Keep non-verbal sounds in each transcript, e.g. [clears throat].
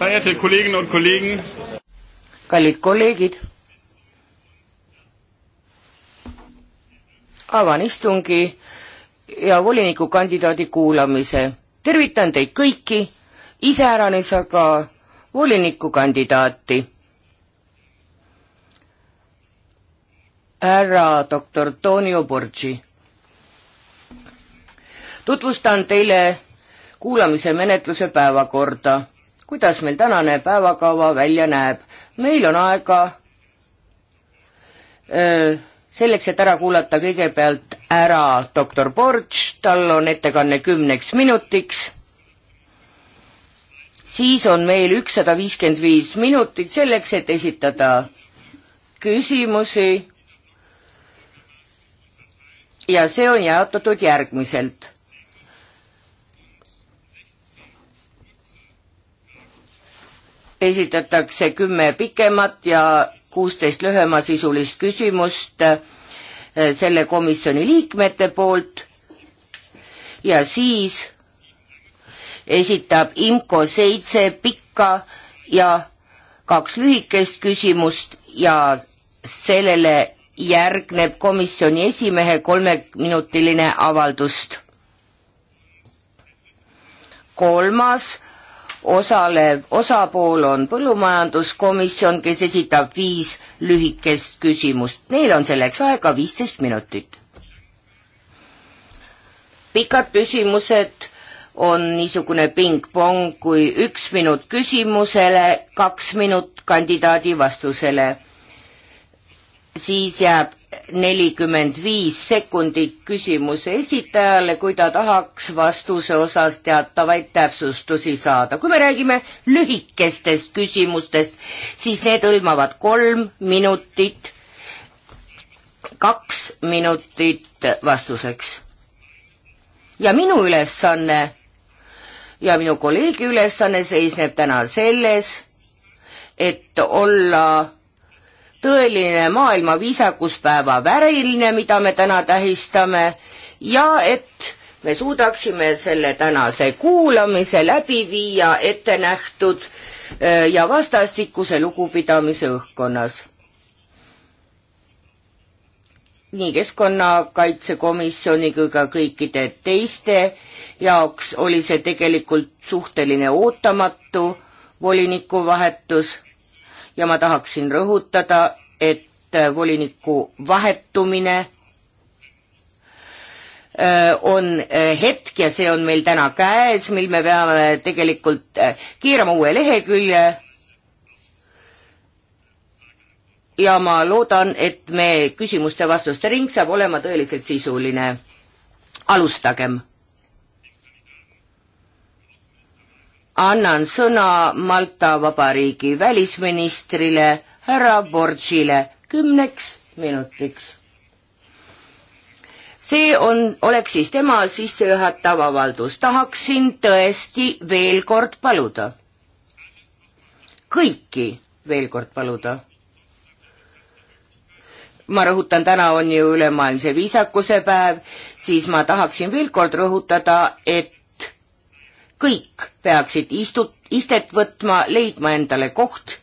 Verehrte Kolleginnen und Kollegen, kallid kolleegid, avan istungi ja volinikukandidaadi kuulamise. tervitan teid kõiki, iseäranis aga volinikukandidaati. härra doktor Tonio Borgi. tutvustan teile kuulamise menetluse päevakorda kuidas meil tänane päevakava välja näeb. meil on aega öö, selleks, et ära kuulata kõigepealt ära doktor Borš, tal on ettekanne kümneks minutiks, siis on meil ükssada viiskümmend viis minutit selleks, et esitada küsimusi ja see on jaotatud järgmiselt esitatakse kümme pikemat ja kuusteist lühemasisulist küsimust äh, selle komisjoni liikmete poolt ja siis esitab IMCO seitse pikka ja kaks lühikest küsimust ja sellele järgneb komisjoni esimehe kolmeminutiline avaldust. kolmas osalev osapool on põllumajanduskomisjon, kes esitab viis lühikest küsimust. Neil on selleks aega viisteist minutit. pikad küsimused on niisugune pingpong, kui üks minut küsimusele, kaks minut kandidaadi vastusele siis jääb nelikümmend viis sekundit küsimuse esitajale, kui ta tahaks vastuse osas teatavaid täpsustusi saada. kui me räägime lühikestest küsimustest, siis need hõlmavad kolm minutit, kaks minutit vastuseks. ja minu ülesanne ja minu kolleegi ülesanne seisneb täna selles, et olla tõeline maailma viisakuspäeva väriline, mida me täna tähistame ja et me suudaksime selle tänase kuulamise läbi viia ettenähtud äh, ja vastastikuse lugupidamise õhkkonnas. nii Keskkonnakaitsekomisjoni kui ka kõikide teiste jaoks oli see tegelikult suhteline ootamatu volinikuvahetus ja ma tahaksin rõhutada, et äh, voliniku vahetumine äh, on äh, hetk ja see on meil täna käes, mil me peame tegelikult keerama uue lehekülje. ja ma loodan, et me küsimuste-vastuste ring saab olema tõeliselt sisuline. alustagem annan sõna Malta Vabariigi välisministrile härra Borgile kümneks minutiks. see on, oleks siis tema sissejuhatav avaldus, tahaksin tõesti veel kord paluda, kõiki veel kord paluda ma rõhutan, täna on ju ülemaailmse viisakuse päev, siis ma tahaksin veel kord rõhutada, et kõik peaksid istut, istet võtma, leidma endale koht,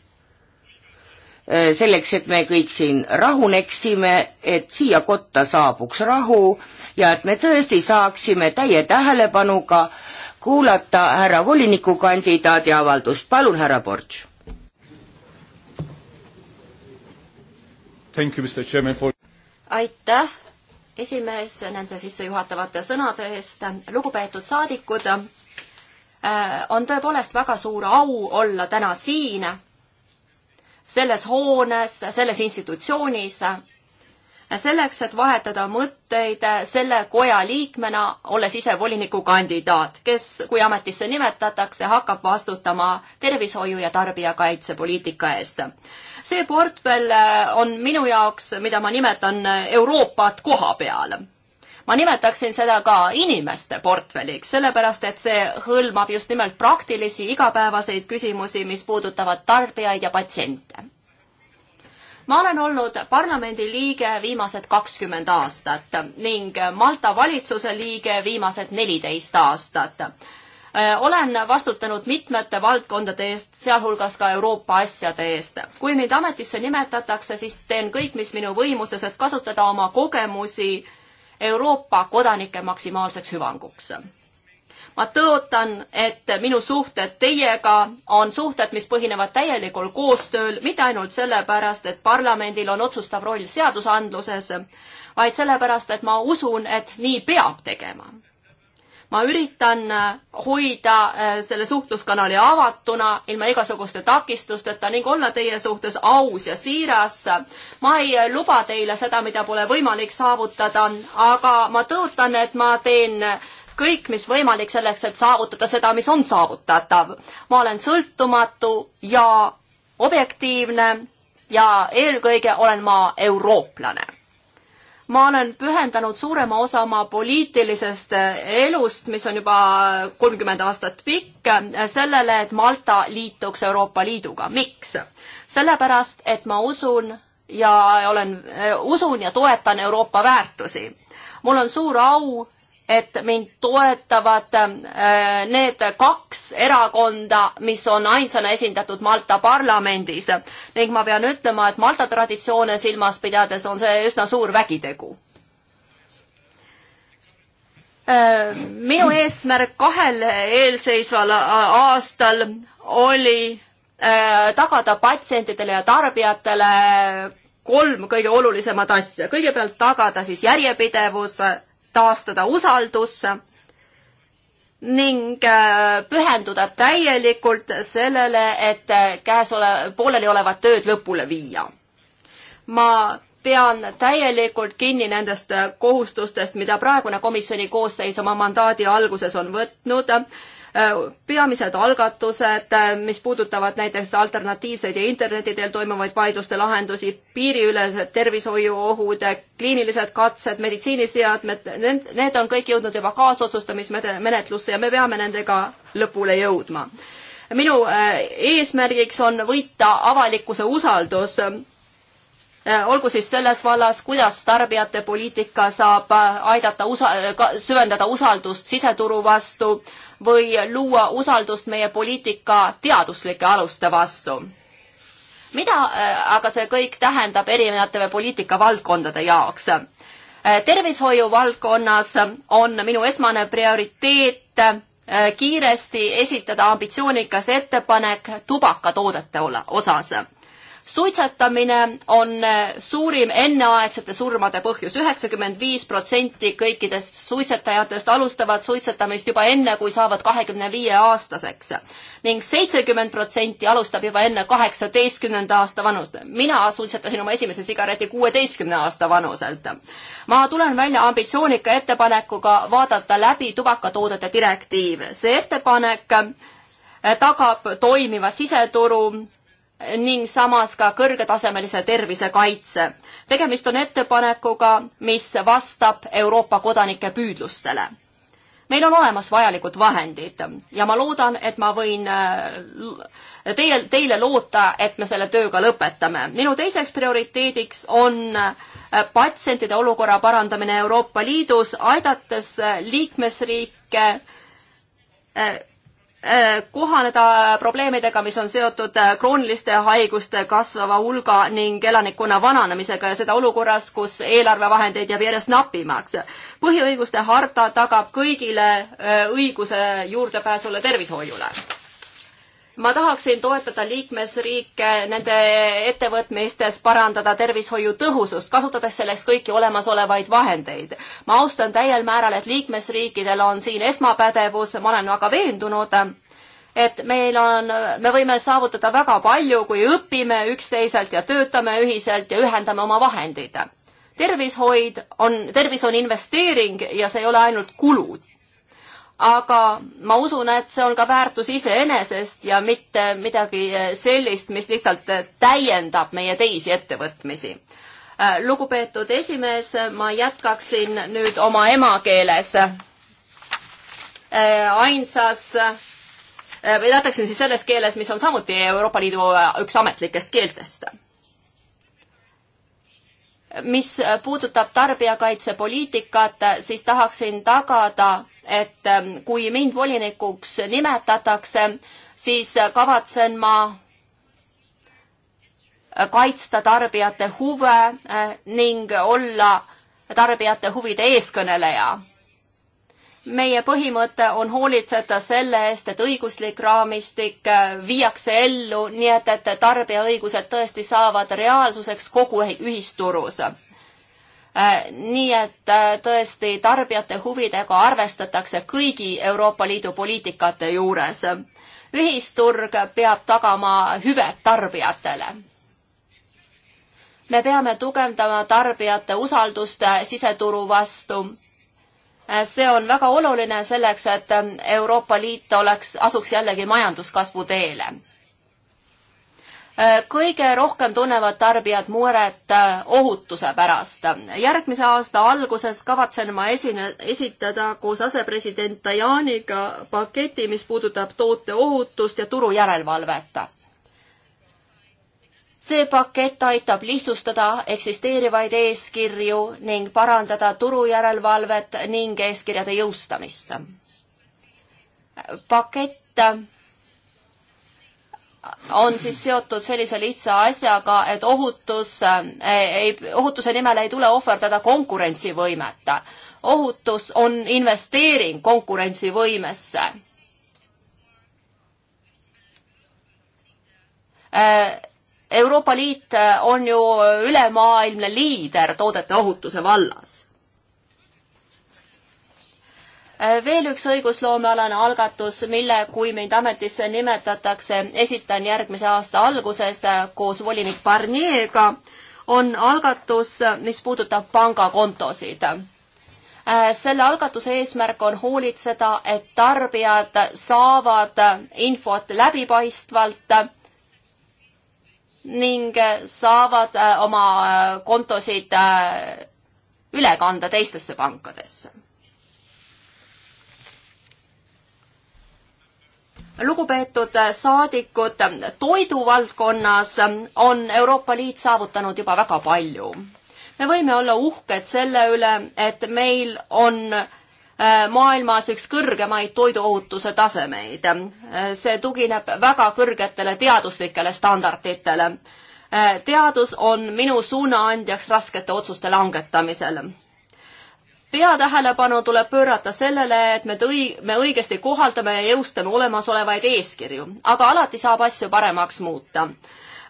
äh, selleks, et me kõik siin rahuneksime, et siia kotta saabuks rahu ja et me tõesti saaksime täie tähelepanuga kuulata härra volinikukandidaadi avaldust. palun, härra Borš. For... aitäh, esimees, nende sissejuhatavate sõnade eest. lugupeetud saadikud Äh, on tõepoolest väga suur au olla täna siin, selles hoones, selles institutsioonis, selleks, et vahetada mõtteid selle koja liikmena, olles ise volinikukandidaat, kes, kui ametisse nimetatakse, hakkab vastutama tervishoiu ja tarbijakaitsepoliitika eest. see portfell on minu jaoks, mida ma nimetan Euroopat koha peal ma nimetaksin seda ka inimeste portfelliks, sellepärast et see hõlmab just nimelt praktilisi igapäevaseid küsimusi, mis puudutavad tarbijaid ja patsiente. ma olen olnud parlamendi liige viimased kakskümmend aastat ning Malta valitsuse liige viimased neliteist aastat olen vastutanud mitmete valdkondade eest, sealhulgas ka Euroopa asjade eest. kui mind ametisse nimetatakse, siis teen kõik, mis minu võimuses, et kasutada oma kogemusi Euroopa kodanike maksimaalseks hüvanguks. ma tõotan, et minu suhted teiega on suhted, mis põhinevad täielikul koostööl, mitte ainult sellepärast, et parlamendil on otsustav roll seadusandluses, vaid sellepärast, et ma usun, et nii peab tegema ma üritan äh, hoida äh, selle suhtluskanali avatuna ilma igasuguste takistusteta ning olla teie suhtes aus ja siiras. ma ei äh, luba teile seda, mida pole võimalik saavutada, aga ma tõotan, et ma teen kõik, mis võimalik selleks, et saavutada seda, mis on saavutatav. ma olen sõltumatu ja objektiivne ja eelkõige olen ma eurooplane ma olen pühendanud suurema osa oma poliitilisest eh, elust, mis on juba kolmkümmend aastat pikk, eh, sellele, et Malta liituks Euroopa Liiduga. miks? sellepärast, et ma usun ja olen, eh, usun ja toetan Euroopa väärtusi. mul on suur au et mind toetavad äh, need kaks erakonda, mis on ainsana esindatud Malta parlamendis ning ma pean ütlema, et Malta traditsioone silmas pidades on see üsna suur vägitegu. Äh, minu eesmärk kahel eelseisval aastal oli äh, tagada patsientidele ja tarbijatele kolm kõige olulisemat asja. kõigepealt tagada siis järjepidevus taastada usaldus ning äh, pühenduda täielikult sellele, et äh, käesolev, pooleliolevat tööd lõpule viia. ma pean täielikult kinni nendest äh, kohustustest, mida praegune komisjoni koosseis oma mandaadi alguses on võtnud Äh, peamised algatused, äh, mis puudutavad näiteks alternatiivseid ja interneti teel toimuvaid vaidluste lahendusi, piiriülesed tervishoiuohud, kliinilised katsed, meditsiiniseadmed, need, need on kõik jõudnud juba kaasotsustamismenetlusse ja me peame nendega lõpule jõudma. minu äh, eesmärgiks on võita avalikkuse usaldus Äh, olgu siis selles vallas, kuidas tarbijate poliitika saab äh, aidata usa-, äh, süvendada usaldust siseturu vastu või luua usaldust meie poliitika teaduslike aluste vastu. mida aga see kõik tähendab erinevate poliitikavaldkondade jaoks? tervishoiu valdkonnas on minu esmane prioriteet kiiresti esitada ambitsioonikas ettepanek tubakatoodete osas suitsetamine on äh, suurim enneaegsete surmade põhjus. üheksakümmend viis protsenti kõikidest suitsetajatest alustavad suitsetamist juba enne, kui saavad kahekümne viie aastaseks ning seitsekümmend protsenti alustab juba enne kaheksateistkümnenda aasta vanust. mina suitsetasin oma esimese sigareti kuueteistkümne aasta vanuselt. ma tulen välja ambitsioonika ettepanekuga vaadata läbi tubakatoodete direktiiv. see ettepanek äh, tagab toimiva siseturu ning samas ka kõrgetasemelise tervisekaitse. tegemist on ettepanekuga, mis vastab Euroopa kodanike püüdlustele. meil on olemas vajalikud vahendid ja ma loodan, et ma võin äh, teie, teile loota, et me selle tööga lõpetame. minu teiseks prioriteediks on äh, patsientide olukorra parandamine Euroopa Liidus, aidates äh, liikmesriike Äh, kohaneda probleemidega, mis on seotud äh, krooniliste haiguste kasvava hulga ning elanikkonna vananemisega ja seda olukorras, kus eelarvevahendeid jääb järjest napimaks. põhiõiguste harta tagab kõigile äh, õiguse juurdepääsule tervishoiule ma tahaksin toetada liikmesriike nende ettevõtmistes parandada tervishoiu tõhusust, kasutades selleks kõiki olemasolevaid vahendeid. ma austan täiel määral, et liikmesriikidel on siin esmapädevus, ma olen väga veendunud, et meil on, me võime saavutada väga palju, kui õpime üksteiselt ja töötame ühiselt ja ühendame oma vahendid. tervishoid on, tervis on investeering ja see ei ole ainult kulud aga ma usun, et see on ka väärtus iseenesest ja mitte midagi eh, sellist, mis lihtsalt eh, täiendab meie teisi ettevõtmisi. Eh, lugupeetud esimees, ma jätkaksin nüüd oma emakeeles. ainsas või jätaksin siis selles keeles, mis on samuti Euroopa Liidu üks ametlikest keeltest mis puudutab tarbijakaitsepoliitikat, siis tahaksin tagada, et ähm, kui mind volinikuks nimetatakse, siis kavatsen ma äh, kaitsta tarbijate huve äh, ning olla tarbijate huvide eeskõneleja meie põhimõte on hoolitseda selle eest, et õiguslik raamistik äh, viiakse ellu, nii et, et tarbijaõigused tõesti saavad reaalsuseks kogu ühisturus. Äh, nii et äh, tõesti tarbijate huvidega arvestatakse kõigi Euroopa Liidu poliitikate juures. ühisturg peab tagama hüved tarbijatele me peame tugevdama tarbijate usaldust siseturu vastu Äh, see on väga oluline selleks, et äh, Euroopa Liit oleks, asuks jällegi majanduskasvu teele. Äh, kõige rohkem tunnevad tarbijad muret ohutuse pärast. järgmise aasta alguses kavatsen ma esine, esitada koos asepresident Tajaniga paketi, mis puudutab toote ohutust ja turujärelevalvet see pakett aitab lihtsustada eksisteerivaid eeskirju ning parandada turujärelevalvet ning eeskirjade jõustamist. pakett on siis seotud sellise lihtsa asjaga, et ohutus eh, ei, ohutuse nimel ei tule ohverdada konkurentsivõimet. ohutus on investeering konkurentsivõimesse äh, Euroopa Liit äh, on ju ülemaailmne liider toodete ohutuse vallas. Äh, veel üks õigusloomealane algatus, mille, kui mind ametisse nimetatakse, esitan järgmise aasta alguses äh, koos volinik Barnier'ga, on algatus, mis puudutab pangakontosid selle algatuse eesmärk on hoolitseda, et tarbijad saavad infot läbipaistvalt ning äh, saavad äh, oma äh, kontosid üle kanda teistesse pankadesse. lugupeetud saadikud, toiduvaldkonnas on Euroopa Liit saavutanud juba väga palju. me võime olla uhked selle üle, et meil on äh, Äh, maailmas üks kõrgemaid toiduohutuse tasemeid. Äh, see tugineb väga kõrgetele teaduslikele standarditele. Äh, teadus on minu suunaandjaks raskete otsuste langetamisel peatähelepanu tuleb pöörata sellele, et me tõi-, me õigesti kohaldame ja jõustame olemasolevaid eeskirju, aga alati saab asju paremaks muuta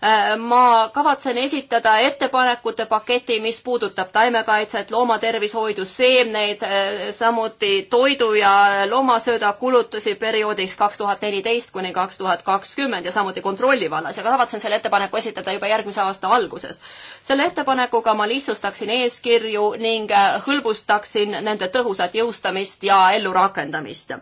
Äh, ma kavatsen esitada ettepanekute paketi, mis puudutab taimekaitset, loomatervishoidu, seemneid, äh, samuti toidu ja loomasööda kulutusi perioodiks kaks tuhat neliteist kuni kaks tuhat kakskümmend ja samuti kontrolli vallas ja kavatsen selle ettepaneku esitada juba järgmise aasta alguses. selle ettepanekuga ma lihtsustaksin eeskirju ning äh, hõlbustaksin nende tõhusat jõustamist ja ellurakendamist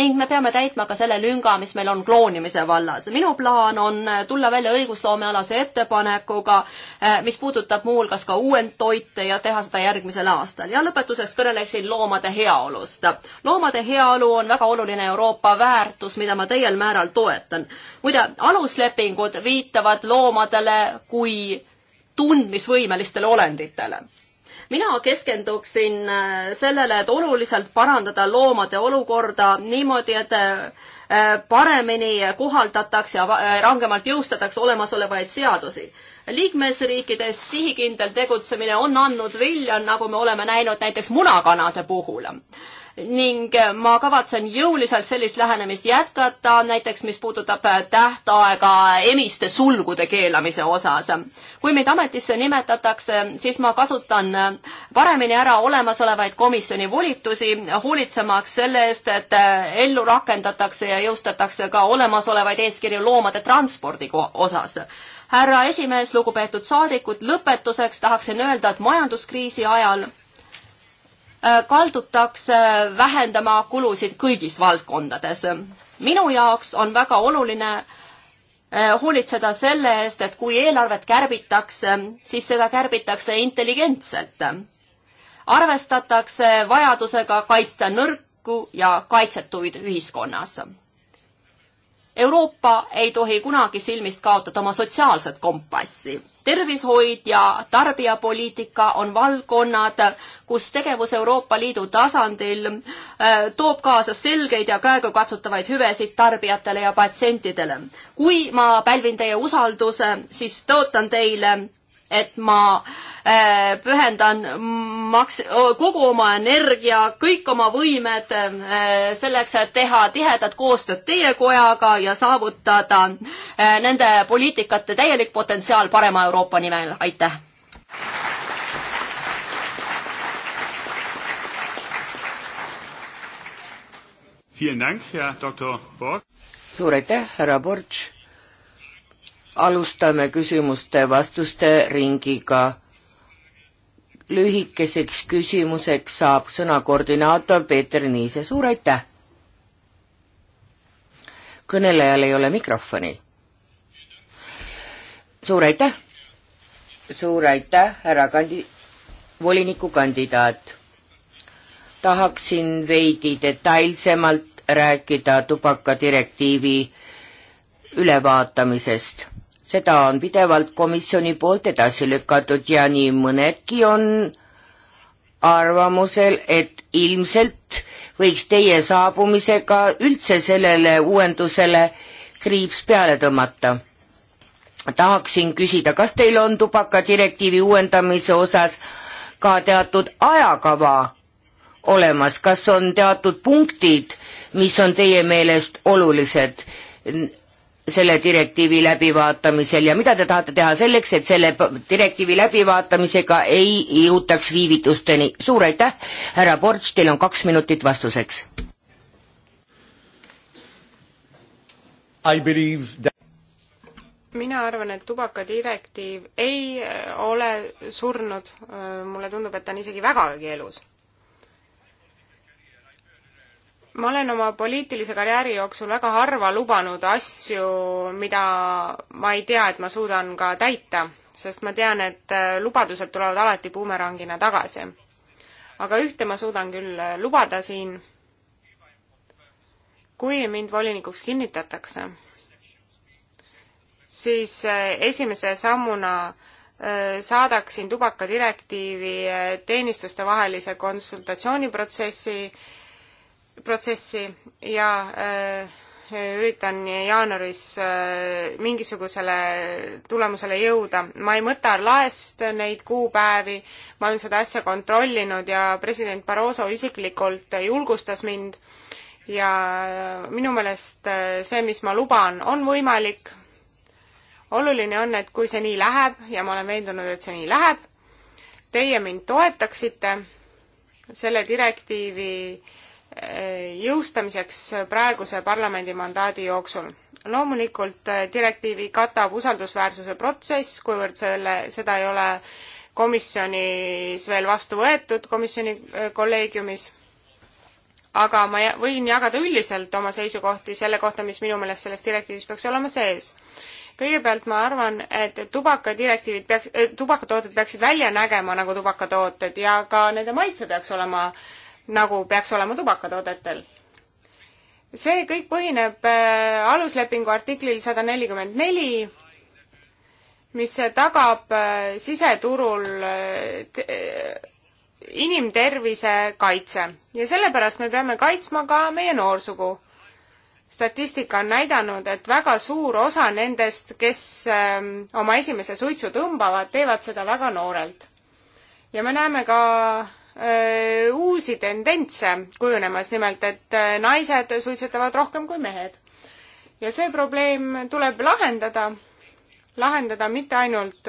ning me peame täitma ka selle lünga, mis meil on kloonimise vallas. minu plaan on äh, tulla välja õigusloomealase ettepanekuga, äh, mis puudutab muuhulgas ka uuendtoite ja teha seda järgmisel aastal. ja lõpetuseks kõneleksin loomade heaolust. loomade heaolu on väga oluline Euroopa väärtus, mida ma täiel määral toetan. muide, aluslepingud viitavad loomadele kui tundmisvõimelistele olenditele mina keskenduksin äh, sellele, et oluliselt parandada loomade olukorda niimoodi, et äh, paremini kohaldatakse ja äh, rangemalt jõustatakse olemasolevaid seadusi liikmesriikides sihikindel tegutsemine on andnud vilja, nagu me oleme näinud näiteks munakanade puhul ning äh, ma kavatsen jõuliselt sellist lähenemist jätkata, näiteks mis puudutab äh, tähtaega emiste sulgude keelamise osas. kui mind ametisse nimetatakse, siis ma kasutan äh, paremini ära olemasolevaid komisjoni volitusi, hoolitsemaks selle eest, et ellu rakendatakse ja jõustatakse ka olemasolevaid eeskirju loomade transpordi osas härra esimees, lugupeetud saadikud, lõpetuseks tahaksin öelda, et majanduskriisi ajal Äh, kaldutakse vähendama kulusid kõigis valdkondades. minu jaoks on väga oluline äh, hoolitseda selle eest, et kui eelarvet kärbitakse, siis seda kärbitakse intelligentselt. arvestatakse vajadusega kaitsta nõrku ja kaitsetuid ühiskonnas Euroopa ei tohi kunagi silmist kaotada oma sotsiaalset kompassi. tervishoid ja tarbijapoliitika on valdkonnad, kus tegevus Euroopa Liidu tasandil äh, toob kaasa selgeid ja käegakatsutavaid hüvesid tarbijatele ja patsientidele. kui ma pälvin teie usalduse, siis tõotan teile et ma äh, pühendan maks-, kogu oma energia, kõik oma võimed äh, selleks, et teha tihedat koostööd teie kojaga ja saavutada äh, nende poliitikate täielik potentsiaal parema Euroopa nimel, aitäh! suur aitäh, härra Borš! alustame küsimuste-vastuste ringiga. lühikeseks küsimuseks saab sõna koordinaator Peeter Niise, suur aitäh! kõnelejal ei ole mikrofoni. suur aitäh! suur aitäh, härra kandi-, volinikukandidaat! tahaksin veidi detailsemalt rääkida tubakadirektiivi ülevaatamisest seda on pidevalt komisjoni poolt edasi lükatud ja nii mõnedki on arvamusel, et ilmselt võiks teie saabumisega üldse sellele uuendusele kriips peale tõmmata. tahaksin küsida, kas teil on tubakadirektiivi uuendamise osas ka teatud ajakava olemas, kas on teatud punktid, mis on teie meelest olulised? selle direktiivi läbivaatamisel ja mida te tahate teha selleks, et selle direktiivi läbivaatamisega ei jõutaks viivitusteni. suur aitäh, härra Ports, teil on kaks minutit vastuseks. That... mina arvan, et tubakadirektiiv ei äh, ole surnud, äh, mulle tundub, et ta on isegi vägagi elus ma olen oma poliitilise karjääri jooksul väga harva lubanud asju, mida ma ei tea, et ma suudan ka täita, sest ma tean, et äh, lubadused tulevad alati bumerangina tagasi. aga ühte ma suudan küll äh, lubada siin, kui mind volinikuks kinnitatakse, siis äh, esimese sammuna saadaksin tubakadirektiivi teenistustevahelise konsultatsiooniprotsessi protsessi ja äh, üritan jaanuaris äh, mingisugusele tulemusele jõuda. ma ei mõta laest neid kuupäevi, ma olen seda asja kontrollinud ja president Barroso isiklikult julgustas mind ja minu meelest äh, see, mis ma luban, on võimalik. oluline on, et kui see nii läheb ja ma olen veendunud, et see nii läheb, teie mind toetaksite selle direktiivi jõustamiseks praeguse parlamendi mandaadi jooksul. loomulikult eh, direktiivi katab usaldusväärsuse protsess, kuivõrd selle, seda ei ole komisjonis veel vastu võetud, komisjoni eh, kolleegiumis, aga ma võin jagada üldiselt oma seisukohti selle kohta, mis minu meelest selles direktiivis peaks olema sees kõigepealt ma arvan, et tubakadirektiivid peaks äh,, tubakatooted peaksid välja nägema nagu tubakatooted ja ka nende maitse peaks olema äh, nagu peaks olema tubakatoodetel. see kõik põhineb äh, aluslepingu artiklil sada nelikümmend neli, mis tagab äh, siseturul äh, inimtervise kaitse ja sellepärast me peame kaitsma ka meie noorsugu. statistika on näidanud, et väga suur osa nendest, kes ähm, oma esimese suitsu tõmbavad, teevad seda väga noorelt. ja me näeme ka Äh, uusi tendentse kujunemas, nimelt et äh, naised suitsetavad rohkem kui mehed. ja see probleem tuleb lahendada, lahendada mitte ainult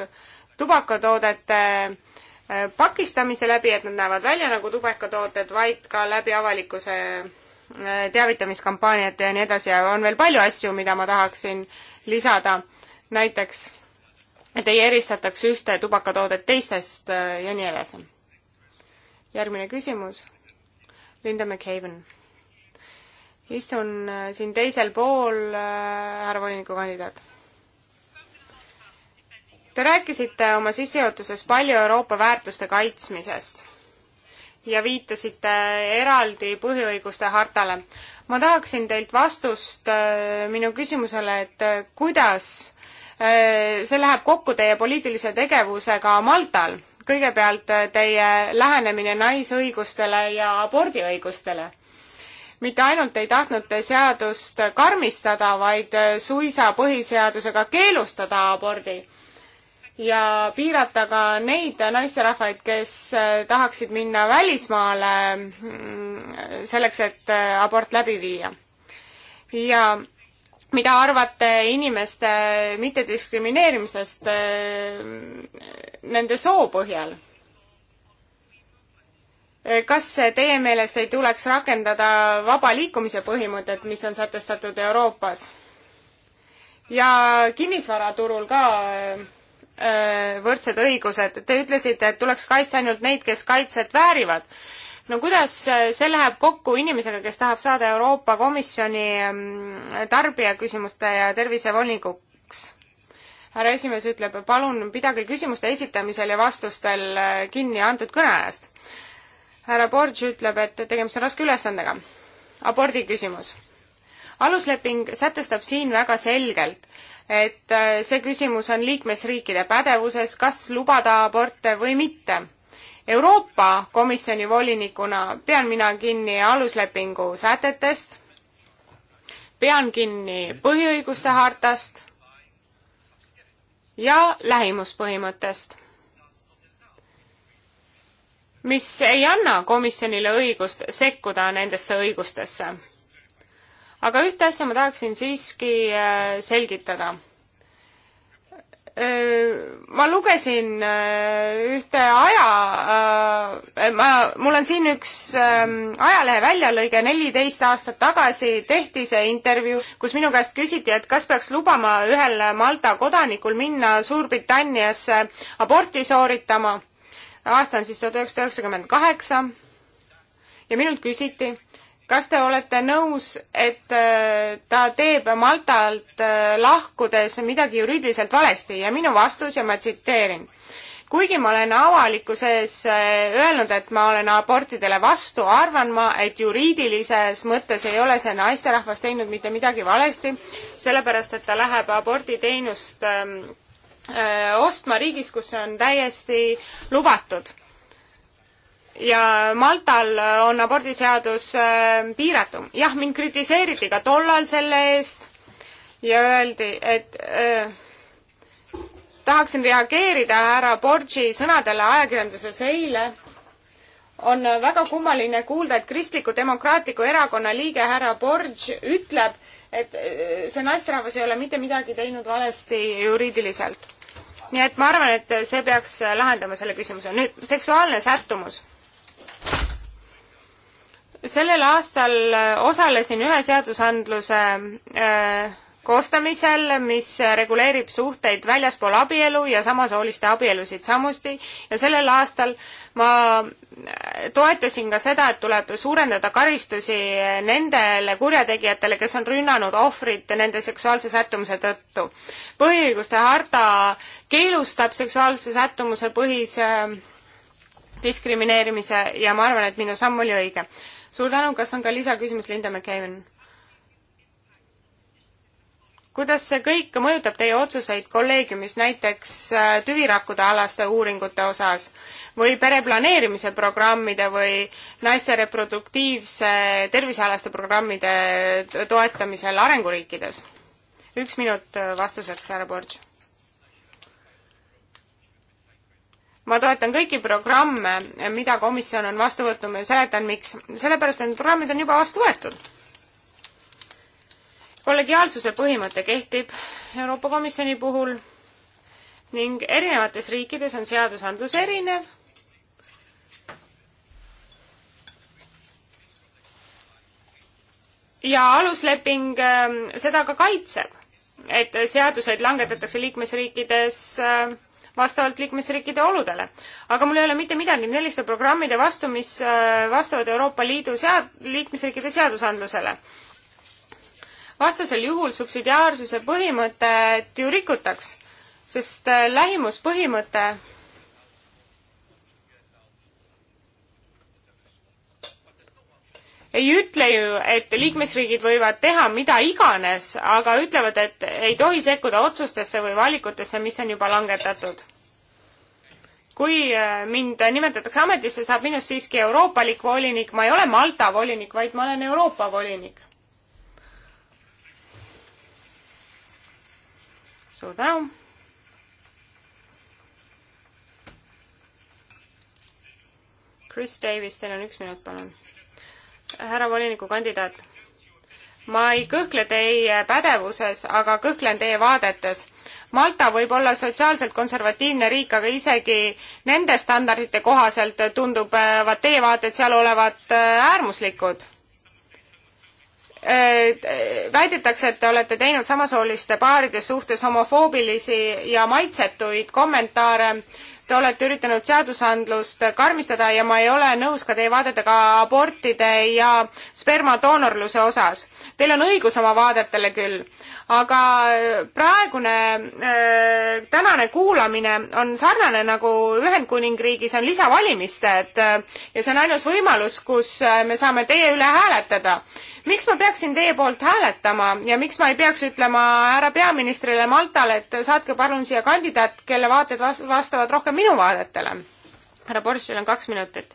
tubakatoodete äh, pakistamise läbi, et nad näevad välja nagu tubakatooted, vaid ka läbi avalikkuse teavitamiskampaaniate ja nii edasi ja on veel palju asju, mida ma tahaksin lisada. näiteks, et ei eristataks ühte tubakatoodet teistest ja nii edasi järgmine küsimus. Linda McCaven. istun äh, siin teisel pool, äh, härra volinikukandidaat. Te rääkisite oma sissejuhatuses palju Euroopa väärtuste kaitsmisest ja viitasite eraldi põhiõiguste hartale. ma tahaksin teilt vastust äh, minu küsimusele, et kuidas see läheb kokku teie poliitilise tegevusega Maltal kõigepealt äh, teie lähenemine naisõigustele ja abordiõigustele. mitte ainult ei tahtnud te seadust karmistada, vaid äh, suisa põhiseadusega keelustada abordi ja piirata ka neid naisterahvaid, kes äh, tahaksid minna välismaale mm, selleks, et abort läbi viia. ja mida arvate inimeste mittediskrimineerimisest äh, nende soo põhjal? kas teie meelest ei tuleks rakendada vaba liikumise põhimõtet, mis on sätestatud Euroopas? ja kinnisvaraturul ka äh, võrdsed õigused. Te ütlesite, et tuleks kaitsta ainult neid, kes kaitset väärivad no kuidas äh, see läheb kokku inimesega, kes tahab saada Euroopa Komisjoni ähm, tarbijaküsimuste ja tervisevolinikuks? härra esimees ütleb, palun pidage küsimuste esitamisel ja vastustel äh, kinni antud kõne ajast. härra Borg ütleb, et tegemist on raske ülesandega. abordi küsimus. alusleping sätestab siin väga selgelt, et äh, see küsimus on liikmesriikide pädevuses, kas lubada aborte või mitte Euroopa Komisjoni volinikuna pean mina kinni aluslepingu sätetest, pean kinni põhiõiguste hartast ja lähimuspõhimõttest, mis ei anna komisjonile õigust sekkuda nendesse õigustesse. aga ühte asja ma tahaksin siiski äh, selgitada ma lugesin ühte aja, ma, mul on siin üks ajalehe väljalõige neliteist aastat tagasi tehti see intervjuu, kus minu käest küsiti, et kas peaks lubama ühel Malta kodanikul minna Suurbritanniasse aborti sooritama. aasta on siis tuhat üheksasada üheksakümmend kaheksa ja minult küsiti kas te olete nõus, et äh, ta teeb Maltalt äh, lahkudes midagi juriidiliselt valesti ja minu vastus ja ma tsiteerin. kuigi ma olen avalikkuses äh, öelnud, et ma olen abortidele vastu, arvan ma, et juriidilises mõttes ei ole see naisterahvas teinud mitte midagi valesti, sellepärast et ta läheb aborditeenust öö, ähm, ostma riigis, kus see on täiesti lubatud ja Maltal on abordiseadus äh, piiratum. jah, mind kritiseeriti ka tollal selle eest ja öeldi, et öö, äh, tahaksin reageerida härra Borgi sõnadele ajakirjanduses eile. on väga kummaline kuulda, et Kristliku Demokraatliku Erakonna liige härra Borg ütleb, et äh, see naisterahvas ei ole mitte midagi teinud valesti juriidiliselt nii et ma arvan, et see peaks lahendama selle küsimuse. nüüd seksuaalne sättumus sellel aastal äh, osalesin ühe seadusandluse äh, koostamisel, mis äh, reguleerib suhteid väljaspool abielu ja samasooliste abielusid samuti ja sellel aastal ma toetasin ka seda, et tuleb suurendada karistusi nendele kurjategijatele, kes on rünnanud ohvrit nende seksuaalse sättumuse tõttu. põhiõiguste harta keelustab seksuaalse sättumuse põhise diskrimineerimise ja ma arvan, et minu samm oli õige suur tänu, kas on ka lisaküsimus, Linda McCain? kuidas see kõik mõjutab teie otsuseid kolleegiumis näiteks äh, tüvirakkude alaste uuringute osas või pereplaneerimise programmide või naiste reproduktiivse tervisealaste programmide toetamisel arenguriikides? üks minut äh, vastuseks, härra Borg ma toetan kõiki programme, mida komisjon on vastu võtnud ja seletan, miks. sellepärast, et need programmid on juba vastu võetud. kollegiaalsuse põhimõte kehtib Euroopa Komisjoni puhul ning erinevates riikides on seadusandlus erinev ja alusleping ähm, seda ka kaitseb, et seaduseid langetatakse liikmesriikides äh, vastavalt liikmesriikide oludele. aga mul ei ole mitte midagi selliste programmide vastu, mis äh, vastavad Euroopa Liidu sead-, liikmesriikide seadusandlusele. vastasel juhul subsidiaarsuse põhimõtet ju rikutaks, sest äh, lähimuspõhimõte ei ütle ju, et liikmesriigid võivad teha mida iganes, aga ütlevad, et ei tohi sekkuda otsustesse või valikutesse, mis on juba langetatud. kui äh, mind nimetatakse ametisse, saab minust siiski euroopalik volinik, ma ei ole Malta volinik, vaid ma olen Euroopa volinik. suur tänu. Chris Davis, teil on üks minut, palun härra volinikukandidaat, ma ei kõhkle teie pädevuses, aga kõhklen teie vaadetes. Malta võib olla sotsiaalselt konservatiivne riik, aga isegi nende standardite kohaselt tunduvad äh, teie vaated seal olevat äh, äärmuslikud äh, väidetakse, et te olete teinud samasooliste paaride suhtes homofoobilisi ja maitsetuid kommentaare te olete üritanud seadusandlust karmistada ja ma ei ole nõus ka teie vaadetega abortide ja spermadoonorluse osas. Teil on õigus oma vaadetele küll, aga äh, praegune äh,, tänane kuulamine on sarnane nagu Ühendkuningriigis on lisavalimiste, et äh, ja see on ainus võimalus, kus äh, me saame teie üle hääletada. miks ma peaksin teie poolt hääletama ja miks ma ei peaks ütlema härra peaministrile Maltale, et saatke palun siia kandidaat, kelle vaated vast-, vastavad rohkem minu vaadetele? härra Boršil on kaks minutit.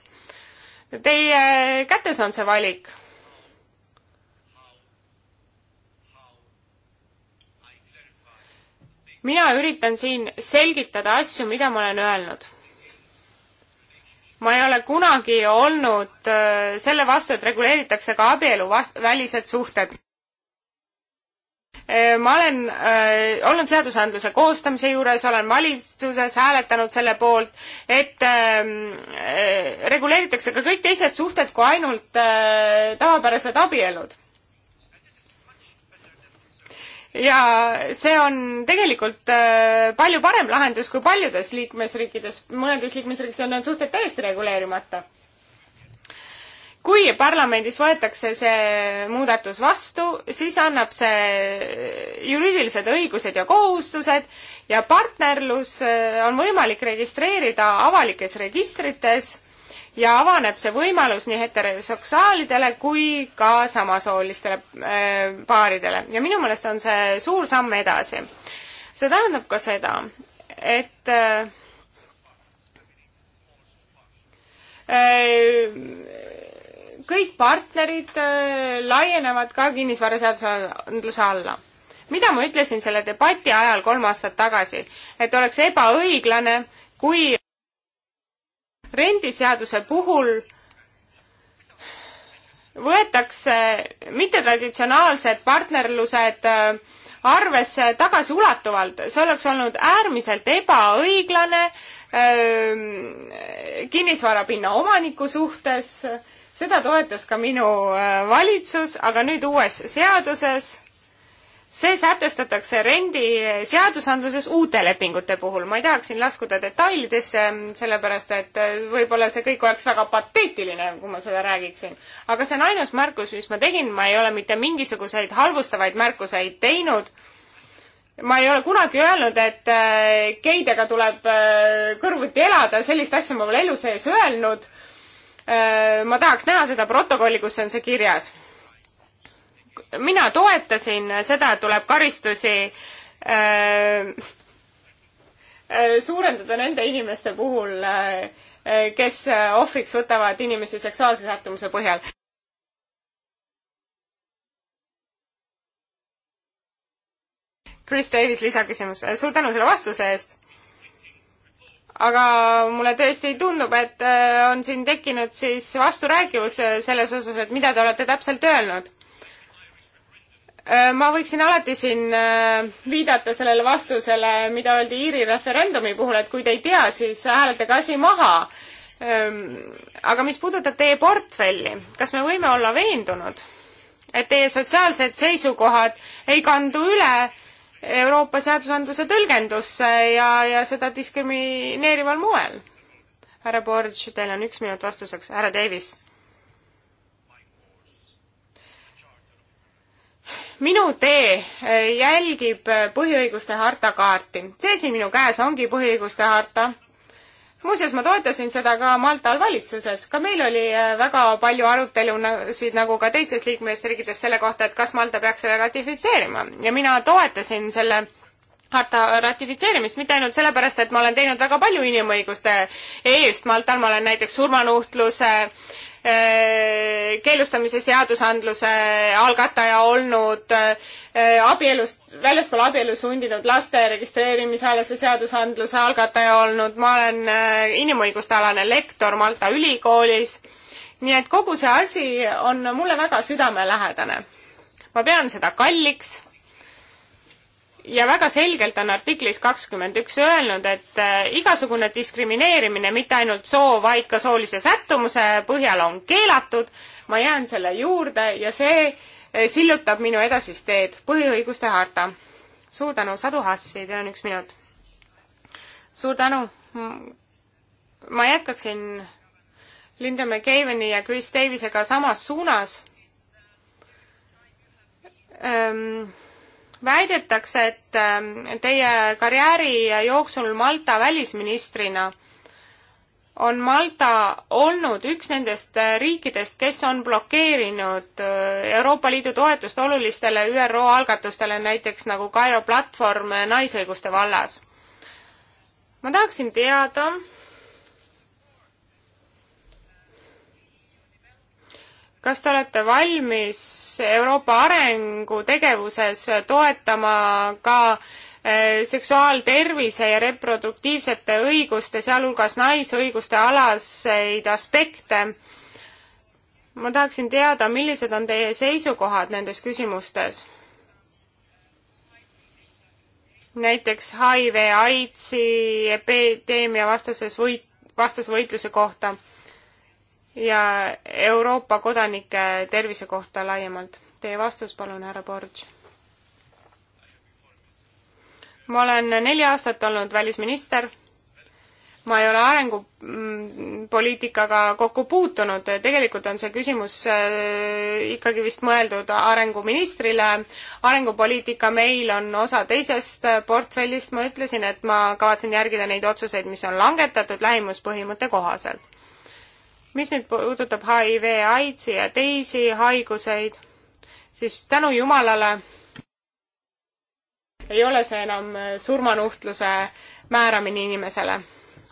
Teie kätes on see valik mina üritan siin selgitada asju, mida ma olen öelnud. ma ei ole kunagi olnud äh, selle vastu, et reguleeritakse ka abielu vast-, välised suhted äh, ma olen äh, olnud seadusandluse koostamise juures, olen valitsuses hääletanud selle poolt, et ähm, äh, reguleeritakse ka kõik teised suhted kui ainult äh, tavapärased abielud ja see on tegelikult äh, palju parem lahendus kui paljudes liikmesriikides, mõnedes liikmesriikides on need suhted täiesti reguleerimata. kui parlamendis võetakse see muudatus vastu, siis annab see juriidilised õigused ja kohustused ja partnerlus äh, on võimalik registreerida avalikes registrites ja avaneb see võimalus nii heteroseksuaalidele kui ka samasoolistele äh, paaridele ja minu meelest on see suur samm edasi. see tähendab ka seda, et äh, äh kõik partnerid äh, laienevad ka kinnisvaraseaduse alla. mida ma ütlesin selle debati ajal kolm aastat tagasi, et oleks ebaõiglane, kui rendiseaduse puhul võetakse mittetraditsionaalsed partnerlused äh, arvesse tagasiulatuvalt, see oleks olnud äärmiselt ebaõiglane äh, kinnisvarapinna omaniku suhtes, seda toetas ka minu äh, valitsus, aga nüüd uues seaduses see sätestatakse rendiseadusandluses uute lepingute puhul. ma ei tahaks siin laskuda detailidesse, sellepärast et võib-olla see kõik oleks väga pateetiline, kui ma seda räägiksin. aga see on ainus märkus, mis ma tegin, ma ei ole mitte mingisuguseid halvustavaid märkuseid teinud. ma ei ole kunagi öelnud, et äh, geidega tuleb äh, kõrvuti elada, sellist asja ma pole elu sees öelnud. Äh, ma tahaks näha seda protokolli, kus on see kirjas mina toetasin seda, et tuleb karistusi äh, äh, suurendada nende inimeste puhul äh,, kes ohvriks võtavad inimesi seksuaalse sättumuse põhjal. Chris Davis, lisaküsimus. suur tänu selle vastuse eest. aga mulle tõesti tundub, et äh, on siin tekkinud siis vasturääkivus äh, selles osas, et mida te olete täpselt öelnud. Äh, ma võiksin alati siin äh, viidata sellele vastusele, mida öeldi Iiri referendumi puhul, et kui te ei tea, siis hääletage asi maha. Ähm, aga mis puudutab teie portfelli, kas me võime olla veendunud, et teie sotsiaalsed seisukohad ei kandu üle Euroopa seadusandluse tõlgendusse ja, ja seda diskrimineerival moel? härra Borg, teil on üks minut vastuseks, härra Davis minu tee eh, jälgib eh, põhiõiguste harta kaarti. see siin minu käes ongi põhiõiguste harta. muuseas, ma toetasin seda ka Maltal valitsuses, ka meil oli eh, väga palju arutelusid nagu ka teistes liikmesriikides selle kohta, et kas Malta peaks selle ratifitseerima ja mina toetasin selle harta ratifitseerimist, mitte ainult sellepärast, et ma olen teinud väga palju inimõiguste eest Maltal, ma olen näiteks surmanuhtluse Äh, keelustamise seadusandluse algataja olnud, äh, abielust, väljaspool abielu sundinud laste registreerimisalase seadusandluse algataja olnud, ma olen äh, inimõiguste alane lektor Malta ülikoolis. nii et kogu see asi on mulle väga südamelähedane. ma pean seda kalliks ja väga selgelt on artiklis kakskümmend üks öelnud, et äh, igasugune diskrimineerimine mitte ainult soo, vaid ka soolise sättumuse põhjal on keelatud. ma jään selle juurde ja see äh, sillutab minu edasist teed, põhiõiguste harta. suur tänu, Sadu Hassi, teil on üks minut. suur tänu. ma jätkaksin Linda McCaveni ja Chris Davisega samas suunas ähm, väidetakse, et ähm, teie karjääri jooksul Malta välisministrina on Malta olnud üks nendest äh, riikidest, kes on blokeerinud äh, Euroopa Liidu toetust olulistele ÜRO algatustele, näiteks nagu Kairo platvorm äh, naisõiguste vallas. ma tahaksin teada, kas te olete valmis Euroopa arengutegevuses toetama ka eh, seksuaaltervise ja reproduktiivsete õiguste, sealhulgas naisõiguste alaseid aspekte. ma tahaksin teada, millised on teie seisukohad nendes küsimustes? näiteks HIV, AIDSi epideemia vastases võit-, vastase võitluse kohta ja Euroopa kodanike tervise kohta laiemalt. Teie vastus palun, härra Borg. ma olen neli aastat olnud välisminister, ma ei ole arengupoliitikaga mm, kokku puutunud, tegelikult on see küsimus äh, ikkagi vist mõeldud arenguministrile, arengupoliitika meil on osa teisest portfellist, ma ütlesin, et ma kavatsen järgida neid otsuseid, mis on langetatud lähimuspõhimõtte kohaselt mis nüüd puudutab HIV, AIDSi ja teisi haiguseid, siis tänu jumalale ei ole see enam äh, surmanuhtluse määramine inimesele.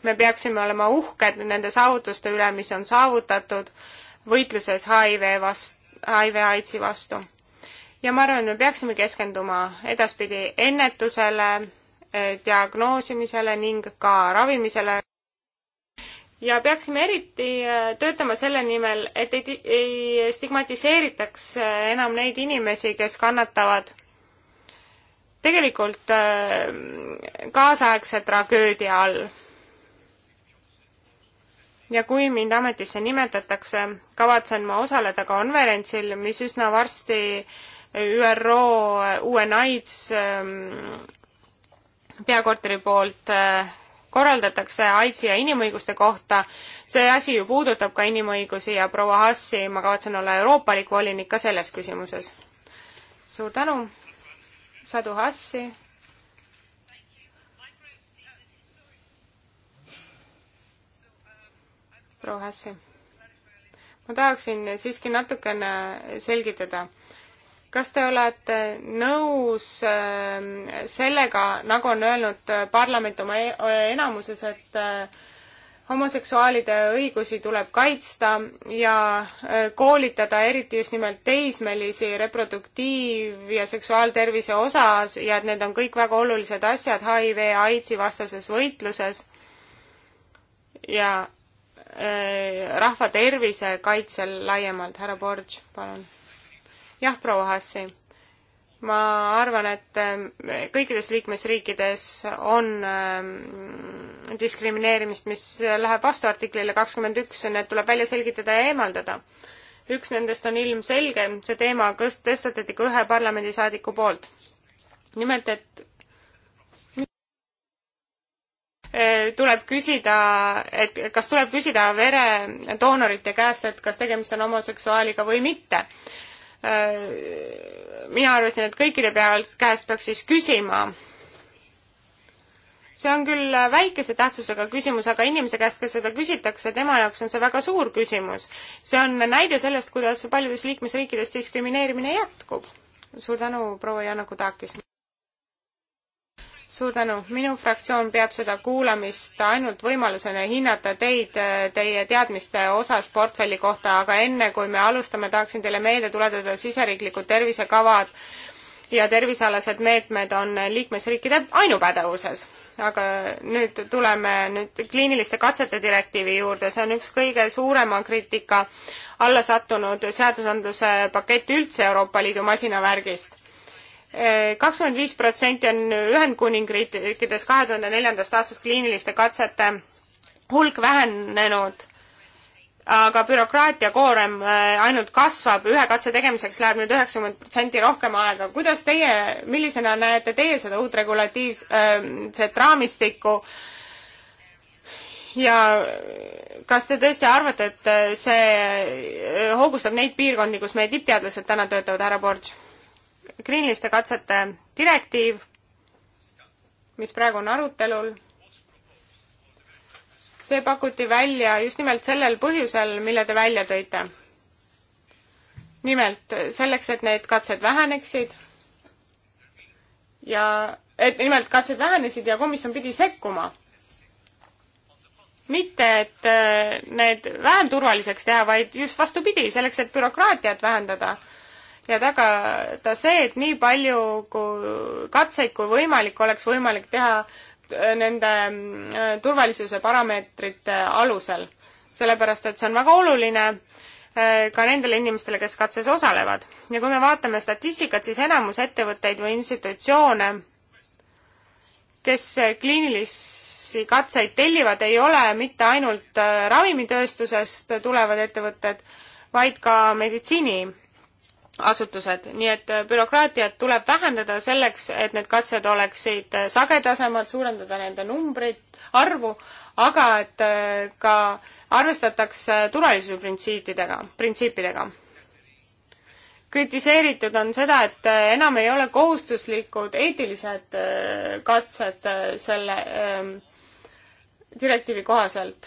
me peaksime olema uhked nende saavutuste üle, mis on saavutatud võitluses HIV vast-, HIV AIDSi vastu. ja ma arvan, et me peaksime keskenduma edaspidi ennetusele, äh, diagnoosimisele ning ka ravimisele ja peaksime eriti äh, töötama selle nimel, et ei, ei stigmatiseeritaks äh, enam neid inimesi, kes kannatavad tegelikult äh, kaasaegse tragöödia all. ja kui mind ametisse nimetatakse, kavatsen ma osaleda konverentsil, mis üsna varsti ÜRO UNAIDS ähm, peakorteri poolt korraldatakse AIDSi ja inimõiguste kohta. see asi ju puudutab ka inimõigusi ja proua Hassi, ma kavatsen olla euroopalik volinik ka selles küsimuses. suur tänu, Sadu Hassi. proua Hassi. ma tahaksin siiski natukene selgitada kas te olete nõus ähm, sellega, nagu on öelnud äh, parlament oma e-, enamuses, et äh, homoseksuaalide õigusi tuleb kaitsta ja äh, koolitada eriti just nimelt teismelisi reproduktiiv- ja seksuaaltervise osas ja et need on kõik väga olulised asjad HIV ja AIDSi vastases võitluses ja rahva tervise kaitsel laiemalt. härra Borg, palun jah, proua Hassi, ma arvan, et ähm, kõikides liikmesriikides on ähm, diskrimineerimist, mis läheb vastu artiklile kakskümmend üks, need tuleb välja selgitada ja eemaldada. üks nendest on ilmselge, see teema tõstatati ka ühe parlamendisaadiku poolt. nimelt, et äh, tuleb küsida, et kas tuleb küsida veredoonorite käest, et kas tegemist on homoseksuaaliga või mitte. Äh, mina arvasin, et kõikide pealt käest peaks siis küsima. see on küll äh, väikese tähtsusega küsimus, aga inimese käest, kes seda küsitakse, tema jaoks on see väga suur küsimus. see on näide sellest, kuidas paljudes liikmesriikides diskrimineerimine jätkub. suur tänu, proua Janaku Taakis suur tänu, minu fraktsioon peab seda kuulamist ainult võimalusena hinnata teid, äh, teie teadmiste osas portfelli kohta, aga enne kui me alustame, tahaksin teile meelde tuletada siseriiklikud tervisekavad ja tervisealased meetmed on liikmesriikide ainupädevuses. aga nüüd tuleme nüüd kliiniliste katsete direktiivi juurde, see on üks kõige suurema kriitika alla sattunud seadusandluse pakett üldse Euroopa Liidu masinavärgist kakskümmend viis protsenti on Ühendkuningriikides kahe tuhande neljandast aastast kliiniliste katsete hulk vähenenud, aga bürokraatia koorem äh, ainult kasvab, ühe katse tegemiseks läheb nüüd üheksakümmend protsenti rohkem aega. kuidas teie, millisena näete teie seda uut regulatiivset äh, raamistikku ja kas te tõesti arvate, et äh, see hoogustab neid piirkondi, kus meie tippteadlased täna töötavad, härra Borg? kliiniliste katsete direktiiv, mis praegu on arutelul, see pakuti välja just nimelt sellel põhjusel, mille te välja tõite. nimelt selleks, et need katsed väheneksid ja et nimelt katsed vähenesid ja komisjon pidi sekkuma. mitte, et äh, need vähem turvaliseks teha, vaid just vastupidi, selleks, et bürokraatiat vähendada ja tagada see, et nii palju kui katseid kui võimalik oleks võimalik teha äh, nende äh, turvalisuse parameetrite alusel. sellepärast, et see on väga oluline äh, ka nendele inimestele, kes katses osalevad. ja kui me vaatame statistikat, siis enamus ettevõtteid või institutsioone, kes kliinilisi katseid tellivad, ei ole mitte ainult ravimitööstusest tulevad ettevõtted, vaid ka meditsiini asutused, nii et äh, bürokraatiat tuleb vähendada selleks, et need katsed oleksid äh, sagedasemad, suurendada nende numbrit, arvu, aga et äh, ka arvestatakse turvalisuse printsiipidega, printsiipidega. kritiseeritud on seda, et enam ei ole kohustuslikud eetilised katsed selle ähm, direktiivi kohaselt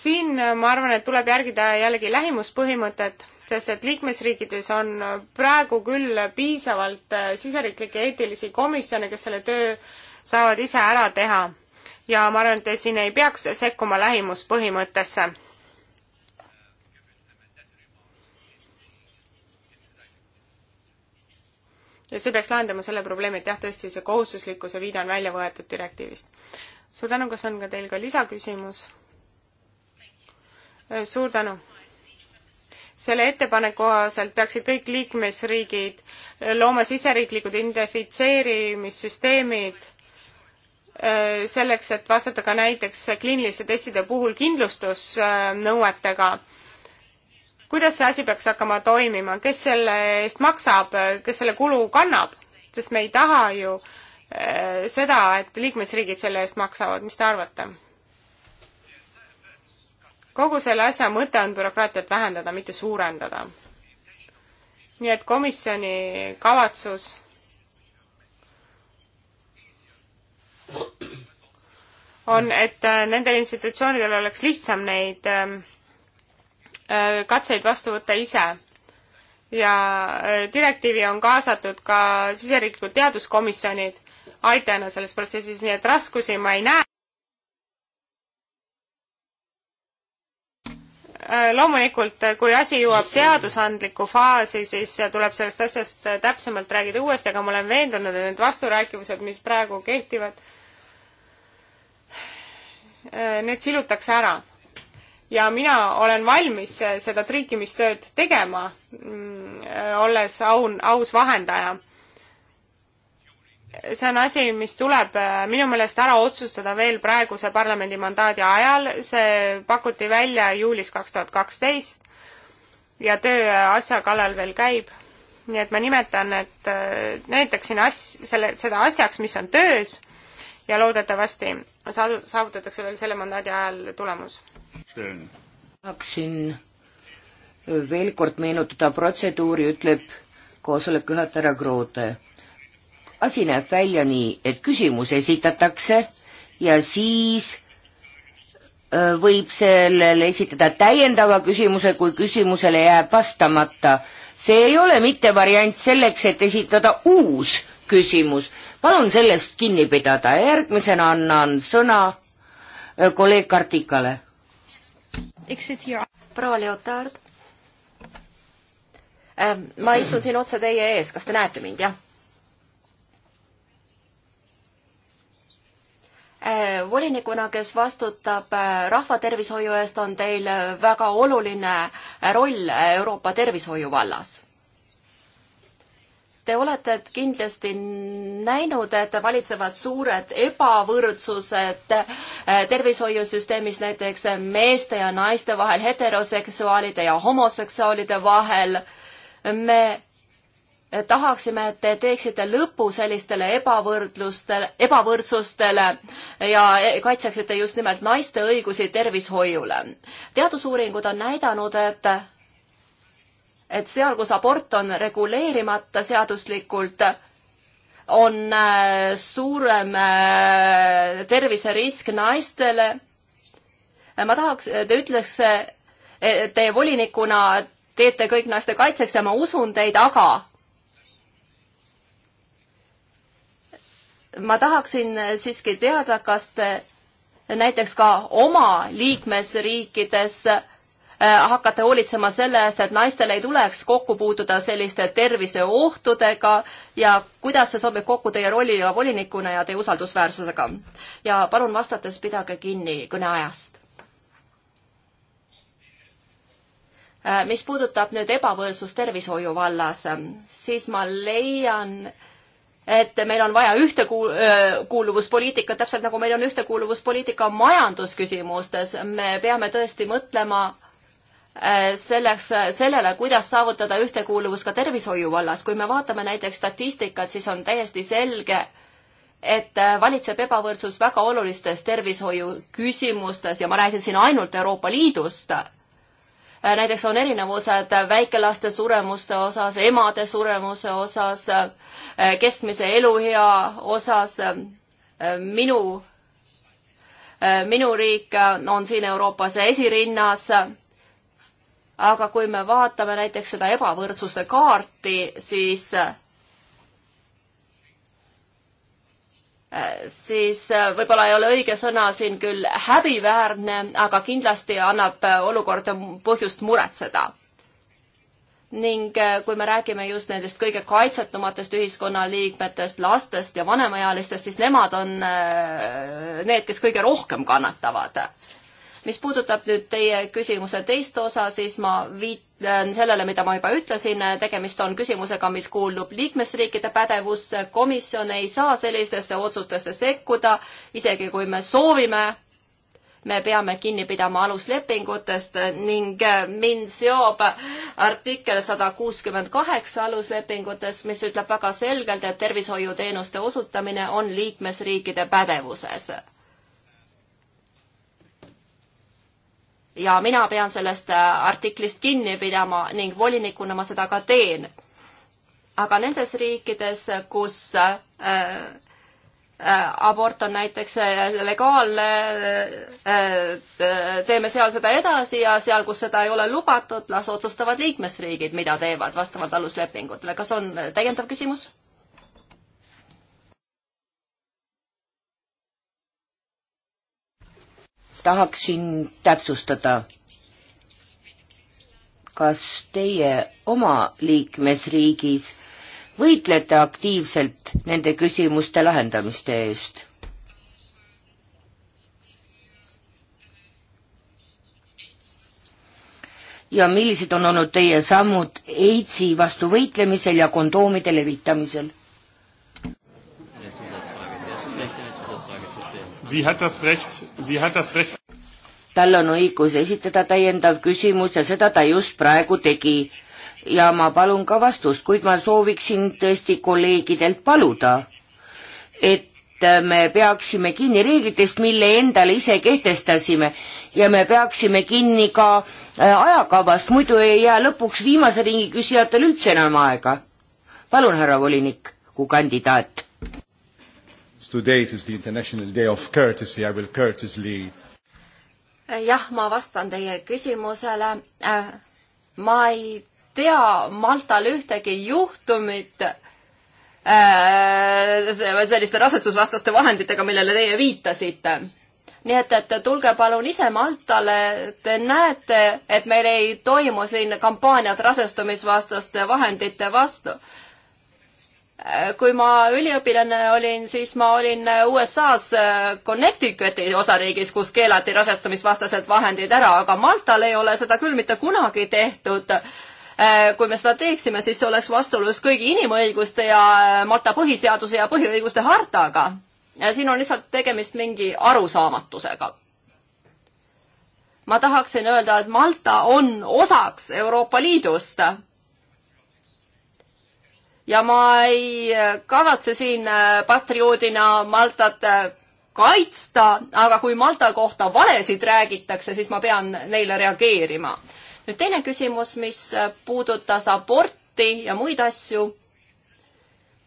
siin äh, ma arvan, et tuleb järgida jällegi lähimuspõhimõtet, sest et liikmesriikides on praegu küll piisavalt äh, siseriiklikke eetilisi komisjone, kes selle töö saavad ise ära teha. ja ma arvan, et siin ei peaks sekkuma lähimuspõhimõttesse. ja see peaks lahendama selle probleemi, et jah, tõesti see kohustuslikkuse viide on välja võetud direktiivist. suur tänu, kas on ka teil ka lisaküsimus? Äh, suur tänu! selle ettepaneku kohaselt peaksid kõik liikmesriigid äh, looma siseriiklikud identifitseerimissüsteemid äh, selleks, et vastata ka näiteks kliiniliste testide puhul kindlustusnõuetega. kuidas see asi peaks hakkama toimima, kes selle eest maksab, kes selle kulu kannab, sest me ei taha ju seda, et liikmesriigid selle eest maksavad, mis te arvate? kogu selle asja mõte on bürokraatiat vähendada, mitte suurendada. nii et komisjoni kavatsus on, et äh, nendel institutsioonidel oleks lihtsam neid ähm, äh, katseid vastu võtta ise. ja äh, direktiivi on kaasatud ka siseriiklikud teaduskomisjonid aitajana selles protsessis, nii et raskusi ma ei näe. Äh, loomulikult, äh, kui asi jõuab seadusandlikku faasi, siis äh, tuleb sellest asjast täpsemalt räägida uuesti, aga ma olen veendunud, et need vasturääkivused, mis praegu kehtivad, need silutakse ära. ja mina olen valmis seda triikimistööd tegema, mm, olles aun-, aus vahendaja see on asi, mis tuleb äh, minu meelest ära otsustada veel praeguse parlamendi mandaadi ajal, see pakuti välja juulis kaks tuhat kaksteist ja töö äh, asja kallal veel käib. nii et ma nimetan, et äh, näitaksin as-, selle, seda asjaks, mis on töös ja loodetavasti saad-, saavutatakse veel selle mandaadi ajal tulemus. tahaksin veel kord meenutada protseduuri, ütleb koosoleku juhataja Kroote asi näeb välja nii, et küsimus esitatakse ja siis võib sellele esitada täiendava küsimuse, kui küsimusele jääb vastamata. see ei ole mitte variant selleks, et esitada uus küsimus. palun sellest kinni pidada ja järgmisena annan sõna kolleeg Kartikale. proua Leotard. ma istun siin otse teie ees, kas te näete mind, jah? Äh, volinikuna, kes vastutab äh, rahvatervishoiu eest, on teil äh, väga oluline roll Euroopa tervishoiu vallas. Te olete kindlasti näinud, et valitsevad suured ebavõrdsused tervishoiusüsteemis näiteks meeste ja naiste vahel, heteroseksuaalide ja homoseksuaalide vahel. me tahaksime, et te teeksite lõpu sellistele ebavõrdlustele, ebavõrdsustele ja kaitseksite just nimelt naiste õigusi tervishoiule. teadusuuringud on näidanud, et et seal, kus abort on reguleerimata seaduslikult, on äh, suurem äh, terviserisk naistele. ma tahaks, te ütleks, teie volinikuna teete kõik naiste kaitseks ja ma usun teid, aga ma tahaksin siiski teada, kas te näiteks ka oma liikmesriikides äh, hakkate hoolitsema selle eest, et naistel ei tuleks kokku puutuda selliste terviseohtudega ja kuidas see sobib kokku teie rolliga volinikuna ja teie usaldusväärsusega. ja palun vastates pidage kinni kõneajast. Äh, mis puudutab nüüd ebavõrdsust tervishoiu vallas, siis ma leian, et meil on vaja ühtekuuluvuspoliitikat, täpselt nagu meil on ühtekuuluvuspoliitika majandusküsimustes. me peame tõesti mõtlema selleks, sellele, kuidas saavutada ühtekuuluvus ka tervishoiu vallas. kui me vaatame näiteks statistikat, siis on täiesti selge, et valitseb ebavõrdsus väga olulistes tervishoiu küsimustes ja ma räägin siin ainult Euroopa Liidust Äh, näiteks on erinevused väikelaste suremuste osas, emade suremuse osas, äh, keskmise eluea osas. Äh, minu, minu riik on siin Euroopas esirinnas. aga kui me vaatame näiteks seda ebavõrdsuse kaarti, siis siis äh, võib-olla ei ole õige sõna siin küll häbiväärne, aga kindlasti annab äh, olukord põhjust muretseda ning äh, kui me räägime just nendest kõige kaitsetumatest ühiskonnaliikmetest, lastest ja vanemaealistest, siis nemad on need, kes kõige rohkem kannatavad mis puudutab nüüd teie küsimuse teist osa, siis ma viitan sellele, mida ma juba ütlesin, tegemist on küsimusega, mis kuulub liikmesriikide pädevusse, komisjon ei saa sellistesse otsustesse sekkuda, isegi kui me soovime, me peame kinni pidama aluslepingutest ning mind seob artikkel sada kuuskümmend kaheksa aluslepingutes, mis ütleb väga selgelt, et tervishoiuteenuste osutamine on liikmesriikide pädevuses ja mina pean sellest äh, artiklist kinni pidama ning volinikuna ma seda ka teen. aga nendes riikides, kus äh, äh, abort on näiteks legaalne, teeme seal seda edasi ja seal, kus seda ei ole lubatud, las otsustavad liikmesriigid, mida teevad vastavalt aluslepingutele. kas on täiendav küsimus? tahaksin täpsustada, kas teie oma liikmesriigis võitlete aktiivselt nende küsimuste lahendamiste eest? ja millised on olnud teie sammud AIDSi vastu võitlemisel ja kondoomide levitamisel? tal on õigus esitada täiendav küsimus ja seda ta just praegu tegi. ja ma palun ka vastust, kuid ma sooviksin tõesti kolleegidelt paluda, et me peaksime kinni reeglitest, mille endale ise kehtestasime ja me peaksime kinni ka äh, ajakavast, muidu ei jää lõpuks viimase ringi küsijatel üldse enam aega. palun, härra volinik, kui kandidaat today it is the International Day of Courtesy, I will courteously eh, jah, ma vastan teie küsimusele. Eh, ma ei tea Maltal ühtegi juhtumit eh, selliste rasestusvastaste vahenditega, millele teie viitasite. nii et, et tulge palun ise Maltale, te näete, et meil ei toimu siin kampaaniat rasestumisvastaste vahendite vastu Äh, kui ma üliõpilane olin, siis ma olin äh, USA-s äh, Connecticuti osariigis, kus keelati rasestamisvastased vahendid ära, aga Maltal ei ole seda küll mitte kunagi tehtud. kui me seda teeksime, siis see oleks vastuolus kõigi inimõiguste ja Malta põhiseaduse ja põhiõiguste hartaga. siin on lihtsalt tegemist mingi arusaamatusega ma tahaksin öelda, et Malta on osaks Euroopa Liidust ja ma ei äh, kavatse siin äh, patrioodina Maltat äh, kaitsta, aga kui Malta kohta valesid räägitakse, siis ma pean neile reageerima. nüüd teine küsimus, mis puudutas aborti ja muid asju.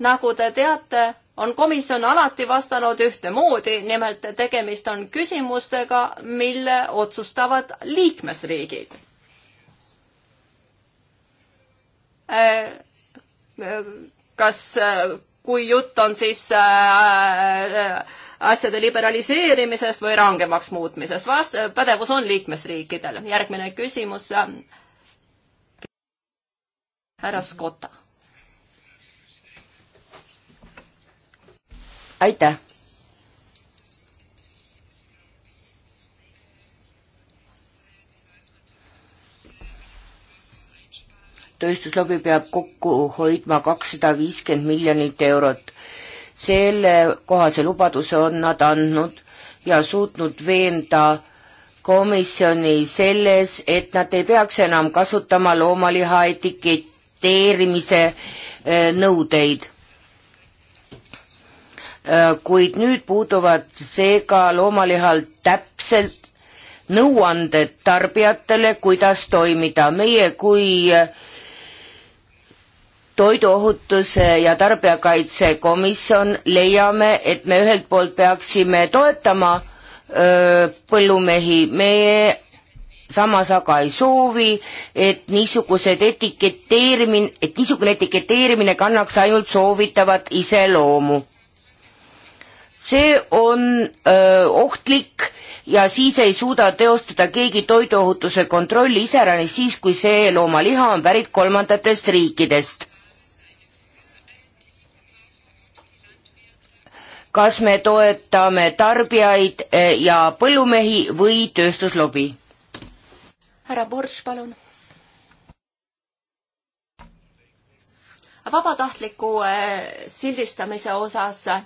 nagu te teate, on komisjon alati vastanud ühtemoodi, nimelt tegemist on küsimustega, mille otsustavad liikmesriigid äh, kas, kui jutt on siis äh, asjade liberaliseerimisest või rangemaks muutmisest, vast-, pädevus on liikmesriikidel. järgmine küsimus. Äh, härra Skotta. aitäh tööstuslobi peab kokku hoidma kakssada viiskümmend miljonit eurot. sellekohase lubaduse on nad andnud ja suutnud veenda komisjoni selles, et nad ei peaks enam kasutama loomaliha etiketeerimise eh, nõudeid. Eh, kuid nüüd puuduvad seega loomalihal täpselt nõuanded tarbijatele, kuidas toimida. meie kui äh, toiduohutuse ja tarbijakaitsekomisjon leiame, et me ühelt poolt peaksime toetama öö, põllumehi, me samas aga ei soovi, et niisugused etiketeerimine, et niisugune etiketeerimine kannaks ainult soovitavat iseloomu. see on öö, ohtlik ja siis ei suuda teostada keegi toiduohutuse kontrolli iseäranis siis, kui see loomaliha on pärit kolmandatest riikidest kas me toetame tarbijaid eh, ja põllumehi või tööstuslobi? härra Borš, palun. vabatahtliku eh, sildistamise osas eh,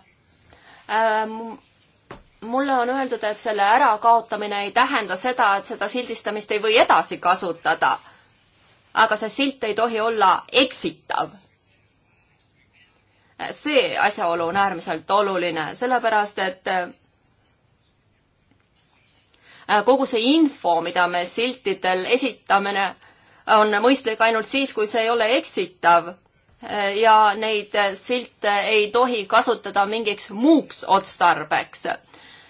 mulle on öeldud, et selle ärakaotamine ei tähenda seda, et seda sildistamist ei või edasi kasutada. aga see silt ei tohi olla eksitav see asjaolu on äärmiselt oluline, sellepärast et äh, kogu see info, mida me siltidel esitame, on mõistlik ainult siis, kui see ei ole eksitav äh, ja neid äh, silte ei tohi kasutada mingiks muuks otstarbeks.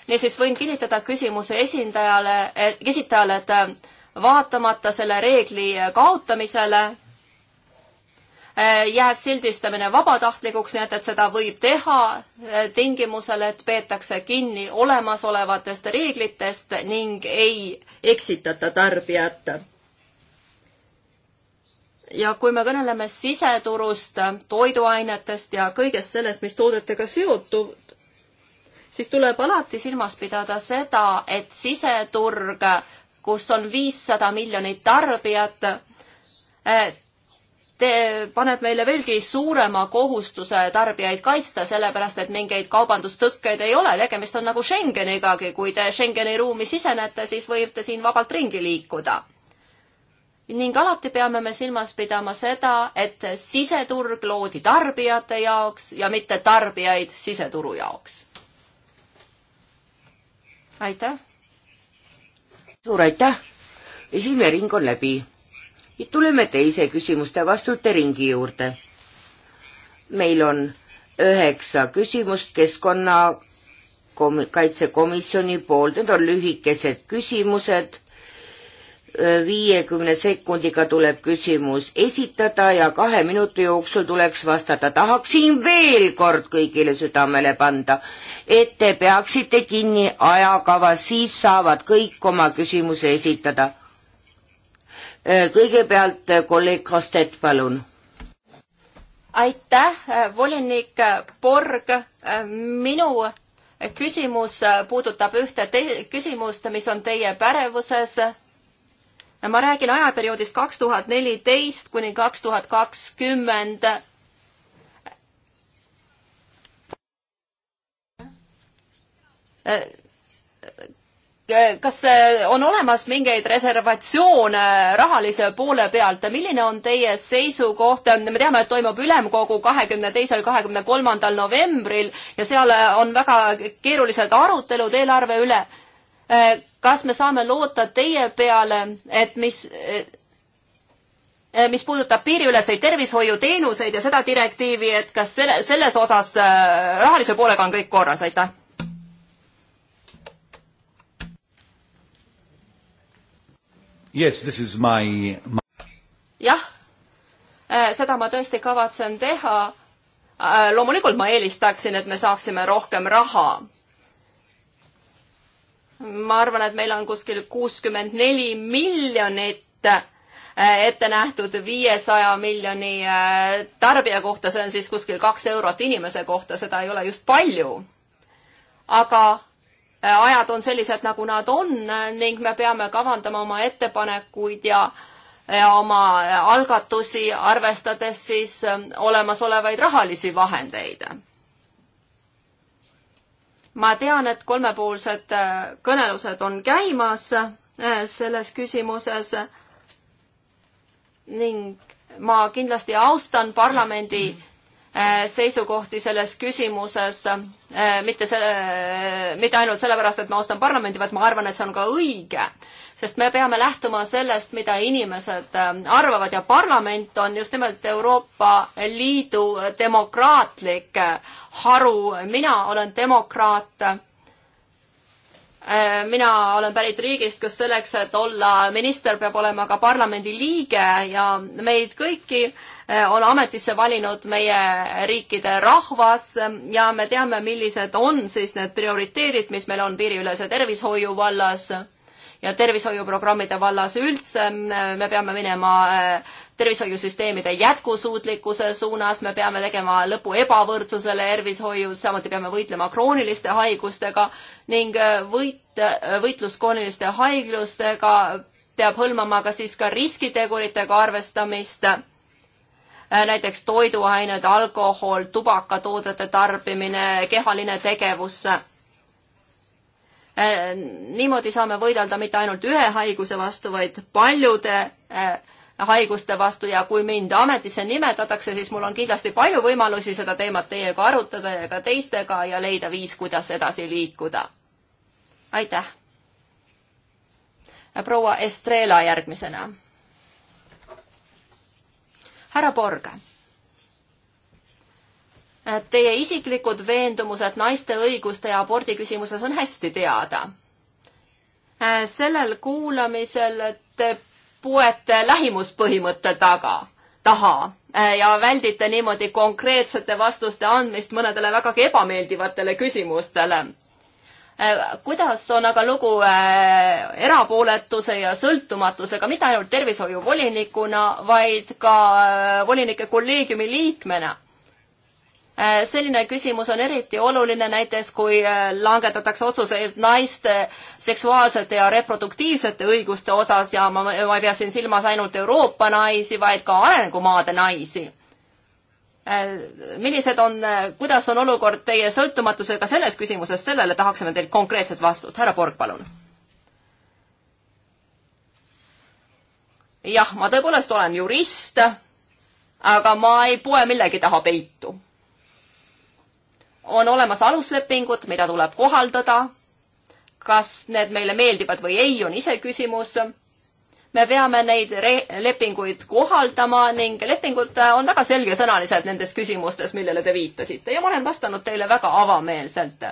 niisiis võin kinnitada küsimuse esindajale, esitajale, et vaatamata selle reegli kaotamisele Äh, jääb sildistamine vabatahtlikuks, nii et, et seda võib teha äh, tingimusel, et peetakse kinni olemasolevatest reeglitest ning ei eksitata tarbijat. ja kui me kõneleme siseturust, toiduainetest ja kõigest sellest, mis toodetega seotub, siis tuleb alati silmas pidada seda, et siseturg, kus on viissada miljonit tarbijat, äh, te, paneb meile veelgi suurema kohustuse tarbijaid kaitsta, sellepärast et mingeid kaubandustõkkeid ei ole, tegemist on nagu Schengenigagi, kui te Schengeni ruumi sisenete, siis võite siin vabalt ringi liikuda. ning alati peame me silmas pidama seda, et siseturg loodi tarbijate jaoks ja mitte tarbijaid siseturu jaoks. aitäh! suur aitäh! esimene ring on läbi tuleme teise küsimuste-vastuste ringi juurde. meil on üheksa küsimust keskkonna kaitsekomisjoni poolt, need on lühikesed küsimused, viiekümne sekundiga tuleb küsimus esitada ja kahe minuti jooksul tuleks vastata. tahaksin veel kord kõigile südamele panda, et te peaksite kinni ajakava, siis saavad kõik oma küsimuse esitada Eh, kõigepealt eh, kolleeg Kastet, palun. aitäh, eh, volinik Borg, minu küsimus puudutab ühte küsimust, mis on teie pärevuses. ma räägin ajaperioodist kaks tuhat neliteist kuni kaks tuhat kakskümmend. Uh, kas eh, on olemas mingeid reservatsioone rahalise poole pealt, milline on teie seisukoht, me teame, et toimub ülemkogu kahekümne teisel, kahekümne kolmandal novembril ja seal eh, on väga keerulised arutelud eelarve üle. Eh, kas me saame loota teie peale, et mis, mis puudutab piiriüleseid tervishoiuteenuseid ja seda direktiivi, et kas selle, selles osas rahalise poolega on kõik korras, aitäh? Yes, this is my, my... jah, äh, seda ma tõesti kavatsen teha. Äh, loomulikult ma eelistaksin, et me saaksime rohkem raha. ma arvan, et meil on kuskil kuuskümmend neli miljonit äh, ette nähtud viiesaja miljoni tarbija kohta, see on siis kuskil kaks eurot inimese kohta, seda ei ole just palju. aga Äh, ajad on sellised, nagu nad on äh, ning me peame kavandama oma ettepanekuid ja ja oma äh, algatusi, arvestades siis olemasolevaid rahalisi vahendeid. ma tean, et kolmepoolsed kõnelused on käimas selles küsimuses ning ma kindlasti austan parlamendi mm [clears throat] -hmm Äh, seisukohti selles küsimuses, äh, mitte selle, äh, mitte ainult sellepärast, et ma austan parlamendi, vaid ma arvan, et see on ka õige. sest me peame lähtuma sellest, mida inimesed arvavad ja parlament on just nimelt Euroopa Liidu demokraatlik haru. mina olen demokraat Äh, mina olen pärit riigist, kus selleks, et olla minister, peab olema ka parlamendi liige ja meid kõiki äh, on ametisse valinud meie riikide rahvas äh, ja me teame, millised on siis need prioriteedid, mis meil on piiriülese tervishoiu vallas ja tervishoiuprogrammide vallas üldse. me peame minema tervishoiusüsteemide jätkusuutlikkuse suunas, me peame tegema lõpu ebavõrdsusele tervishoius, samuti peame võitlema krooniliste haigustega ning äh, võit, äh, võitlus krooniliste haiglustega peab hõlmama ka siis ka riskiteguritega arvestamist, äh, näiteks toiduained, alkohol, tubakatoodete tarbimine, kehaline tegevus niimoodi saame võidelda mitte ainult ühe haiguse vastu, vaid paljude haiguste vastu ja kui mind ametisse nimetatakse, siis mul on kindlasti palju võimalusi seda teemat teiega arutada ja ka teistega ja leida viis, kuidas edasi liikuda. aitäh. proua Estrela järgmisena. härra Borg Teie isiklikud veendumused naiste õiguste ja abordi küsimuses on hästi teada. sellel kuulamisel te puuet lähimuspõhimõtte taga, taha äh, ja väldite niimoodi konkreetsete vastuste andmist mõnedele vägagi ebameeldivatele küsimustele äh, kuidas on aga lugu äh, erapooletuse ja sõltumatusega, mitte ainult tervishoiuvolinikuna, vaid ka volinike kolleegiumi liikmena? Äh, selline küsimus on eriti oluline näiteks, kui äh, langetatakse otsuseid naiste seksuaalsete ja reproduktiivsete õiguste osas ja ma, ma ei pea siin silmas ainult Euroopa naisi, vaid ka arengumaade naisi äh, millised on, kuidas on olukord teie sõltumatusega selles küsimuses, sellele tahaksime teilt konkreetset vastust. härra Borg, palun. jah, ma tõepoolest olen jurist, aga ma ei poe millegi taha peitu on olemas aluslepingud, mida tuleb kohaldada. kas need meile meeldivad või ei, on iseküsimus. me peame neid lepinguid kohaldama ning lepingud on väga selgesõnalised nendes küsimustes, millele te viitasite ja ma olen vastanud teile väga avameelselt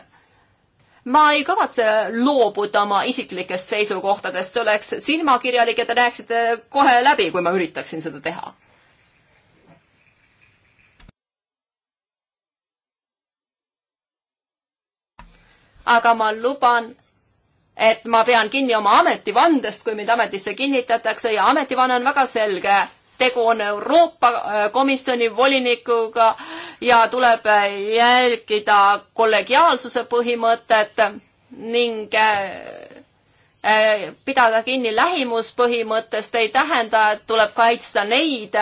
ma ei kavatse loobuda oma isiklikest seisukohtadest, see oleks silmakirjalik ja te näeksite kohe läbi, kui ma üritaksin seda teha aga ma luban, et ma pean kinni oma ametivandest, kui mind ametisse kinnitatakse ja ametivanne on väga selge. tegu on Euroopa äh, Komisjoni volinikuga ja tuleb äh, jälgida kollegiaalsuse põhimõtet ning äh, pidada kinni lähimuspõhimõttest ei tähenda, et tuleb kaitsta neid,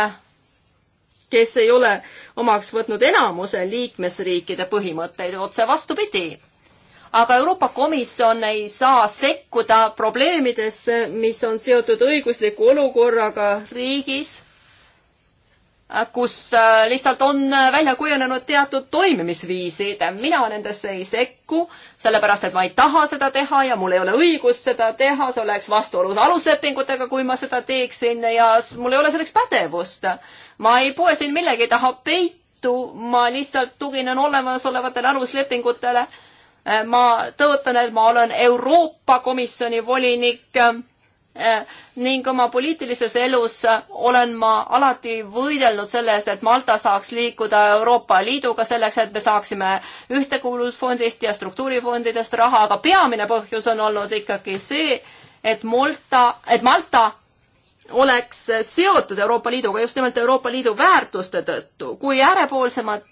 kes ei ole omaks võtnud enamuse liikmesriikide põhimõtteid, otse vastupidi aga Euroopa Komisjon ei saa sekkuda probleemidesse, mis on seotud õigusliku olukorraga riigis, kus äh, lihtsalt on välja kujunenud teatud toimimisviisid. mina nendesse ei sekku, sellepärast et ma ei taha seda teha ja mul ei ole õigust seda teha, see oleks vastuolus aluslepingutega, kui ma seda teeksin ja mul ei ole selleks pädevust. ma ei poe siin millegi taha peitu, ma lihtsalt tuginen olemasolevatele aluslepingutele Äh, ma tõotan, et ma olen Euroopa Komisjoni volinik äh, ning oma poliitilises elus olen ma alati võidelnud selle eest, et Malta saaks liikuda Euroopa Liiduga selleks, et me saaksime ühtekuuluvusfondist ja struktuurifondidest raha, aga peamine põhjus on olnud ikkagi see, et Malta, et Malta oleks seotud Euroopa Liiduga just nimelt Euroopa Liidu väärtuste tõttu. kui äärepoolsemad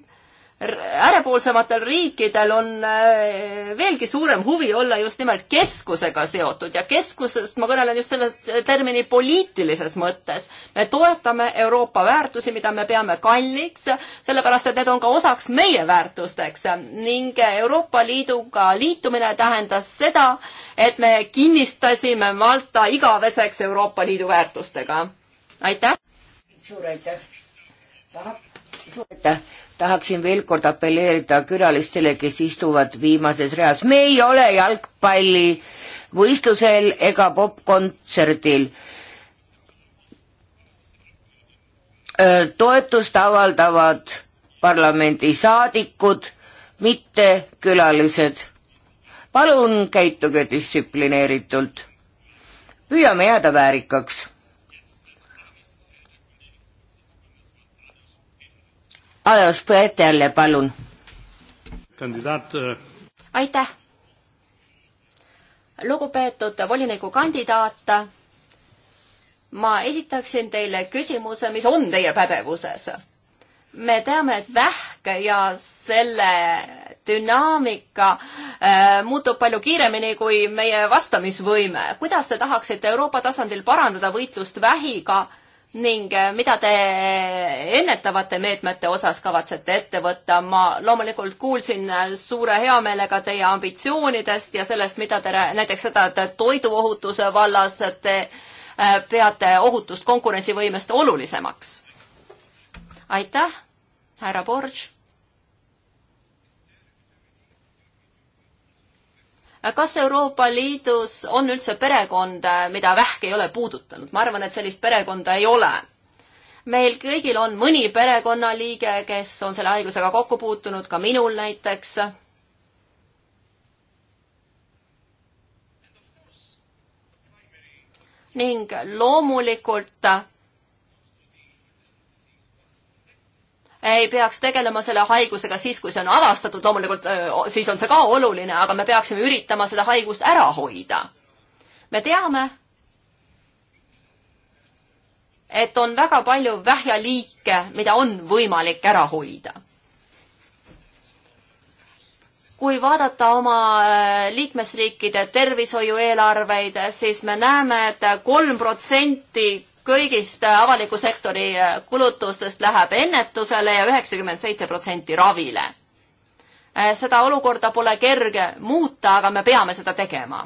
äärepoolsematel riikidel on äh, veelgi suurem huvi olla just nimelt keskusega seotud ja keskusest ma kõnelen just selles termini poliitilises mõttes. me toetame Euroopa väärtusi, mida me peame kalliks, sellepärast et need on ka osaks meie väärtusteks ning Euroopa Liiduga liitumine tähendas seda, et me kinnistasime Malta igaveseks Euroopa Liidu väärtustega. aitäh! suur aitäh! tahab, suur aitäh! tahaksin veel kord apelleerida külalistele, kes istuvad viimases reas. me ei ole jalgpallivõistlusel ega popkontserdil. toetust avaldavad parlamendisaadikud, mitte külalised. palun käituge distsiplineeritult. püüame jääda väärikaks Aleos Põeterle, palun. kandidaat. Äh, aitäh. lugupeetud volinikukandidaat, ma esitaksin teile küsimuse, mis on teie pädevuses. me teame, et vähk ja selle dünaamika äh, muutub palju kiiremini kui meie vastamisvõime. kuidas te tahaksite Euroopa tasandil parandada võitlust vähiga äh, ning äh, mida te ennetavate meetmete osas kavatsete ette võtta? ma loomulikult kuulsin äh, suure heameelega teie ambitsioonidest ja sellest, mida te, näiteks seda, et toiduohutuse vallas te äh, peate ohutust konkurentsivõimest olulisemaks. aitäh, härra Borš kas Euroopa Liidus on üldse perekonda, mida vähk ei ole puudutanud? ma arvan, et sellist perekonda ei ole. meil kõigil on mõni perekonnaliige, kes on selle haigusega kokku puutunud, ka minul näiteks. ning loomulikult ei peaks tegelema selle haigusega siis, kui see on avastatud, loomulikult siis on see ka oluline, aga me peaksime üritama seda haigust ära hoida. me teame, et on väga palju vähjaliike, mida on võimalik ära hoida. kui vaadata oma liikmesriikide tervishoiueelarveid, siis me näeme et, et kolm protsenti kõigist äh, avaliku sektori äh, kulutustest läheb ennetusele ja üheksakümmend seitse protsenti ravile. Äh, seda olukorda pole kerge muuta, aga me peame seda tegema.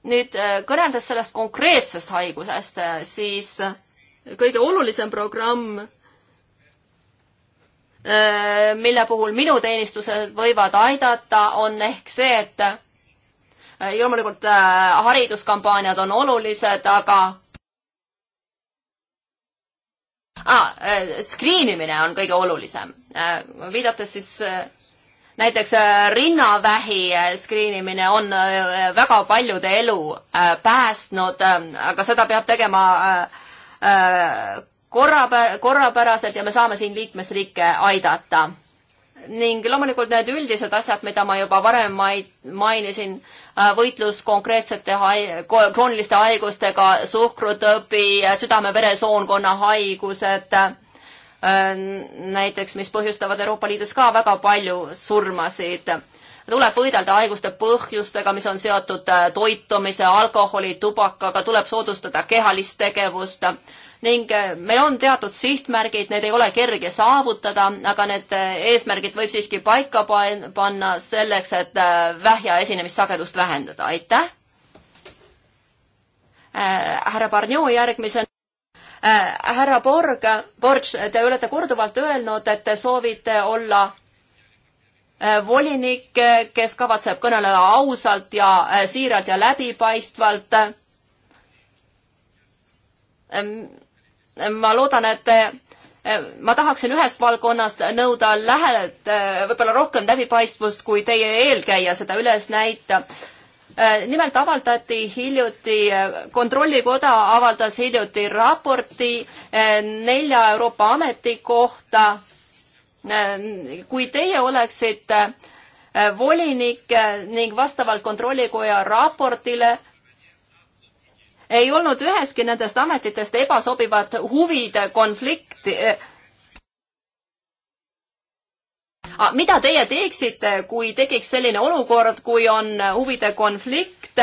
nüüd kõneldes sellest konkreetsest haigusest, siis kõige olulisem programm, mille puhul minu teenistused võivad aidata, on ehk see, et loomulikult hariduskampaaniad on olulised, aga ah,. Äh, screen imine on kõige olulisem, äh, viidates siis äh, näiteks rinnavähi screen imine on väga paljude elu päästnud, ähm, aga seda peab tegema korra, korrapäraselt ja me saame siin liikmesriike aidata ning loomulikult need üldised asjad, mida ma juba varem mainisin, äh, võitlus konkreetsete hai-, krooniliste haigustega, suhkrutõbi, südame-veresoonkonna haigused, äh, näiteks, mis põhjustavad Euroopa Liidus ka väga palju surmasid. tuleb võidelda haiguste põhjustega, mis on seotud äh, toitumise, alkoholi, tubakaga, tuleb soodustada kehalist tegevust ning äh, meil on teatud sihtmärgid, need ei ole kerge saavutada, aga need äh, eesmärgid võib siiski paika panna selleks, et äh, vähja esinemissagedust vähendada, aitäh. härra Barnjuu järgmisena härra Borg, Borg, te olete korduvalt öelnud, et te soovite olla volinik, kes kavatseb kõneleda ausalt ja siiralt ja läbipaistvalt ma loodan, et eh, ma tahaksin ühest valdkonnast nõuda lähedalt eh, võib-olla rohkem läbipaistvust, kui teie eelkäija seda üles näitab eh, nimelt avaldati hiljuti, Kontrollikoda avaldas hiljuti raporti nelja Euroopa ameti kohta. kui teie oleksite volinik ning vastavalt Kontrollikoja raportile ei olnud üheski nendest ametitest ebasobivat huvide konflikti. mida teie teeksite, kui tekiks selline olukord, kui on huvide konflikt?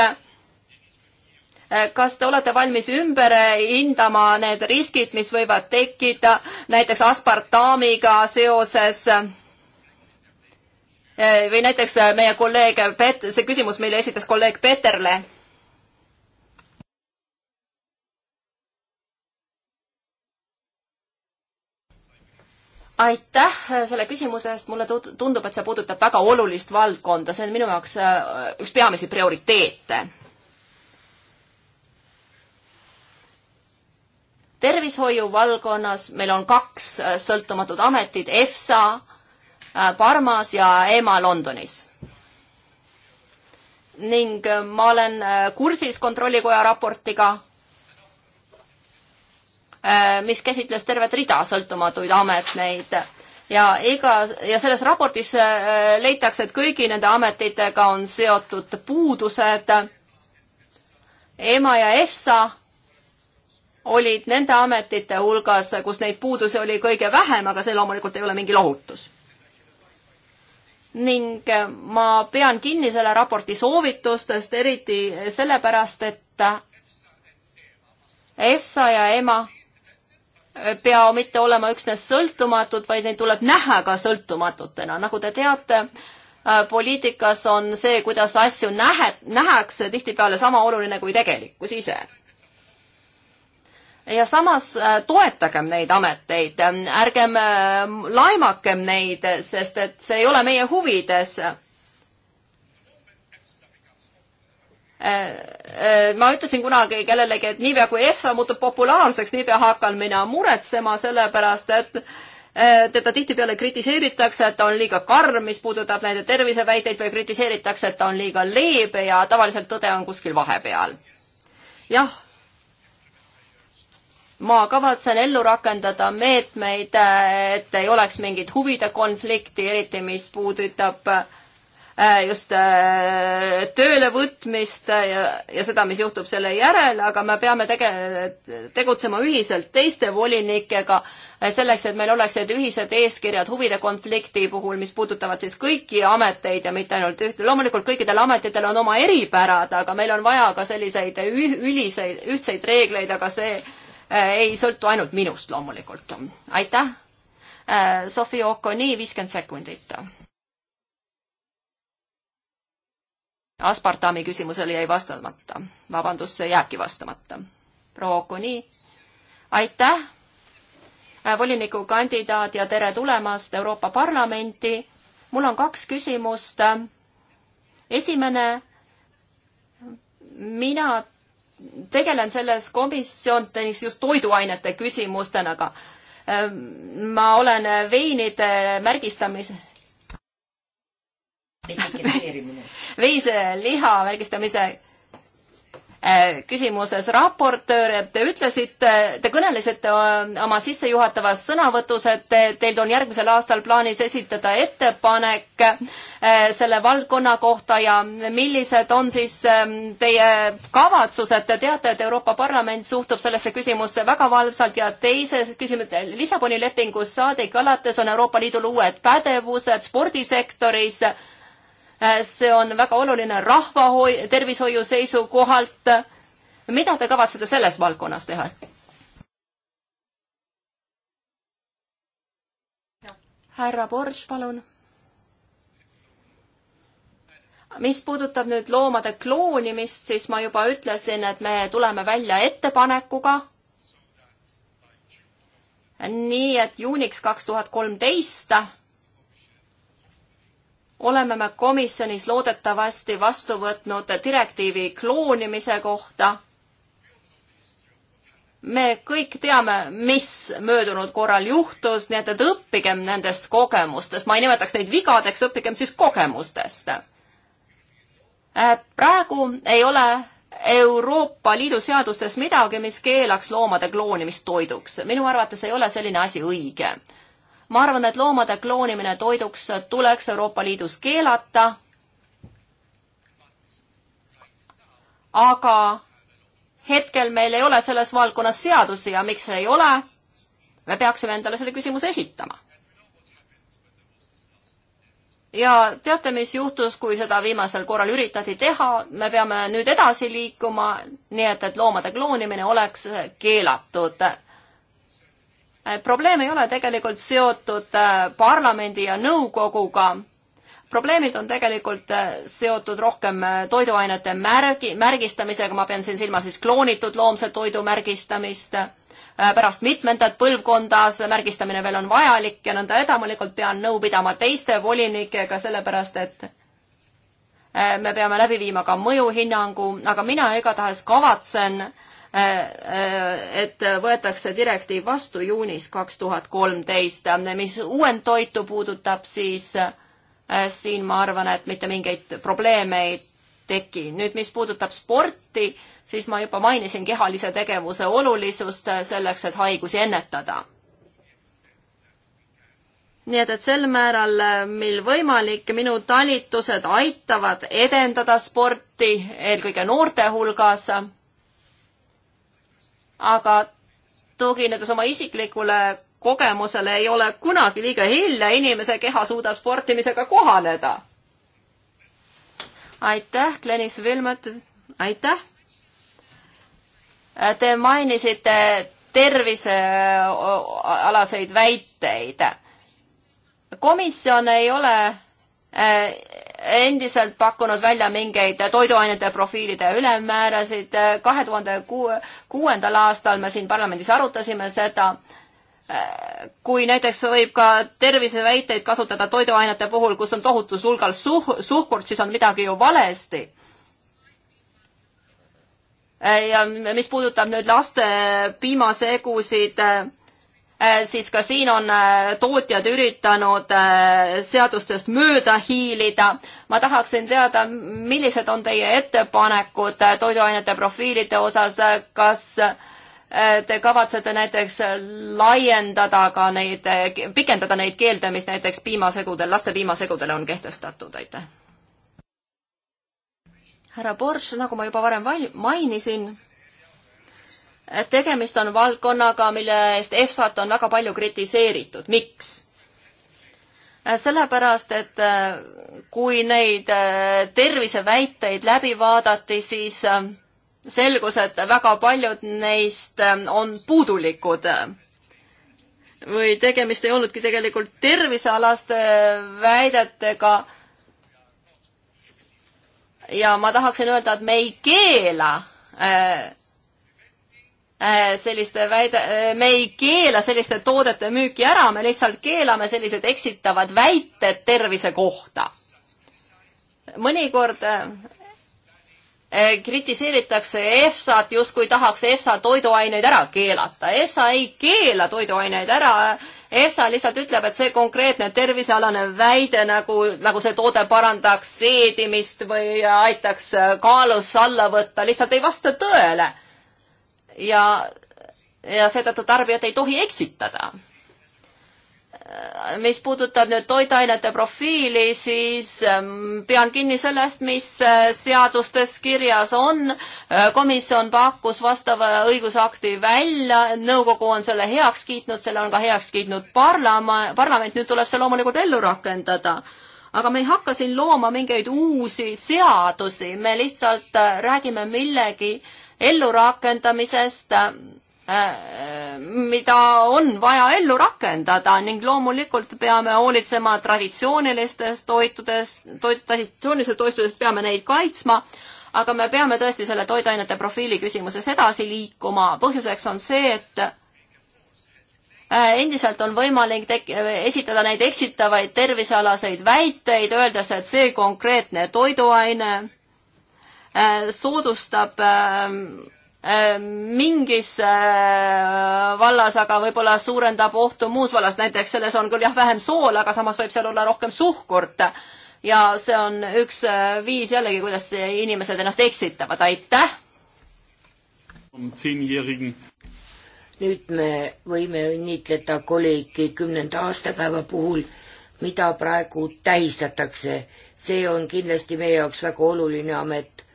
Eh, kas te olete valmis ümber hindama need riskid, mis võivad tekkida näiteks aspartamiga seoses? Eh, või näiteks eh, meie kolleeg Pet-, see küsimus, mille esitas kolleeg Peterle aitäh selle küsimuse eest, mulle tundub, et see puudutab väga olulist valdkonda, see on minu jaoks äh, üks peamisi prioriteete. tervishoiu valdkonnas meil on kaks äh, sõltumatut ametit, EFSA äh, Parmas ja EMA Londonis. ning ma olen kursis Kontrollikoja raportiga Äh, mis käsitles tervet rida sõltumatuid ametneid ja iga, ja selles raportis äh, leitakse, et kõigi nende ametitega on seotud puudused. EMA ja EFSA olid nende ametite hulgas, kus neid puudusi oli kõige vähem, aga see loomulikult ei ole mingi lohutus. ning äh, ma pean kinni selle raporti soovitustest, eriti sellepärast, et EFSA ja EMA pea mitte olema üksnes sõltumatud, vaid neid tuleb näha ka sõltumatutena, nagu te teate, äh, poliitikas on see, kuidas asju nähe, nähakse, tihtipeale sama oluline kui tegelikkus ise ja samas äh, toetagem neid ameteid, ärgem äh, laimakem neid, sest et see ei ole meie huvides Äh, äh, ma ütlesin kunagi kellelegi, et niipea kui EFSA muutub populaarseks, niipea hakkan mina muretsema, sellepärast et äh, teda tihtipeale kritiseeritakse, et ta on liiga karm, mis puudutab nende terviseväiteid või kritiseeritakse, et ta on liiga leebe ja tavaliselt tõde on kuskil vahepeal. jah, ma kavatsen ellu rakendada meetmeid, et ei oleks mingit huvide konflikti, eriti mis puudutab äh, Äh, just äh, töölevõtmist äh, ja, ja seda, mis juhtub selle järel, aga me peame tege-, tegutsema ühiselt teiste volinikega, selleks et meil oleksid ühised eeskirjad huvide konflikti puhul, mis puudutavad siis kõiki ameteid ja mitte ainult ühte. loomulikult kõikidel ametitel on oma eripärad, aga meil on vaja ka selliseid üh-, üliseid, ühtseid reegleid, aga see ei sõltu ainult minust loomulikult. aitäh! Sofi Okoni, viiskümmend sekundit aspartami küsimusele jäi vastamata. vabandust, see jääbki vastamata. proua Okuni, aitäh, äh, volinikukandidaat ja tere tulemast Euroopa Parlamenti. mul on kaks küsimust. esimene, mina tegelen selles komisjonis just toiduainete küsimustena, aga äh, ma olen veinide märgistamises [laughs] veiseliha märgistamise äh, küsimuses raportöör, te ütlesite, te kõnelesite äh, oma sissejuhatavas sõnavõtus, et teil on järgmisel aastal plaanis esitada ettepanek äh, selle valdkonna kohta ja millised on siis ähm, teie kavatsused, te teate, et Euroopa Parlament suhtub sellesse küsimusse väga valvsalt ja teise küsimus, Lissaboni lepingus saadik alates on Euroopa Liidul uued pädevused spordisektoris Äh, see on väga oluline rahva tervishoiu seisukohalt. mida te kavatsete selles valdkonnas teha? härra Borš, palun. mis puudutab nüüd loomade kloonimist, siis ma juba ütlesin, et me tuleme välja ettepanekuga. nii et juuniks kaks tuhat kolmteist oleme me komisjonis loodetavasti vastu võtnud direktiivi kloonimise kohta. me kõik teame, mis möödunud korral juhtus, nii et, et õppigem nendest kogemustest, ma ei nimetaks neid vigadeks, õppigem siis kogemustest. praegu ei ole Euroopa Liidu seadustes midagi, mis keelaks loomade kloonimist toiduks. minu arvates ei ole selline asi õige ma arvan, et loomade kloonimine toiduks tuleks Euroopa Liidus keelata. aga hetkel meil ei ole selles valdkonnas seadusi ja miks ei ole? me peaksime endale selle küsimuse esitama. ja teate, mis juhtus, kui seda viimasel korral üritati teha, me peame nüüd edasi liikuma, nii et, et loomade kloonimine oleks keelatud Äh, probleem ei ole tegelikult seotud äh, parlamendi ja nõukoguga. probleemid on tegelikult äh, seotud rohkem toiduainete märgi, märgistamisega, ma pean siin silmas siis kloonitud loomse toidu märgistamist, pärast mitmendat põlvkonda see märgistamine veel on vajalik ja nõnda edamalikult pean nõu pidama teiste volinikega, sellepärast et me peame läbi viima ka mõjuhinnangu, aga mina igatahes kavatsen äh, Äh, et võetakse direktiiv vastu juunis kaks tuhat kolmteist, mis uuendtoitu puudutab, siis äh, siin ma arvan, et mitte mingeid probleeme ei teki. nüüd, mis puudutab sporti, siis ma juba mainisin kehalise tegevuse olulisust äh, selleks, et haigusi ennetada. nii et, et sel määral, mil võimalik, minu talitused aitavad edendada sporti, eelkõige noorte hulgas aga tuginedes oma isiklikule kogemusele ei ole kunagi liiga hilja, inimese keha suudab sportimisega kohaneda. aitäh, Glenis Vilmet, aitäh. Te mainisite tervisealaseid väiteid. komisjon ei ole äh, endiselt pakkunud välja mingeid toiduainete profiilide ülemmäärasid. kahe tuhande kuuendal aastal me siin parlamendis arutasime seda, kui näiteks võib ka terviseväiteid kasutada toiduainete puhul, kus on tohutul hulgal suh-, suhkurt, siis on midagi ju valesti ja mis puudutab nüüd laste piimasegusid äh,, Äh, siis ka siin on äh, tootjad üritanud äh, seadustest mööda hiilida. ma tahaksin teada, millised on teie ettepanekud toiduainete profiilide osas, kas te kavatsete näiteks laiendada ka neid, pikendada neid keelde, mis näiteks piimasegudel, laste piimasegudele on kehtestatud, aitäh. härra Borš, nagu ma juba varem mainisin tegemist on valdkonnaga, mille eest EFSA-t on väga palju kritiseeritud. miks? Äh, sellepärast, et äh, kui neid äh, terviseväiteid läbi vaadati, siis selgus, et väga paljud neist on puudulikud. või tegemist ei olnudki tegelikult tervisealaste väidetega. ja ma tahaksin öelda, et me ei keela Äh, selliste väide, äh, me ei keela selliste toodete müüki ära, me lihtsalt keelame sellised eksitavad väited tervise kohta. mõnikord äh, kritiseeritakse EFSA-t justkui tahaks EFSA toiduaineid ära keelata. EFSA ei keela toiduaineid ära. EFSA lihtsalt ütleb, et see konkreetne tervisealane väide nagu, nagu see toode parandaks seedimist või aitaks kaalus alla võtta, lihtsalt ei vasta tõele ja, ja seetõttu tarbijat ei tohi eksitada. mis puudutab nüüd toiduainete profiili, siis ähm, pean kinni sellest, mis äh, seadustes kirjas on. Äh, komisjon pakkus vastava õigusakti välja, nõukogu on selle heaks kiitnud, selle on ka heaks kiitnud parlament, parlament, nüüd tuleb see loomulikult ellu rakendada aga me ei hakka siin looma mingeid uusi seadusi, me lihtsalt äh, räägime millegi äh, ellurakendamisest, äh, mida on vaja ellu rakendada ning loomulikult peame hoolitsema traditsioonilistest toitudest, toit, traditsioonilistest toitudest peame neid kaitsma, aga me peame tõesti selle toiduainete profiili küsimuses edasi liikuma, põhjuseks on see, et äh, endiselt on võimalik esitada neid eksitavaid tervisealaseid väiteid, öeldes, et see konkreetne toiduaine Äh, soodustab ähm, äh, mingis äh, vallas, aga võib-olla suurendab ohtu muus vallas, näiteks selles on küll jah, vähem soola, aga samas võib seal olla rohkem suhkurt. ja see on üks viis jällegi, kuidas inimesed ennast eksitavad, aitäh! nüüd me võime õnnitleda kolleegi kümnenda aastapäeva puhul, mida praegu tähistatakse. see on kindlasti meie jaoks väga oluline amet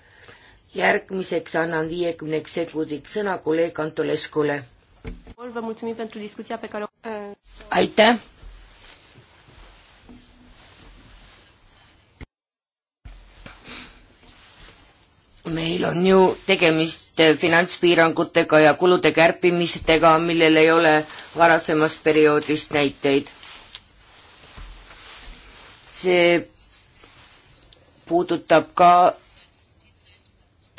järgmiseks annan viiekümneks sekundiks sõna kolleeg Antoleskule. aitäh! meil on ju tegemist finantspiirangutega ja kulude kärpimistega, millel ei ole varasemast perioodist näiteid. see puudutab ka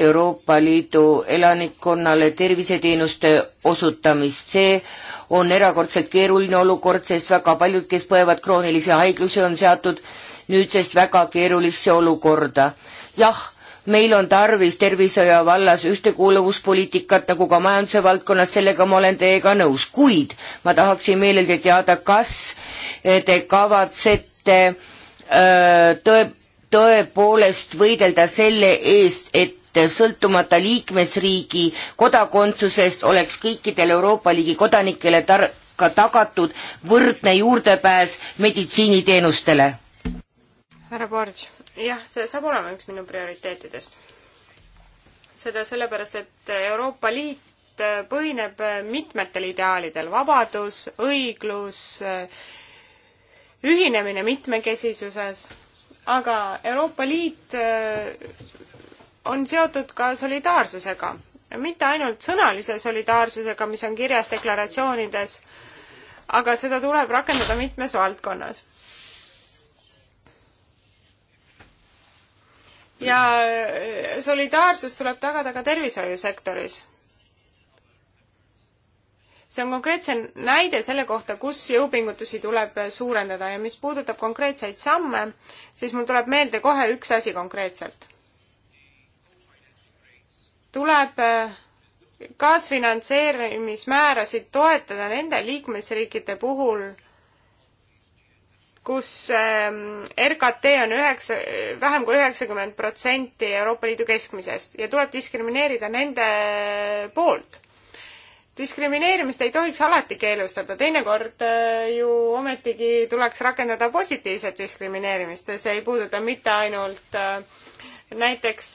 Euroopa Liidu elanikkonnale terviseteenuste osutamist. see on erakordselt keeruline olukord, sest väga paljud, kes põevad kroonilisi haiglusi, on seatud nüüdsest väga keerulisse olukorda. jah, meil on tarvis tervishoiu vallas ühtekuuluvuspoliitikat nagu ka majanduse valdkonnas, sellega ma olen teiega nõus, kuid ma tahaksin meeleldi teada, kas te kavatsete öö, äh, tõe, tõepoolest võidelda selle eest, et et sõltumata liikmesriigi kodakondsusest oleks kõikidel Euroopa Liigi kodanikele tar-, ka tagatud võrdne juurdepääs meditsiiniteenustele? härra Borg, jah, see saab olema üks minu prioriteetidest. seda sellepärast, et Euroopa Liit põhineb mitmetel ideaalidel, vabadus, õiglus, ühinemine mitmekesisuses, aga Euroopa Liit on seotud ka solidaarsusega. mitte ainult sõnalise solidaarsusega, mis on kirjas deklaratsioonides, aga seda tuleb rakendada mitmes valdkonnas. ja solidaarsus tuleb tagada ka tervishoiusektoris see on konkreetse näide selle kohta, kus jõupingutusi tuleb suurendada ja mis puudutab konkreetseid samme, siis mul tuleb meelde kohe üks asi konkreetselt tuleb äh, kaasfinantseerimismäärasid toetada nende liikmesriikide puhul, kus ähm, RKT on üheksa, vähem kui üheksakümmend protsenti Euroopa Liidu keskmisest ja tuleb diskrimineerida nende poolt. diskrimineerimist ei tohiks alati keelustada, teinekord äh, ju ometigi tuleks rakendada positiivset diskrimineerimist ja see ei puuduta mitte ainult äh, näiteks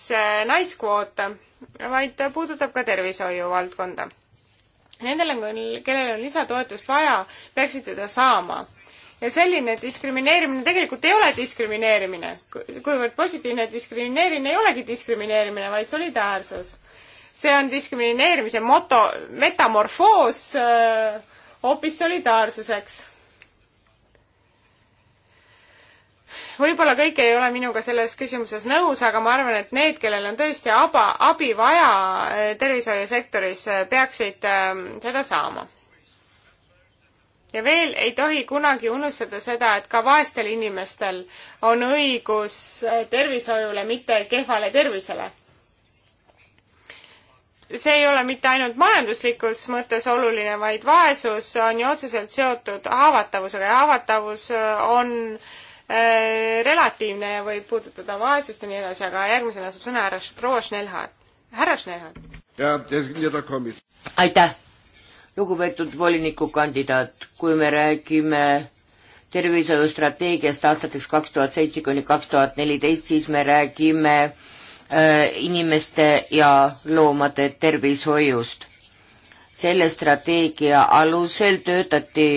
naiskvoota vaid puudutab ka tervishoiuvaldkonda. Nendel on, kellel on lisatoetust vaja, peaksid teda saama. ja selline diskrimineerimine tegelikult ei ole diskrimineerimine, kuivõrd positiivne diskrimineerimine ei olegi diskrimineerimine, vaid solidaarsus. see on diskrimineerimise moto, metamorfoos äh, hoopis solidaarsuseks võib-olla kõik ei ole minuga selles küsimuses nõus, aga ma arvan, et need, kellel on tõesti aba, abi vaja eh, tervishoiusektoris, eh, peaksid ehm, seda saama. ja veel ei tohi kunagi unustada seda, et ka vaestel inimestel on õigus eh, tervishoiule, mitte kehvale tervisele see ei ole mitte ainult majanduslikus mõttes oluline, vaid vaesus on ju otseselt seotud haavatavusega ja haavatavus on äh, Äh, relatiivne ja võib puudutada vaesust ja nii edasi, aga järgmisena saab sõna härra proua Schnellhardt. härra Schnellhardt. aitäh, lugupeetud volinikukandidaat, kui me räägime tervishoiustrateegiast aastateks kaks tuhat seitse kuni kaks tuhat neliteist, siis me räägime äh, inimeste ja loomade tervishoiust. selle strateegia alusel töötati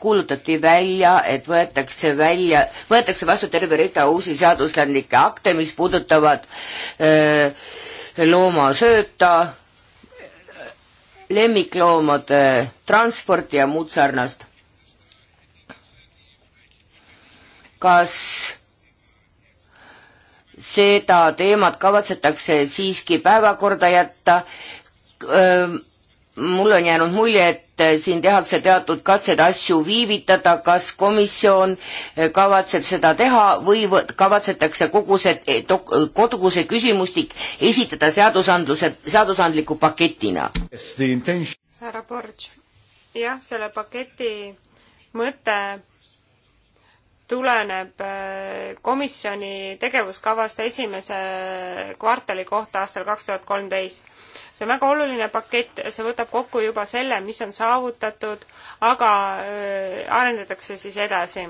kuulutati välja, et võetakse välja, võetakse vastu terve rida uusi seadusandlikke akte, mis puudutavad öö, äh, loomasööta, lemmikloomade transporti ja muud sarnast. kas seda teemat kavatsetakse siiski päevakorda jätta? Äh, mul on jäänud mulje, et et eh, siin tehakse teatud katsed asju viivitada, kas komisjon eh, kavatseb seda teha või kavatsetakse kogu see, eh, kogu see küsimustik esitada seadusandluse, seadusandliku paketina? härra Borg, jah, selle paketi mõte tuleneb äh, komisjoni tegevuskavast esimese kvartali kohta aastal kaks tuhat kolmteist. see on väga oluline pakett, see võtab kokku juba selle, mis on saavutatud, aga äh, arendatakse siis edasi.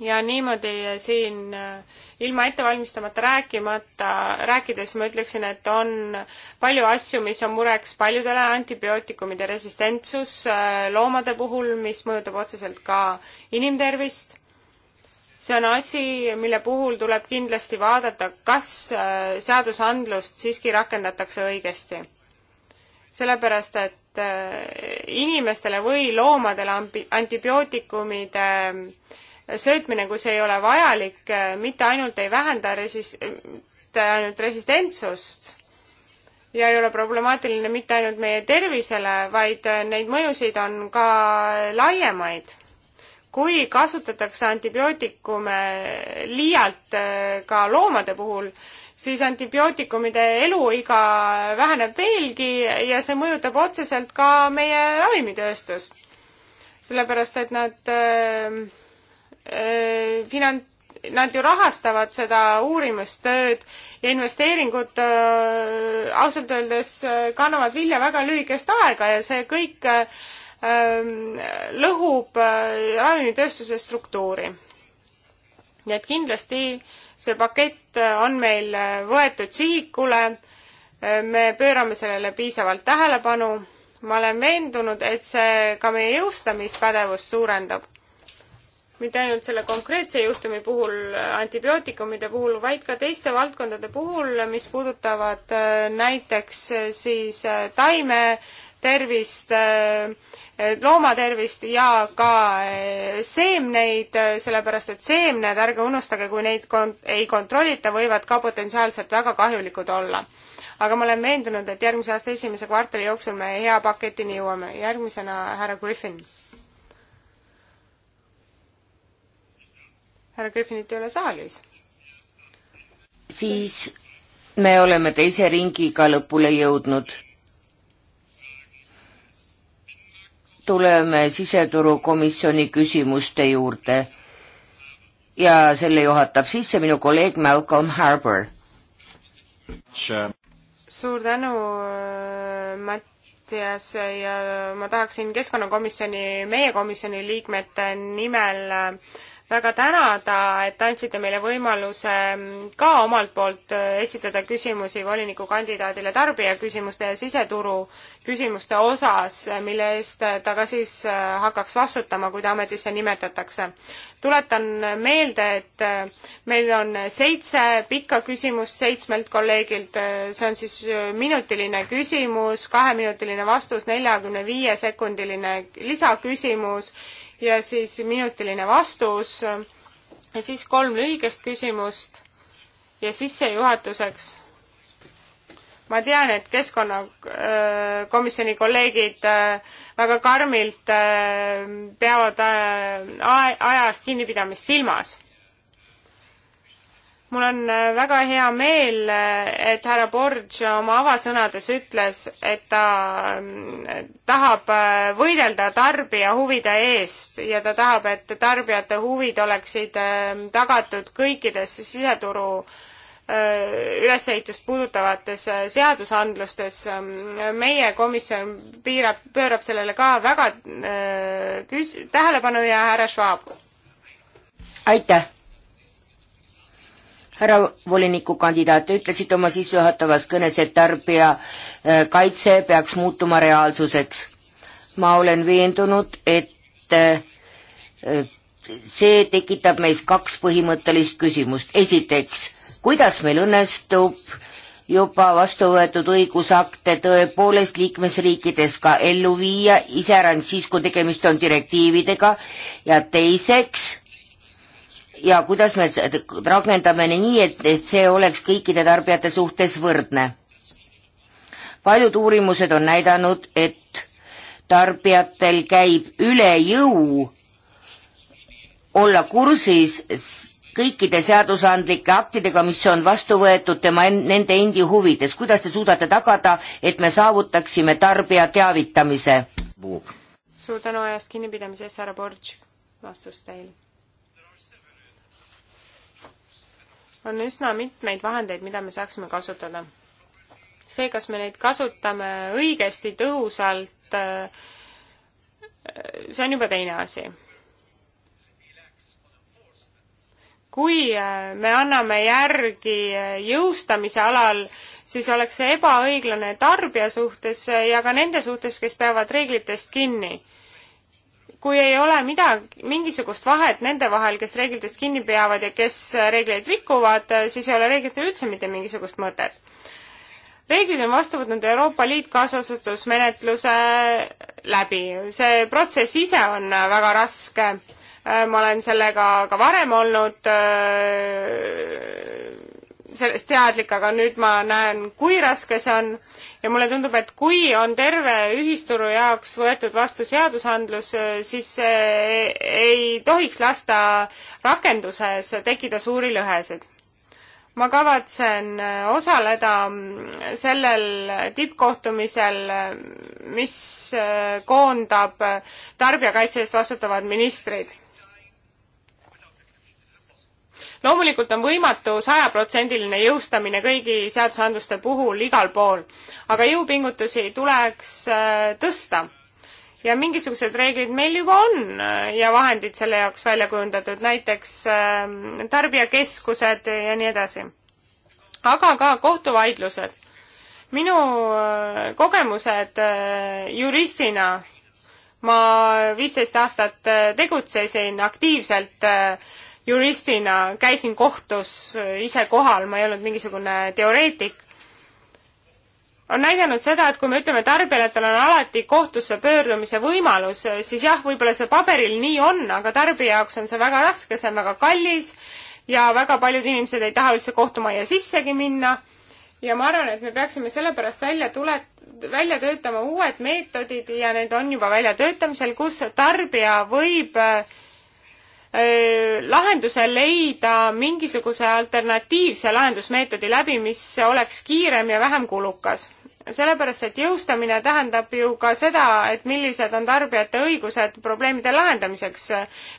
ja niimoodi siin äh, ilma ettevalmistamata rääkimata, rääkides ma ütleksin, et on palju asju, mis on mureks paljudele, antibiootikumide resistentsus loomade puhul, mis mõjutab otseselt ka inimtervist see on asi, mille puhul tuleb kindlasti vaadata, kas äh, seadusandlust siiski rakendatakse õigesti. sellepärast, et äh, inimestele või loomadele antibiootikumide äh, söötmine, kui see ei ole vajalik, mitte ainult ei vähenda resis-, mitte ainult resistentsust ja ei ole problemaatiline mitte ainult meie tervisele, vaid neid mõjusid on ka laiemaid kui kasutatakse antibiootikume liialt äh, ka loomade puhul, siis antibiootikumide eluiga väheneb veelgi ja see mõjutab otseselt ka meie ravimitööstust. sellepärast, et nad äh, äh, finant-, nad ju rahastavad seda uurimustööd ja investeeringud äh, ausalt öeldes äh, kannavad vilja väga lühikest aega ja see kõik äh, Ähm, lõhub äh, ravimitööstuse struktuuri. nii et kindlasti see pakett äh, on meil äh, võetud sihikule, me pöörame sellele piisavalt tähelepanu, ma olen veendunud, et see ka meie jõustamispädevust suurendab. mitte ainult selle konkreetse juhtumi puhul, antibiootikumide puhul, vaid ka teiste valdkondade puhul, mis puudutavad näiteks siis taime tervist äh, Eh, loomatervist ja ka eh, seemneid, eh, sellepärast et seemned, ärge unustage, kui neid kont-, ei kontrollita, võivad ka potentsiaalselt väga kahjulikud olla. aga ma olen veendunud, et järgmise aasta esimese kvartali jooksul me hea paketini jõuame. järgmisena härra Griffin. härra Griffinit ei ole saalis. siis me oleme teise ringiga lõpule jõudnud tuleme siseturukomisjoni küsimuste juurde ja selle juhatab sisse minu kolleeg Malcolm Harbour. suur tänu, äh, Mattias, ja ma tahaksin keskkonnakomisjoni, meie komisjoni liikmete nimel äh, väga tänada, et andsite meile võimaluse mm, ka omalt poolt äh, esitada küsimusi volinikukandidaadile tarbijaküsimuste ja siseturu küsimuste osas, äh, mille eest äh, ta ka siis hakkaks vastutama, kui ta ametisse nimetatakse. tuletan meelde, et meil on seitse pikka küsimust seitsmelt kolleegilt, see on siis minutiline küsimus, kaheminutiline vastus, neljakümne viie sekundiline lisaküsimus ja siis minutiline vastus ja siis kolm lühikest küsimust ja sissejuhatuseks. ma tean, et keskkonnakomisjoni äh, kolleegid äh, väga karmilt äh, peavad ajast kinnipidamist silmas mul on äh, väga hea meel, äh, et härra Borg oma avasõnades ütles, et ta mm, tahab äh, võidelda tarbija huvide eest ja ta tahab, et tarbijate huvid oleksid ähm, tagatud kõikides siseturu ülesehitust puudutavates seadusandlustes. meie komisjon piirab, pöörab sellele ka väga küs-, tähelepanu ja härra Schwab. aitäh härra volinikukandidaat, te ütlesite oma sissejuhatavas kõnes, et tarbija äh, kaitse peaks muutuma reaalsuseks. ma olen veendunud, et äh, see tekitab meis kaks põhimõttelist küsimust. esiteks, kuidas meil õnnestub juba vastu võetud õigusakte tõepoolest liikmesriikides ka ellu viia, iseäranis siis, kui tegemist on direktiividega ja teiseks, ja kuidas me rakendame nii, et, et see oleks kõikide tarbijate suhtes võrdne. paljud uurimused on näidanud, et tarbijatel käib üle jõu olla kursis kõikide seadusandlike aktidega, mis on vastu võetud tema, nende endi huvides. kuidas te suudate tagada, et me saavutaksime tarbija teavitamise? suur tänu ajast kinnipidamise eest, härra Borg, vastus teile on üsna mitmeid vahendeid, mida me saaksime kasutada. see, kas me neid kasutame õigesti, tõhusalt, äh, see on juba teine asi. kui äh, me anname järgi äh, jõustamise alal, siis oleks see ebaõiglane tarbija suhtes ja ka nende suhtes, kes peavad reeglitest kinni kui ei ole midagi, mingisugust vahet nende vahel, kes reeglitest kinni peavad ja kes reegleid rikuvad, siis ei ole reeglitel üldse mitte mingisugust mõtet. reeglid on vastu võtnud Euroopa Liit kaasotsustusmenetluse läbi. see protsess ise on väga raske. ma olen sellega ka varem olnud äh, sellest teadlik, aga nüüd ma näen, kui raske see on ja mulle tundub, et kui on terve ühisturu jaoks võetud vastu seadusandlus, siis ei tohiks lasta rakenduses tekkida suuri lõhesid. ma kavatsen osaleda sellel tippkohtumisel, mis koondab tarbijakaitse eest vastutavad ministrid loomulikult on võimatu sajaprotsendiline jõustamine kõigi seadusandluste puhul igal pool, aga jõupingutusi tuleks äh, tõsta ja mingisugused reeglid meil juba on äh, ja vahendid selle jaoks välja kujundatud, näiteks ähm, tarbijakeskused ja nii edasi. aga ka kohtuvaidlused. minu äh, kogemused juristina, ma viisteist aastat tegutsesin aktiivselt juristina, käisin kohtus äh, ise kohal, ma ei olnud mingisugune teoreetik, on näidanud seda, et kui me ütleme tarbijale, et tal on alati kohtusse pöördumise võimalus, äh, siis jah, võib-olla see paberil nii on, aga tarbija jaoks on see väga raske, see on väga kallis ja väga paljud inimesed ei taha üldse kohtumajja sissegi minna. ja ma arvan, et me peaksime sellepärast välja tule-, välja töötama uued meetodid ja need on juba väljatöötamisel, kus tarbija võib äh, Äh, lahenduse leida mingisuguse alternatiivse lahendusmeetodi läbi, mis oleks kiirem ja vähem kulukas. sellepärast, et jõustamine tähendab ju ka seda, et millised on tarbijate õigused probleemide lahendamiseks.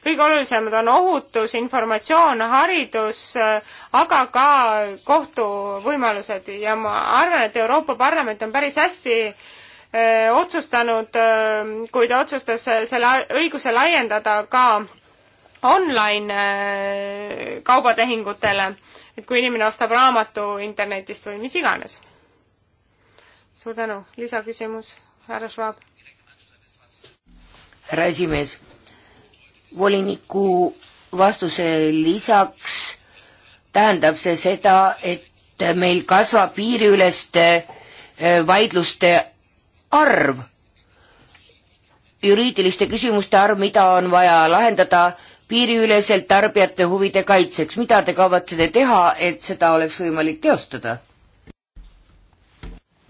kõige olulisemad on ohutus, informatsioon, haridus, aga ka kohtuvõimalused ja ma arvan, et Euroopa Parlament on päris hästi öö, äh, otsustanud, äh, kui ta otsustas selle õiguse laiendada ka online äh, kaubatehingutele, et kui inimene ostab raamatu internetist või mis iganes. suur tänu, lisaküsimus, härra Schwab. härra esimees, voliniku vastuse lisaks tähendab see seda, et meil kasvab piiriüleste äh, vaidluste arv, juriidiliste küsimuste arv, mida on vaja lahendada piiriüleselt tarbijate huvide kaitseks. mida te kavatsete teha, et seda oleks võimalik teostada?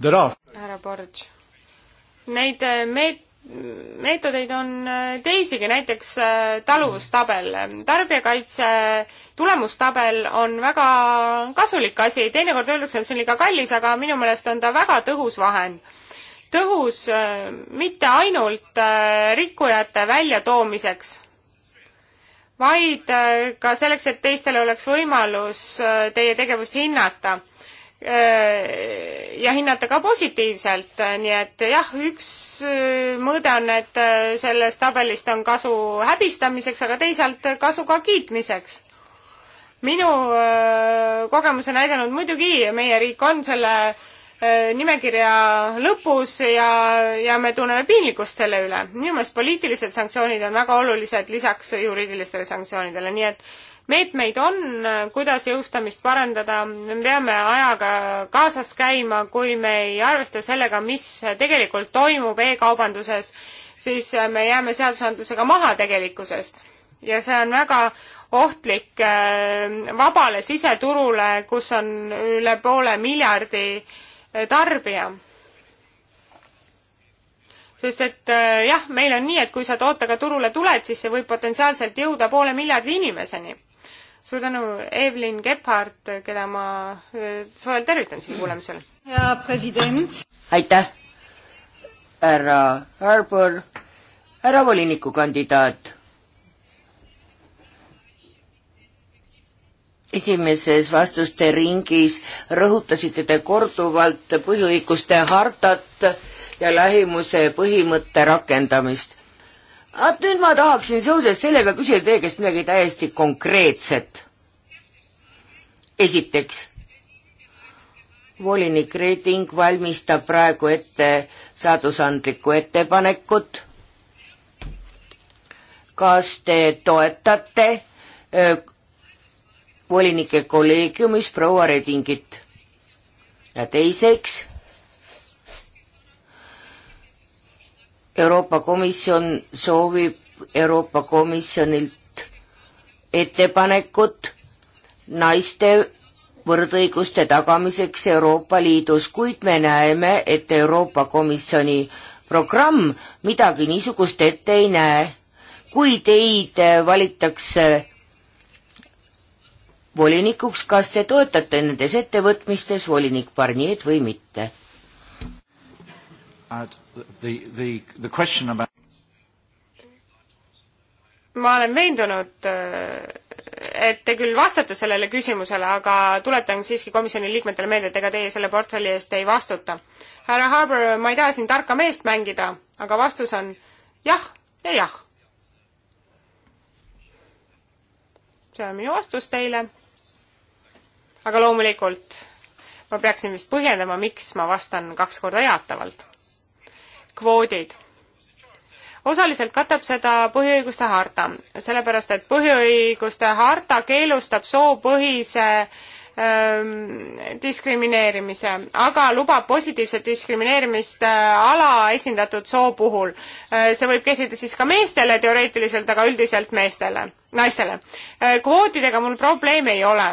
härra Borg, neid äh, meet-, meetodeid on äh, teisigi, näiteks äh, taluvustabel. tarbijakaitse tulemustabel on väga kasulik asi, teinekord öeldakse, et see on liiga kallis, aga minu meelest on ta väga tõhus vahend. tõhus mitte ainult rikkujate väljatoomiseks, vaid äh, ka selleks, et teistel oleks võimalus äh, teie tegevust hinnata äh, ja hinnata ka positiivselt, nii et jah, üks mõõde on, et sellest tabelist on kasu häbistamiseks, aga teisalt kasu ka kiitmiseks. minu kogemus on näidanud muidugi, meie riik on selle Äh, nimekirja lõpus ja, ja me tunneme piinlikkust selle üle. minu meelest poliitilised sanktsioonid on väga olulised lisaks juriidilistele sanktsioonidele, nii et meetmeid on, kuidas jõustamist parandada, me peame ajaga kaasas käima, kui me ei arvesta sellega, mis tegelikult toimub e-kaubanduses, siis me jääme seadusandlusega maha tegelikkusest. ja see on väga ohtlik äh, vabale siseturule, kus on üle poole miljardi äh, Eh, tarbija. sest et eh, jah, meil on nii, et kui sa tootega turule tuled, siis see võib potentsiaalselt jõuda poole miljardi inimeseni. suur tänu, Evelyn Gebhardt, keda ma eh, soojalt tervitan siin kuulamisel. hea president. aitäh, härra Harbour, härra volinikukandidaat esimeses vastuste ringis rõhutasite te korduvalt põhiõiguste hartat ja lähimuse põhimõtte rakendamist. vaat ah, nüüd ma tahaksin seoses sellega küsida teie käest midagi täiesti konkreetset. esiteks, volinik Reding valmistab praegu ette seadusandlikku ettepanekut. kas te toetate eh, volinike kolleegiumis proua Redingit. ja teiseks, Euroopa Komisjon soovib Euroopa Komisjonilt ettepanekut naiste võrdõiguste tagamiseks Euroopa Liidus, kuid me näeme, et Euroopa Komisjoni programm midagi niisugust ette ei näe. kui teid valitakse volinikuks, kas te toetate nendes ettevõtmistes volinik Barniet või mitte? Uh, ma olen veendunud, äh, et te küll vastate sellele küsimusele, aga tuletan siiski komisjoni liikmetele meelde, et ega teie selle portfelli eest ei vastuta. härra Harbour, ma ei taha siin tarka meest mängida, aga vastus on jah ja jah see on minu vastus teile aga loomulikult ma peaksin vist põhjendama, miks ma vastan kaks korda jaatavalt. kvoodid. osaliselt katab seda põhiõiguste harta, sellepärast et põhiõiguste harta keelustab soopõhise ähm, diskrimineerimise, aga lubab positiivset diskrimineerimist äh, alaesindatud soo puhul. Äh, see võib kehtida siis ka meestele teoreetiliselt, aga üldiselt meestele, naistele. Äh, kvootidega mul probleeme ei ole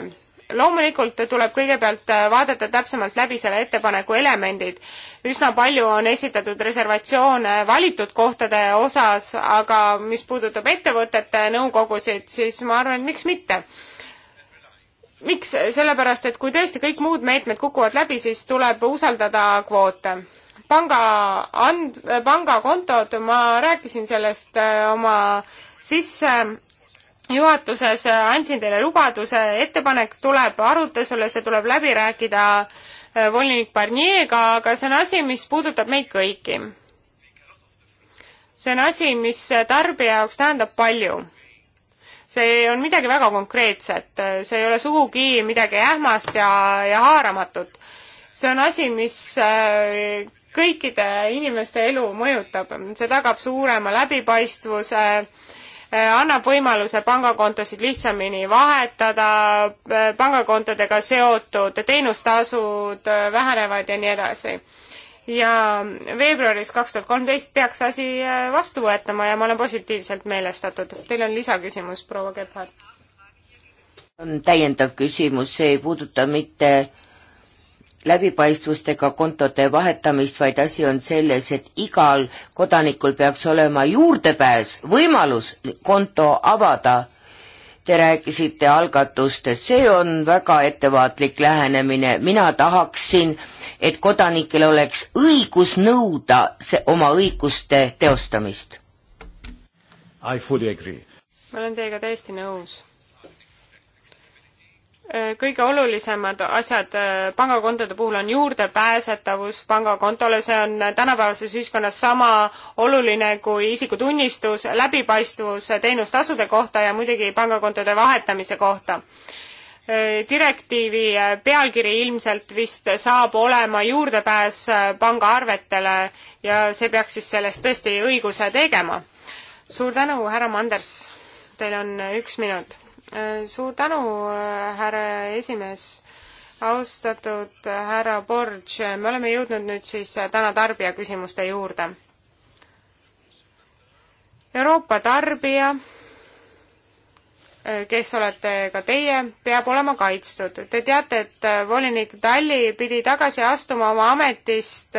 loomulikult tuleb kõigepealt äh, vaadata täpsemalt läbi selle ettepaneku elemendid. üsna palju on esitatud reservatsioone valitud kohtade osas, aga mis puudutab ettevõtete nõukogusid, siis ma arvan, et miks mitte. miks, sellepärast et kui tõesti kõik muud meetmed kukuvad läbi, siis tuleb usaldada kvoote panga and-, pangakontod, ma rääkisin sellest äh, oma sisse juhatuses andsin teile lubaduse, ettepanek tuleb arutusele, see tuleb läbi rääkida äh, volinik Barnier'ga, aga see on asi, mis puudutab meid kõiki. see on asi, mis tarbija jaoks tähendab palju. see on midagi väga konkreetset, see ei ole sugugi midagi ähmast ja, ja haaramatut. see on asi, mis äh, kõikide inimeste elu mõjutab, see tagab suurema läbipaistvuse äh, Äh, annab võimaluse pangakontosid lihtsamini vahetada, äh, pangakontodega seotud teenustasud äh, vähenevad ja nii edasi. ja veebruaris kaks tuhat kolmteist peaks asi vastu võetama ja ma olen positiivselt meelestatud. Teil on lisaküsimus, proua Gebhard? täiendav küsimus, see ei puuduta mitte läbipaistvustega kontode vahetamist, vaid asi on selles, et igal kodanikul peaks olema juurdepääs, võimalus konto avada. Te rääkisite algatustest, see on väga ettevaatlik lähenemine, mina tahaksin, et kodanikel oleks õigus nõuda see, oma õiguste teostamist. I fully agree. ma olen teiega täiesti nõus kõige olulisemad asjad äh, pangakontode puhul on juurdepääsetavus pangakontole, see on tänapäevases ühiskonnas sama oluline kui isikutunnistus, läbipaistvus teenustasude kohta ja muidugi pangakontode vahetamise kohta. Äh, direktiivi äh, pealkiri ilmselt vist saab olema juurdepääs pangaarvetele ja see peaks siis sellest tõesti õiguse tegema. suur tänu, härra Manders, teil on üks minut Äh, suur tänu, äh, härra esimees. austatud äh, härra Borg, me oleme jõudnud nüüd siis täna tarbijaküsimuste juurde. Euroopa tarbija, kes olete ka teie, peab olema kaitstud. Te teate, et volinik Talli pidi tagasi astuma oma ametist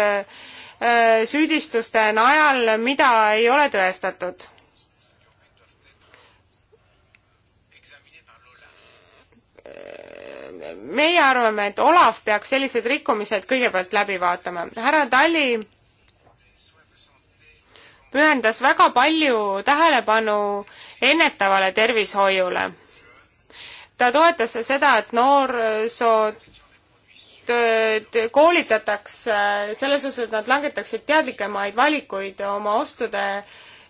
süüdistuste najal, mida ei ole tõestatud meie arvame, et Olav peaks sellised rikkumised kõigepealt läbi vaatama. härra Tali pühendas väga palju tähelepanu ennetavale tervishoiule. ta toetas seda, et noorsoo koolitataks selles osas, et nad langetaksid teadlikemaid valikuid oma ostude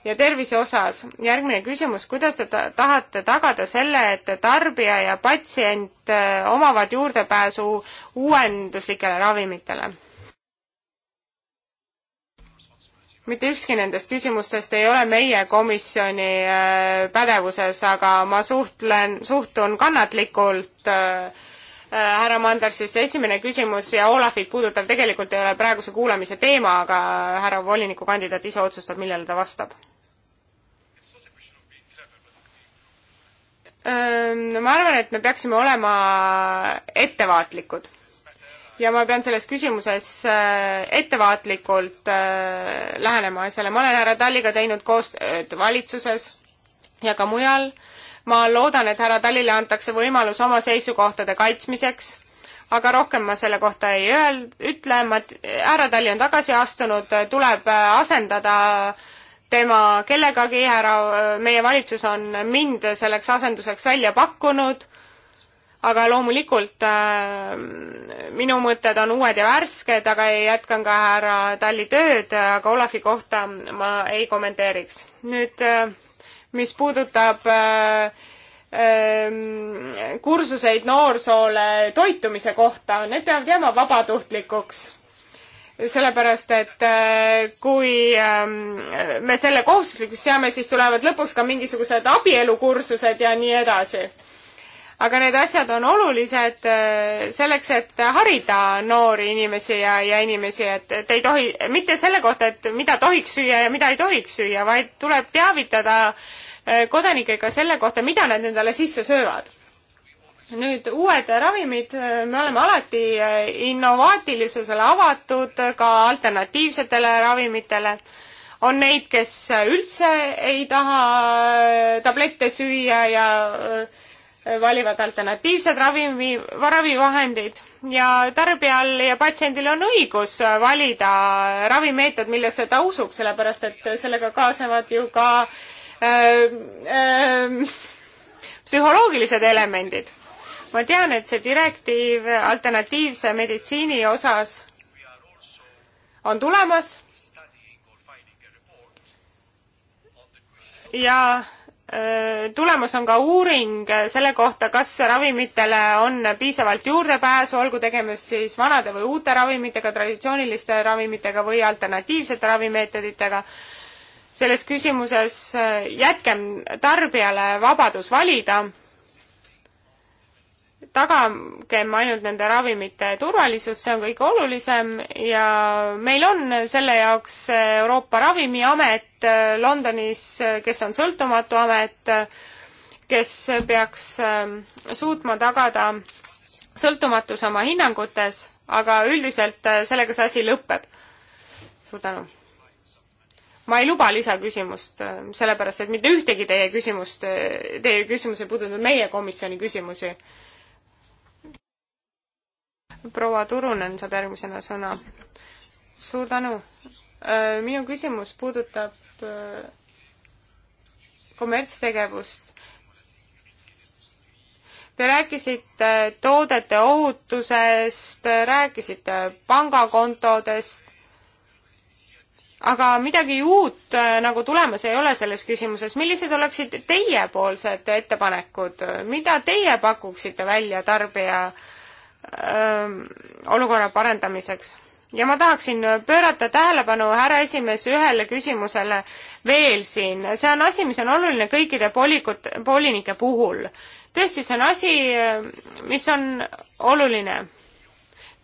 ja tervise osas. järgmine küsimus, kuidas te ta tahate tagada selle, et tarbija ja patsient äh, omavad juurdepääsu uuenduslikele ravimitele? mitte ükski nendest küsimustest ei ole meie komisjoni äh, pädevuses, aga ma suhtlen, suhtun kannatlikult äh, härra Mandar, siis esimene küsimus ja Olafit puudutav tegelikult ei ole praeguse kuulamise teema, aga härra volinikukandidaat ise otsustab, millele ta vastab. ma arvan, et me peaksime olema ettevaatlikud. ja ma pean selles küsimuses ettevaatlikult lähenema asjale. ma olen härra Talliga teinud koostööd valitsuses ja ka mujal. ma loodan, et härra Tallile antakse võimalus oma seisukohtade kaitsmiseks, aga rohkem ma selle kohta ei öel-, ütle, ma, härra Talli on tagasi astunud, tuleb asendada äh, tema kellegagi härra, meie valitsus on mind selleks asenduseks välja pakkunud, aga loomulikult äh, minu mõtted on uued ja värsked, aga jätkan ka härra Talli tööd, aga Olavi kohta ma ei kommenteeriks. nüüd äh, mis puudutab äh, ähm, kursuseid noorsoole toitumise kohta, need peavad jääma vabatuhtlikuks sellepärast et äh, kui ähm, me selle kohustuslikuks seame, siis tulevad lõpuks ka mingisugused abielukursused ja nii edasi. aga need asjad on olulised äh, selleks, et harida noori inimesi ja, ja inimesi, et, et ei tohi, mitte selle kohta, et mida tohiks süüa ja mida ei tohiks süüa, vaid tuleb teavitada äh, kodanikke ka selle kohta, mida nad endale sisse söövad nüüd uued ravimid, me oleme alati innovaatilisusele avatud, ka alternatiivsetele ravimitele. on neid, kes üldse ei taha tablette süüa ja äh, valivad alternatiivsed ravimi, ravivahendid ja tarbijal ja patsiendil on õigus valida ravimeetod, millesse ta usub, sellepärast et sellega kaasnevad ju ka öö, äh, öö, äh, psühholoogilised elemendid ma tean, et see direktiiv alternatiivse meditsiini osas on tulemas ja äh, tulemas on ka uuring selle kohta, kas ravimitele on piisavalt juurdepääsu, olgu tegemist siis vanade või uute ravimitega, traditsiooniliste ravimitega või alternatiivsete ravimeetoditega. selles küsimuses äh, jätkem tarbijale vabadus valida tagagem ainult nende ravimite turvalisust, see on kõige olulisem ja meil on selle jaoks Euroopa Ravimiamet Londonis, kes on sõltumatu amet, kes peaks ähm, suutma tagada sõltumatus oma hinnangutes, aga üldiselt äh, sellega see asi lõpeb. suur tänu! ma ei luba lisaküsimust, äh, sellepärast et mitte ühtegi teie küsimust, äh, teie küsimus ei puudutanud meie komisjoni küsimusi proua Turunen saab järgmisena sõna. suur tänu. Äh, minu küsimus puudutab äh, kommertstegevust. Te rääkisite toodete ohutusest, rääkisite pangakontodest, aga midagi uut äh, nagu tulemas ei ole selles küsimuses. millised oleksid teiepoolsed ettepanekud, mida teie pakuksite välja tarbija äh, Ähm, olukorra parendamiseks. ja ma tahaksin pöörata tähelepanu, härra esimees, ühele küsimusele veel siin. see on asi, mis on oluline kõikide poolikut, poolinike puhul. tõesti, see on asi, ähm, mis on oluline.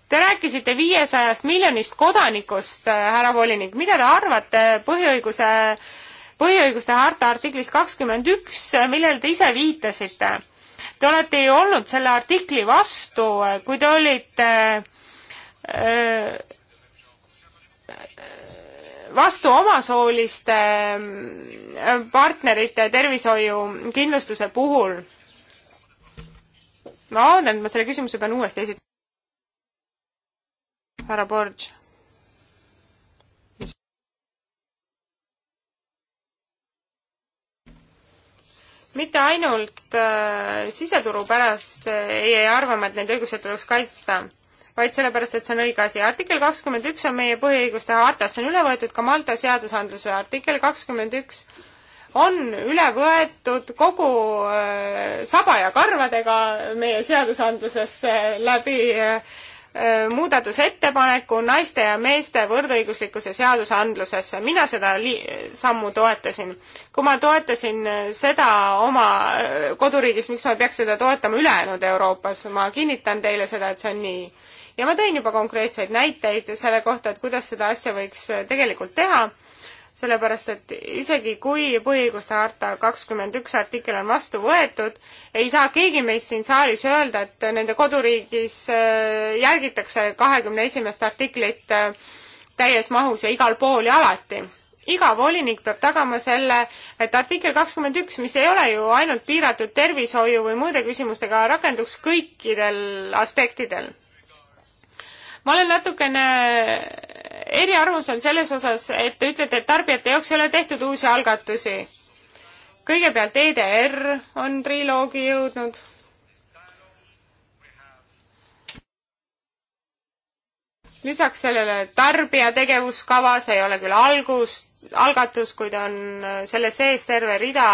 Te rääkisite viiesajast miljonist kodanikust, äh, härra volinik, mida te arvate põhiõiguse, põhiõiguste harta artiklist kakskümmend üks, millele te ise viitasite? Te olete ju olnud selle artikli vastu, kui te olite äh, vastu omasooliste äh, partnerite tervishoiukindlustuse puhul. ma vabandan, et ma selle küsimuse pean uuesti esitama. härra Borg mitte ainult äh, siseturu pärast äh, ei, ei arvama, et need õigused tuleks kaitsta, vaid sellepärast, et see on õige asi. artikkel kakskümmend üks on meie põhiõiguste hartas, see on üle võetud ka Malta seadusandluse artikkel kakskümmend üks on üle võetud kogu äh, saba ja karvadega meie seadusandlusesse läbi äh, Äh, muudatusettepaneku naiste ja meeste võrdõiguslikkuse seadusandlusesse. mina seda sammu toetasin. kui ma toetasin äh, seda oma äh, koduriigis, miks ma peaks seda toetama ülejäänud Euroopas, ma kinnitan teile seda, et see on nii. ja ma tõin juba konkreetseid näiteid selle kohta, et kuidas seda asja võiks tegelikult teha sellepärast et isegi kui põhiõiguste harta kakskümmend üks artikkel on vastu võetud, ei saa keegi meist siin saalis öelda, et nende koduriigis äh, järgitakse kahekümne esimest artiklit äh, täies mahus ja igal pool ja alati iga volinik peab tagama selle, et artikkel kakskümmend üks, mis ei ole ju ainult piiratud tervishoiu või muude küsimustega, rakenduks kõikidel aspektidel. ma olen natukene eriarvamus on selles osas, et te ütlete, et tarbijate jaoks ei ole tehtud uusi algatusi. kõigepealt EDR on triloogi jõudnud. lisaks sellele tarbija tegevuskava, see ei ole küll algus, algatus, kuid on selle sees terve rida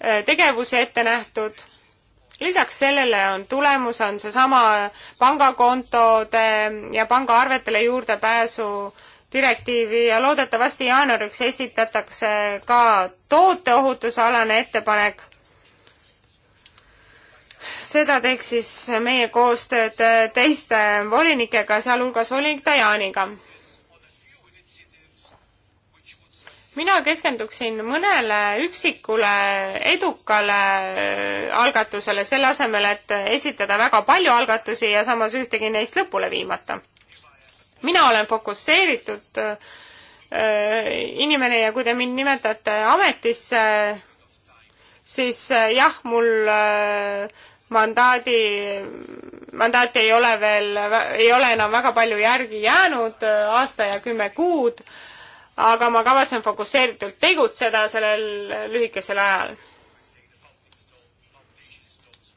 eh, tegevusi ette nähtud lisaks sellele on tulemus, on seesama pangakontode ja pangaarvetele juurdepääsu direktiivi ja loodetavasti jaanuariks esitatakse ka tooteohutusalane ettepanek. seda teeks siis meie koostööd teiste volinikega, sealhulgas volinik Tajaniga mina keskenduksin mõnele üksikule edukale äh, algatusele, selle asemel, et esitada väga palju algatusi ja samas ühtegi neist lõpule viimata. mina olen fokusseeritud äh, inimene ja kui te mind nimetate ametisse, siis äh, jah, mul mandaadi, mandaati ei ole veel, ei ole enam väga palju järgi jäänud, aasta ja kümme kuud aga ma kavatsen fokusseeritult tegutseda sellel lühikesel ajal.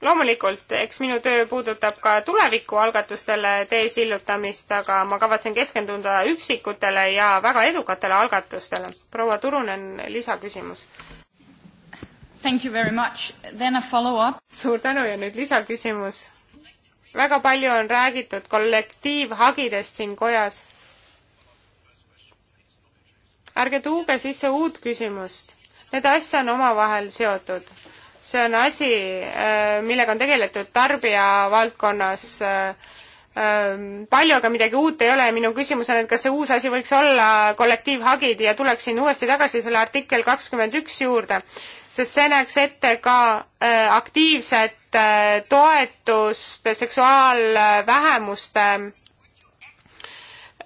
loomulikult, eks minu töö puudutab ka tulevikualgatustele tee sillutamist, aga ma kavatsen keskenduda üksikutele ja väga edukatele algatustele. proua Turunen, lisaküsimus. Thank you very much, then a follow-up. suur tänu ja nüüd lisaküsimus. väga palju on räägitud kollektiivhagidest siin kojas ärge tuuge sisse uut küsimust. Need asja on omavahel seotud. see on asi, äh, millega on tegeletud tarbija valdkonnas äh, ähm, palju, aga midagi uut ei ole ja minu küsimus on, et kas see uus asi võiks olla kollektiivhagid ja tuleksin uuesti tagasi selle artikkel kakskümmend üks juurde, sest see näeks ette ka äh, aktiivset toetust seksuaalvähemuste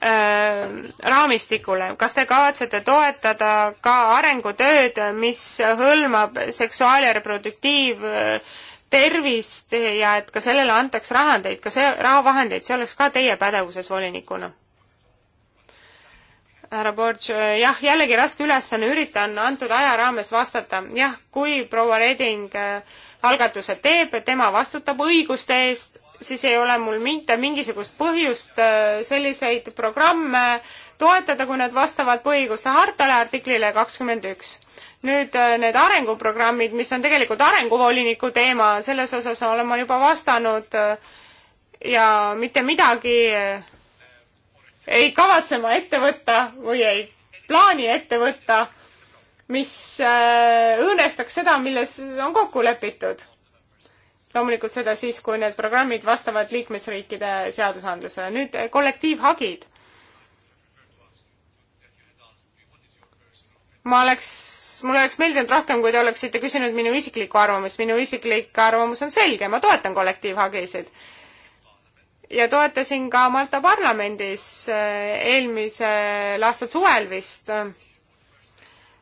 Äh, raamistikule. kas te kavatsete toetada ka arengutööd, mis hõlmab seksuaal- ja reproduktiivtervist ja et ka sellele antaks rahandeid, ka see, rahavahendeid, see oleks ka teie pädevuses volinikuna? härra Borš, äh, jah, jällegi raske ülesanne, üritan antud aja raames vastata. jah, kui proua Reding äh, algatuse teeb, tema vastutab õiguste eest, siis ei ole mul mitte mingisugust põhjust äh, selliseid programme toetada, kui need vastavad põhiõiguste hartale artiklile kakskümmend üks. nüüd äh, need arenguprogrammid, mis on tegelikult arenguvoliniku teema, selles osas olen ma juba vastanud äh, ja mitte midagi ei kavatse ma ette võtta või ei plaani ette võtta, mis õõnestaks seda, milles on kokku lepitud loomulikult seda siis, kui need programmid vastavad liikmesriikide seadusandlusele. nüüd eh, kollektiivhagid. ma oleks, mulle oleks meeldinud rohkem, kui te oleksite küsinud minu isiklikku arvamust. minu isiklik arvamus on selge, ma toetan kollektiivhagisid. ja toetasin ka Malta parlamendis eh, eelmisel aastal suvel vist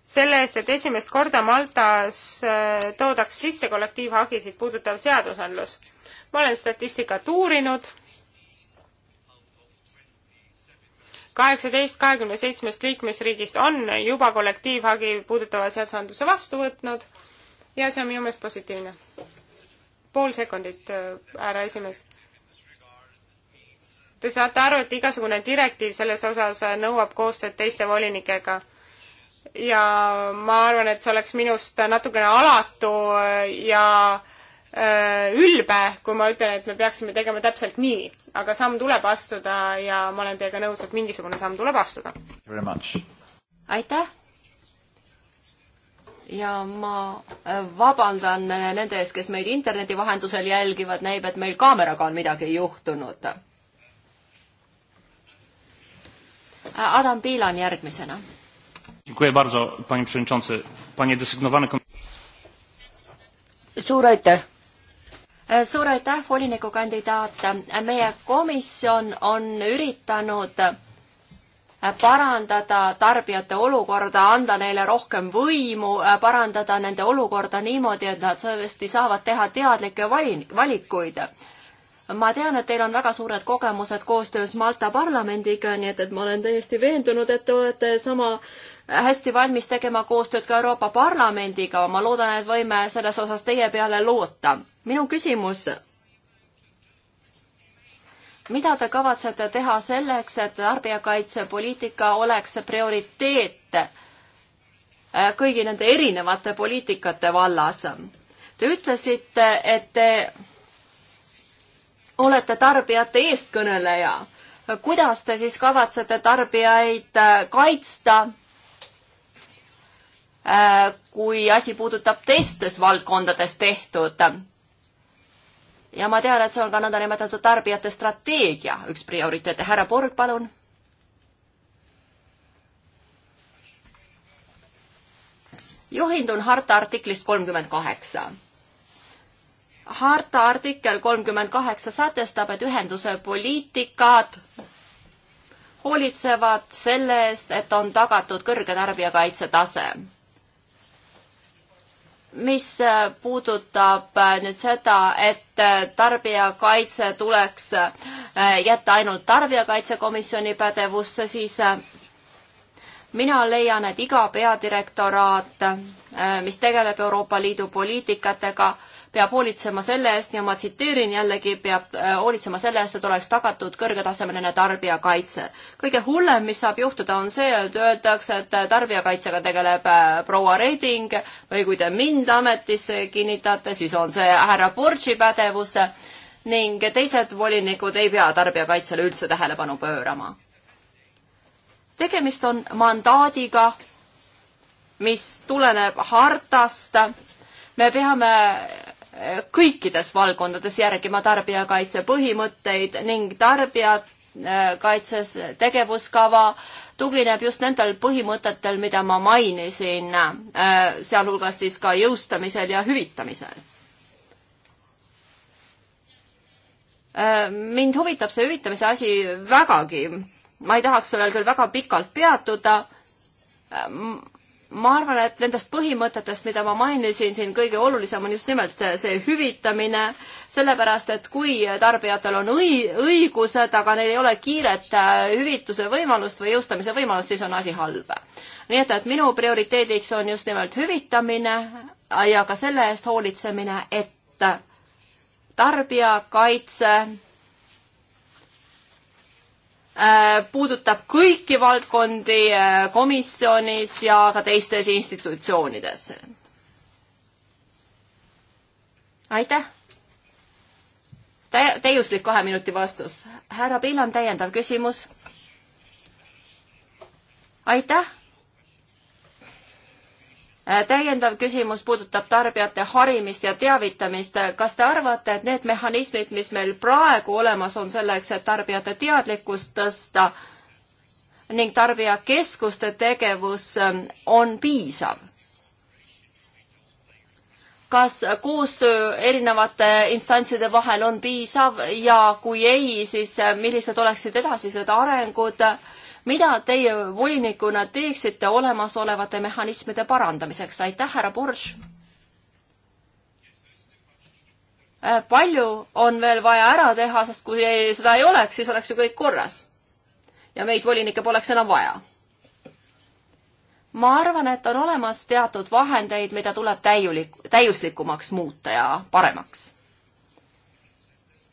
selle eest, et esimest korda Maltas äh, toodaks sisse kollektiivhagisid puudutav seadusandlus. ma olen statistikat uurinud. kaheksateist kahekümne seitsmest liikmesriigist on juba kollektiivhagi puudutava seadusandluse vastu võtnud ja see on minu meelest positiivne. pool sekundit, äh, härra esimees Te saate aru, et igasugune direktiiv selles osas äh, nõuab koostööd teiste volinikega ja ma arvan, et see oleks minust natukene alatu äh, ja äh, ülbe, kui ma ütlen, et me peaksime tegema täpselt nii, aga samm tuleb astuda ja ma olen teiega nõus, et mingisugune samm tuleb astuda. aitäh! ja ma äh, vabandan nende ees, kes meid interneti vahendusel jälgivad, näib, et meil kaameraga on midagi juhtunud. Adam Piilan järgmisena Dziękuję bardzo, panie przewodniczący. Panie desygnowany suur aitäh! E, suur aitäh, volinikukandidaat. E, meie komisjon on üritanud e, parandada tarbijate olukorda, anda neile rohkem võimu, parandada nende olukorda niimoodi, et nad tõesti saavad teha teadlikke valin-, valikuid ma tean, et teil on väga suured kogemused koostöös Malta parlamendiga, nii et, et ma olen täiesti veendunud, et te olete sama hästi valmis tegema koostööd ka Euroopa Parlamendiga, ma loodan, et võime selles osas teie peale loota. minu küsimus mida te kavatsete teha selleks, et tarbijakaitsepoliitika oleks prioriteet äh, kõigi nende erinevate poliitikate vallas? Te ütlesite, et te olete tarbijate eestkõneleja. kuidas te siis kavatsete tarbijaid äh, kaitsta Äh, kui asi puudutab teistes valdkondades tehtud. ja ma tean, et see on ka nõndanimetatud tarbijate strateegia üks prioriteete. härra Borg, palun. juhindun harta artiklist kolmkümmend kaheksa harta artikkel kolmkümmend kaheksa sätestab, et ühenduse poliitikad hoolitsevad selle eest, et on tagatud kõrge tarbijakaitse tase mis äh, puudutab äh, nüüd seda, et äh, tarbijakaitse tuleks jätta ainult Tarbijakaitsekomisjoni pädevusse, siis mina leian, et iga peadirektoraat, mis tegeleb Euroopa Liidu poliitikatega, peab hoolitsema selle eest ja ma tsiteerin jällegi, peab äh, hoolitsema selle eest, et oleks tagatud kõrgetasemeline tarbijakaitse. kõige hullem, mis saab juhtuda, on see, et öeldakse, et tarbijakaitsega tegeleb äh, proua Reding või kui te mind ametisse kinnitate, siis on see härra Burgi pädevus ning teised volinikud ei pea tarbijakaitsele üldse tähelepanu pöörama. tegemist on mandaadiga, mis tuleneb hartast me peame kõikides valdkondades järgima tarbijakaitse põhimõtteid ning tarbijakaitses tegevuskava tugineb just nendel põhimõtetel, mida ma mainisin, äh, sealhulgas siis ka jõustamisel ja hüvitamisel. Äh, mind huvitab see hüvitamise asi vägagi. ma ei tahaks sellel küll väga pikalt peatuda äh, ma arvan, et nendest põhimõtetest, mida ma mainisin siin, kõige olulisem on just nimelt see hüvitamine, sellepärast et kui tarbijatel on õi-, õigused, aga neil ei ole kiiret äh, hüvituse võimalust või jõustamise võimalust, siis on asi halb. nii et, et minu prioriteediks on just nimelt hüvitamine ja ka selle eest hoolitsemine, et tarbijakaitse Äh, puudutab kõiki valdkondi äh, komisjonis ja ka teistes institutsioonides. aitäh. täiuslik kahe minuti vastus. härra Pill on täiendav küsimus. aitäh Äh, täiendav küsimus puudutab tarbijate harimist ja teavitamist. kas te arvate, et need mehhanismid, mis meil praegu olemas on selleks, et tarbijate teadlikkust tõsta ning tarbijakeskuste tegevus ähm, on piisav? kas koostöö erinevate instantside vahel on piisav ja kui ei, siis äh, millised oleksid edasised arengud äh, mida teie volinikuna teeksite olemasolevate mehhanismide parandamiseks? aitäh, härra Borš! Äh, palju on veel vaja ära teha, sest kui ei, seda ei oleks, siis oleks ju kõik korras. ja meid volinikke poleks enam vaja. ma arvan, et on olemas teatud vahendeid, mida tuleb täiulik, täiuslikumaks muuta ja paremaks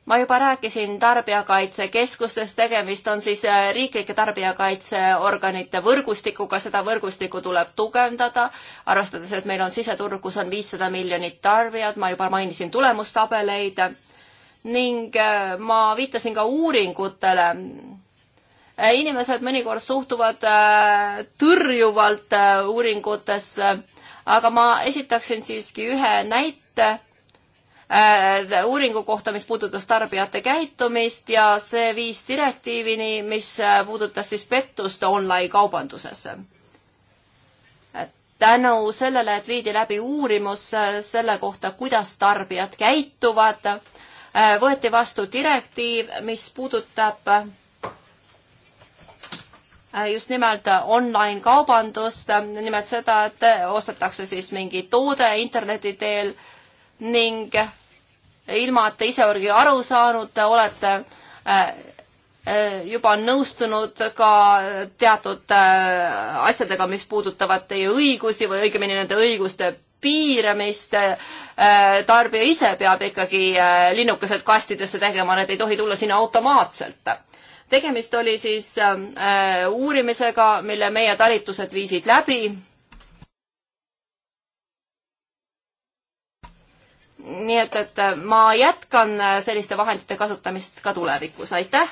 ma juba rääkisin tarbijakaitsekeskustes, tegemist on siis äh, riiklike tarbijakaitseorganite võrgustikuga, seda võrgustikku tuleb tugevdada, arvestades, et meil on siseturg, kus on viissada miljonit tarbijat, ma juba mainisin tulemustabeleid ning äh, ma viitasin ka uuringutele äh, inimesed mõnikord suhtuvad tõrjuvalt uuringutesse, aga ma esitaksin siiski ühe näite. Äh, uuringu kohta, mis puudutas tarbijate käitumist ja see viis direktiivini, mis äh, puudutas siis pettust online kaubanduses. Äh, tänu sellele, et viidi läbi uurimus selle kohta, kuidas tarbijad käituvad, võeti vastu direktiiv, mis puudutab just nimelt online kaubandust, nimelt seda, et ostetakse siis mingi toode interneti teel ning ilma, et te ise aru saanud olete äh, äh, juba nõustunud ka teatud äh, asjadega, mis puudutavad teie õigusi või õigemini nende õiguste piiramist. tarbija ise peab ikkagi linnukesed kastidesse tegema, need ei tohi tulla sinna automaatselt. tegemist oli siis uurimisega, mille meie talitused viisid läbi nii et, et äh, ma jätkan äh, selliste vahendite kasutamist ka tulevikus, aitäh.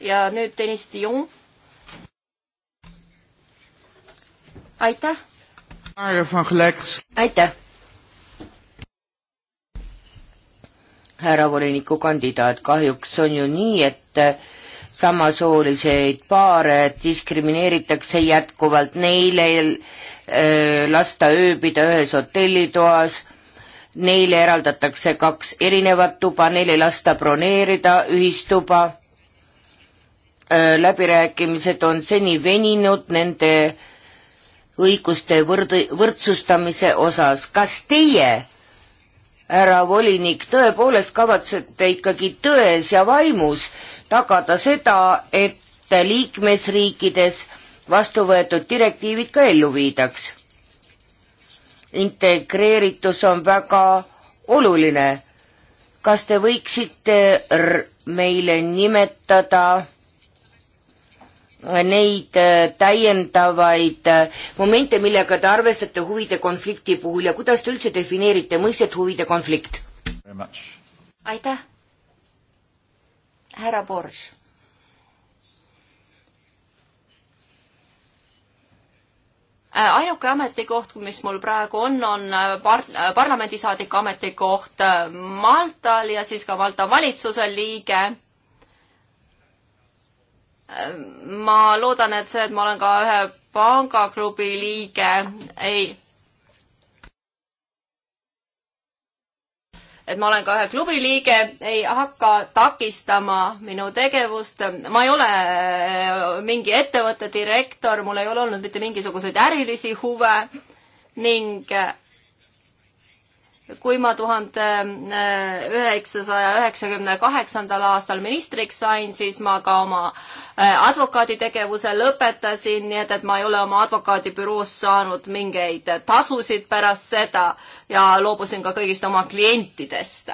ja nüüd Deniss Dion. aitäh. aitäh. härra volinikukandidaat, kahjuks on ju nii, et äh, samasooliseid paare diskrimineeritakse jätkuvalt neile äh, lasta ööbida ühes hotellitoas, neile eraldatakse kaks erinevat tuba, neile lasta broneerida ühistuba, äh, läbirääkimised on seni veninud nende õiguste võrd-, võrdsustamise osas. kas teie härra volinik, tõepoolest kavatsete ikkagi tões ja vaimus tagada seda, et liikmesriikides vastu võetud direktiivid ka ellu viidaks. integreeritus on väga oluline. kas te võiksite meile nimetada neid äh, täiendavaid äh, momente, millega te arvestate huvide konflikti puhul ja kuidas te üldse defineerite mõistet huvide konflikt? aitäh, härra Borš. Äh, ainuke ametikoht, mis mul praegu on, on par-, parlamendisaadiku ametikoht Maltal ja siis ka Malta valitsuse liige ma loodan, et see, et ma olen ka ühe pangaklubi liige, ei. et ma olen ka ühe klubi liige, ei hakka takistama minu tegevust. ma ei ole äh, mingi ettevõtte direktor, mul ei ole olnud mitte mingisuguseid ärilisi huve ning äh, kui ma tuhande äh, üheksasaja üheksakümne kaheksandal aastal ministriks sain, siis ma ka oma äh, advokaaditegevuse lõpetasin, nii et, et ma ei ole oma advokaadibüroos saanud mingeid tasusid pärast seda ja loobusin ka kõigist oma klientidest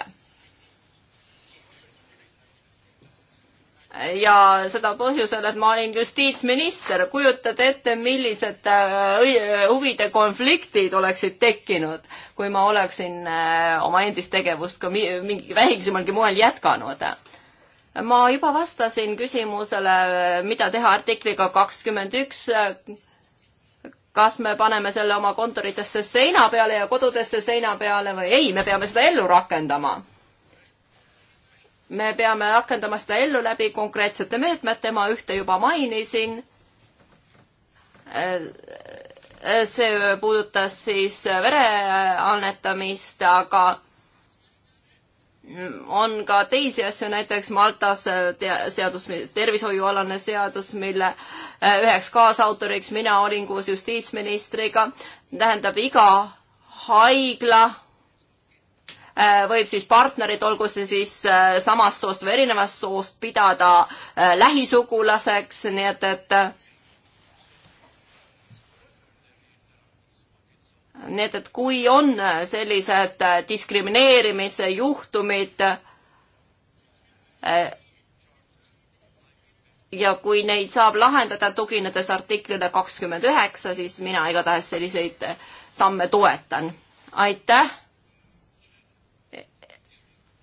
ja seda põhjusel, et ma olin justiitsminister. kujutate ette, millised äh, huvide konfliktid oleksid tekkinud, kui ma oleksin äh, oma endist tegevust ka mingi väiksemalgi moel jätkanud. ma juba vastasin küsimusele, mida teha artikliga kakskümmend üks kas me paneme selle oma kontoritesse seina peale ja kodudesse seina peale või ei, me peame seda ellu rakendama me peame rakendama seda ellu läbi konkreetsete meetmete, ma ühte juba mainisin. see puudutas siis vere annetamist, aga on ka teisi asju, näiteks Maltas seadus, tervishoiualane seadus, mille üheks kaasautoriks mina olin koos justiitsministriga, tähendab iga haigla Äh, võib siis partnerit, olgu see siis äh, samast soost või erinevast soost, pidada äh, lähisugulaseks, nii et, et nii et, et kui on sellised diskrimineerimise juhtumid ja kui neid saab lahendada tuginedes artiklile kakskümmend üheksa, siis mina igatahes selliseid samme toetan. aitäh!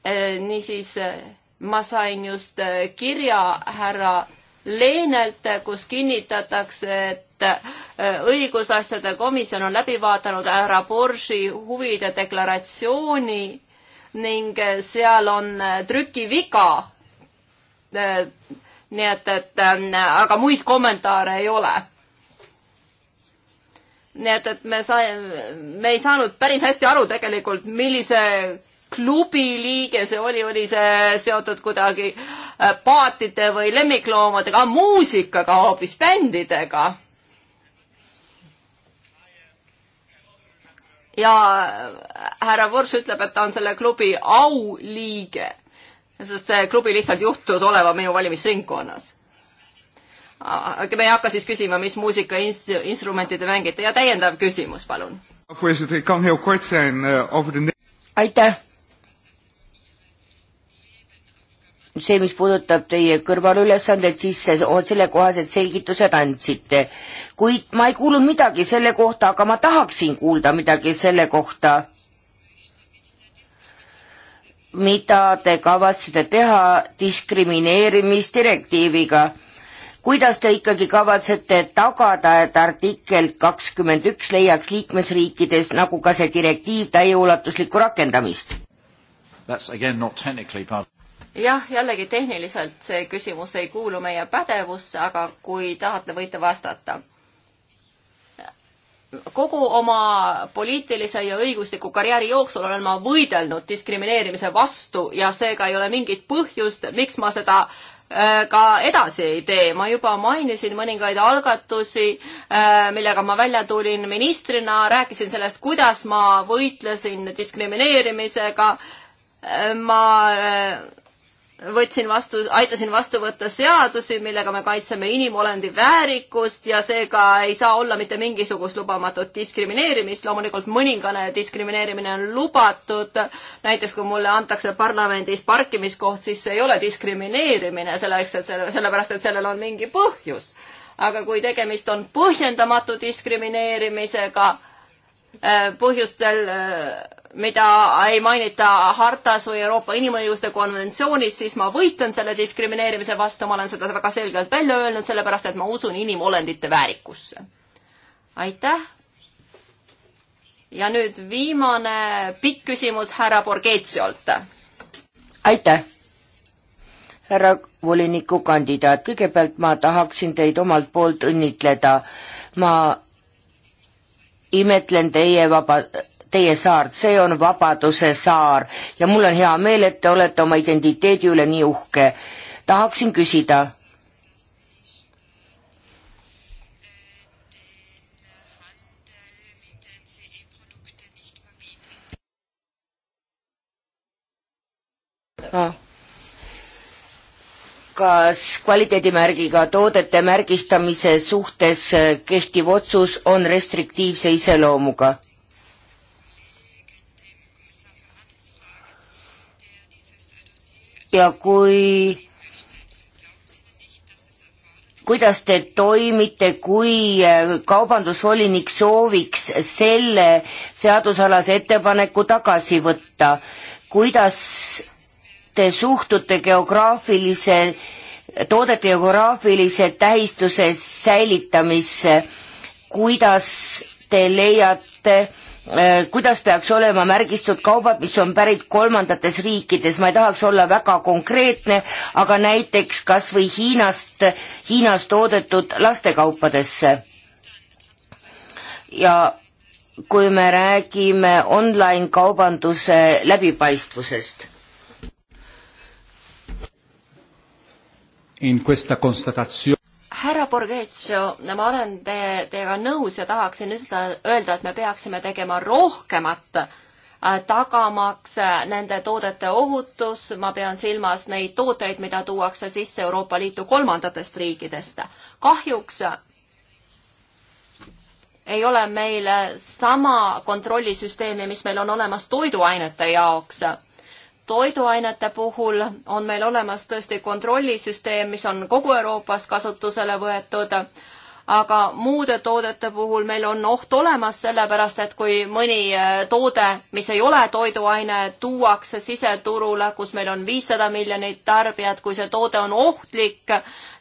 Eh, niisiis eh, ma sain just eh, kirja härra Leenelt, kus kinnitatakse, et õigusasjade komisjon on läbi vaadanud härra Borži huvide deklaratsiooni ning seal on trükiviga. nii et, et aga muid kommentaare ei ole nii et, et me sai, me ei saanud päris hästi aru tegelikult, millise klubi liige see oli, oli see seotud kuidagi äh, paatide või lemmikloomadega, muusikaga hoopis, bändidega. ja äh, härra Vurs ütleb, et ta on selle klubi auliige, sest see klubi lihtsalt juhtus olema minu valimisringkonnas äh, aga me ei hakka siis küsima, mis muusika ins-, instrumente te mängite ja täiendav küsimus, palun. Eh, aitäh. see, mis puudutab teie kõrvalülesandeid, siis sellekohased selgitused andsite. kuid ma ei kuulnud midagi selle kohta, aga ma tahaksin kuulda midagi selle kohta, mida te kavatsete teha diskrimineerimisdirektiiviga. kuidas te ikkagi kavatsete tagada, et artikkel kakskümmend üks leiaks liikmesriikides, nagu ka see direktiiv, täieulatuslikku rakendamist? That's again not technically part jah, jällegi tehniliselt see küsimus ei kuulu meie pädevusse, aga kui tahate, võite vastata. kogu oma poliitilise ja õigusliku karjääri jooksul olen ma võidelnud diskrimineerimise vastu ja seega ei ole mingit põhjust, miks ma seda äh, ka edasi ei tee. ma juba mainisin mõningaid algatusi, äh, millega ma välja tulin ministrina, rääkisin sellest, kuidas ma võitlesin diskrimineerimisega. Äh, ma võtsin vastu, aitasin vastu võtta seadusi, millega me kaitseme inimolendi väärikust ja seega ei saa olla mitte mingisugust lubamatut diskrimineerimist. loomulikult mõningane diskrimineerimine on lubatud. näiteks kui mulle antakse parlamendis parkimiskoht, siis see ei ole diskrimineerimine selleks, et selle, sellepärast, et sellel on mingi põhjus. aga kui tegemist on põhjendamatu diskrimineerimisega, Äh, põhjustel, äh, mida ei mainita hartas või Euroopa Inimõiguste konventsioonis, siis ma võitlen selle diskrimineerimise vastu, ma olen seda väga selgelt välja öelnud, sellepärast et ma usun inimolendite väärikusse. aitäh. ja nüüd viimane pikk küsimus härra Borgetsiolt. aitäh härra volinikukandidaat, kõigepealt ma tahaksin teid omalt poolt õnnitleda. ma imetlen teie vaba, teie saart, see on Vabaduse saar ja mul on hea meel, et te olete oma identiteedi üle nii uhke. tahaksin küsida. Ah kas kvaliteedimärgiga toodete märgistamise suhtes äh, kehtiv otsus on restriktiivse iseloomuga? ja kui, kuidas te toimite, kui äh, kaubandusvolinik sooviks selle seadusalase ettepaneku tagasi võtta, kuidas te suhtute geograafilise, toodete geograafilise tähistuse säilitamisse, kuidas te leiate äh, kuidas peaks olema märgistatud kaubad, mis on pärit kolmandates riikides, ma ei tahaks olla väga konkreetne, aga näiteks kas või Hiinast, Hiinas toodetud lastekaupadesse. ja kui me räägime online-kaubanduse läbipaistvusest in questa constatazione härra Borghezio, ma olen te, teiega nõus ja tahaksin ütle, öelda, et me peaksime tegema rohkemat äh, tagamaks äh, nende toodete ohutus, ma pean silmas neid tooteid, mida tuuakse sisse Euroopa Liitu kolmandatest riikidest. kahjuks äh, ei ole meil sama kontrollisüsteemi, mis meil on olemas toiduainete jaoks toiduainete puhul on meil olemas tõesti kontrollisüsteem, mis on kogu Euroopas kasutusele võetud, aga muude toodete puhul meil on oht olemas, sellepärast et kui mõni äh, toode, mis ei ole toiduaine, tuuakse siseturule, kus meil on viissada miljonit tarbijat, kui see toode on ohtlik,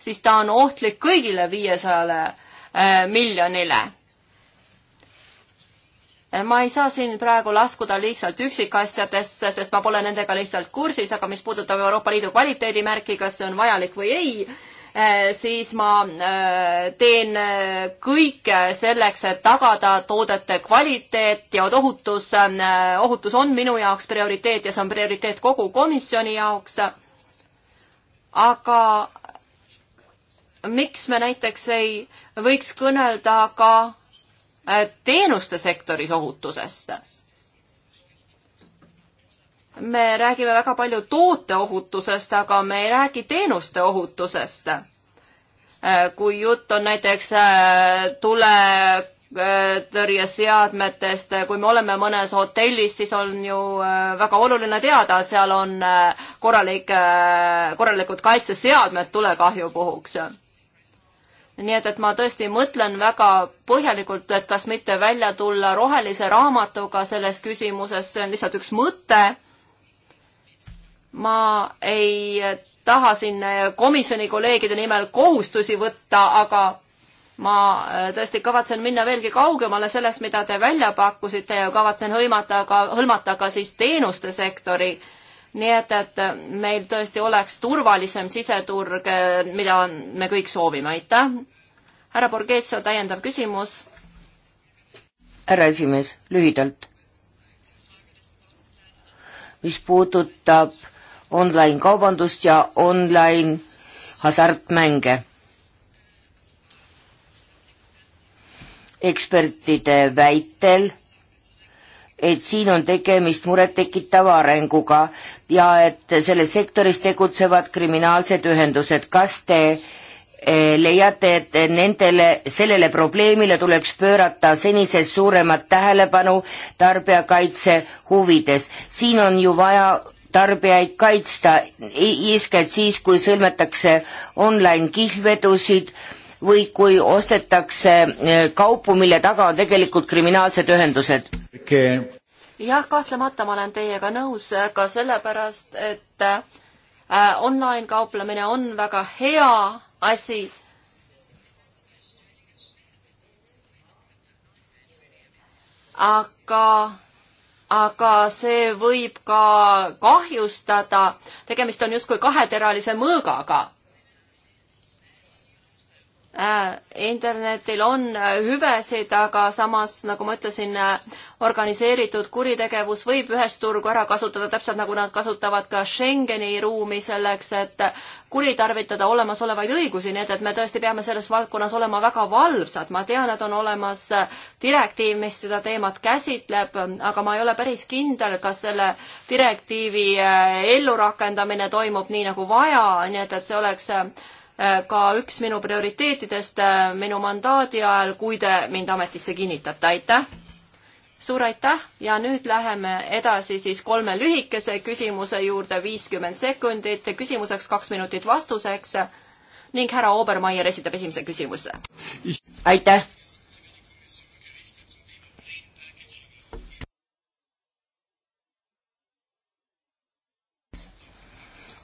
siis ta on ohtlik kõigile viiesajale äh, miljonile ma ei saa siin praegu laskuda lihtsalt üksikasjadesse, sest ma pole nendega lihtsalt kursis, aga mis puudutab Euroopa Liidu kvaliteedimärki, kas see on vajalik või ei, eh, siis ma eh, teen eh, kõike selleks, et tagada toodete kvaliteet ja ohutus. ohutus on minu jaoks prioriteet ja see on prioriteet kogu komisjoni jaoks. aga miks me näiteks ei võiks kõnelda ka Äh, teenuste sektoris ohutusest. me räägime väga palju tooteohutusest, aga me ei räägi teenuste ohutusest. Äh, kui jutt on näiteks äh, tule tõrjeseadmetest, kui me oleme mõnes hotellis, siis on ju väga oluline teada, et seal on korralik, korralikud kaitseseadmed tulekahju puhuks nii et, et ma tõesti mõtlen väga põhjalikult, et kas mitte välja tulla rohelise raamatuga selles küsimuses, see on lihtsalt üks mõte. ma ei taha siin komisjoni kolleegide nimel kohustusi võtta, aga ma äh, tõesti kavatsen minna veelgi kaugemale sellest, mida te välja pakkusite ja kavatsen hõimata ka, hõlmata ka siis teenuste sektori nii et, et meil tõesti oleks turvalisem siseturg, eh, mida me kõik soovime, aitäh. härra Borghezio, täiendav küsimus. härra esimees, lühidalt. mis puudutab online kaubandust ja online hasartmänge. ekspertide väitel et siin on tegemist murettekitava arenguga ja et selles sektoris tegutsevad kriminaalsed ühendused. kas te eh, leiate, et nendele, sellele probleemile tuleks pöörata senisest suuremat tähelepanu tarbijakaitse huvides? siin on ju vaja tarbijaid kaitsta, e-, eeskätt siis, kui sõlmetakse online kihlvedusid äh, või kui ostetakse e, kaupu, mille taga on tegelikult kriminaalsed ühendused? jah, kahtlemata ma olen teiega nõus ka sellepärast, et e, online kauplemine on väga hea asi. aga, aga see võib ka kahjustada, tegemist on justkui kaheteralise mõõgaga Äh, internetil on äh, hüvesid, aga samas, nagu ma ütlesin, äh, organiseeritud kuritegevus võib ühest turgu ära kasutada, täpselt nagu nad kasutavad ka Schengeni ruumi selleks, et kuritarvitada olemasolevaid õigusi, nii et, et me tõesti peame selles valdkonnas olema väga valvsad. ma tean, et on olemas direktiiv, mis seda teemat käsitleb, aga ma ei ole päris kindel, kas selle direktiivi ellurakendamine toimub nii, nagu vaja, nii et, et see oleks Äh, ka üks minu prioriteetidest äh, minu mandaadi ajal, kui te mind ametisse kinnitate, aitäh! suur aitäh ja nüüd läheme edasi siis kolme lühikese küsimuse juurde, viiskümmend sekundit küsimuseks, kaks minutit vastuseks ning härra Obermeier esitab esimese küsimuse. aitäh!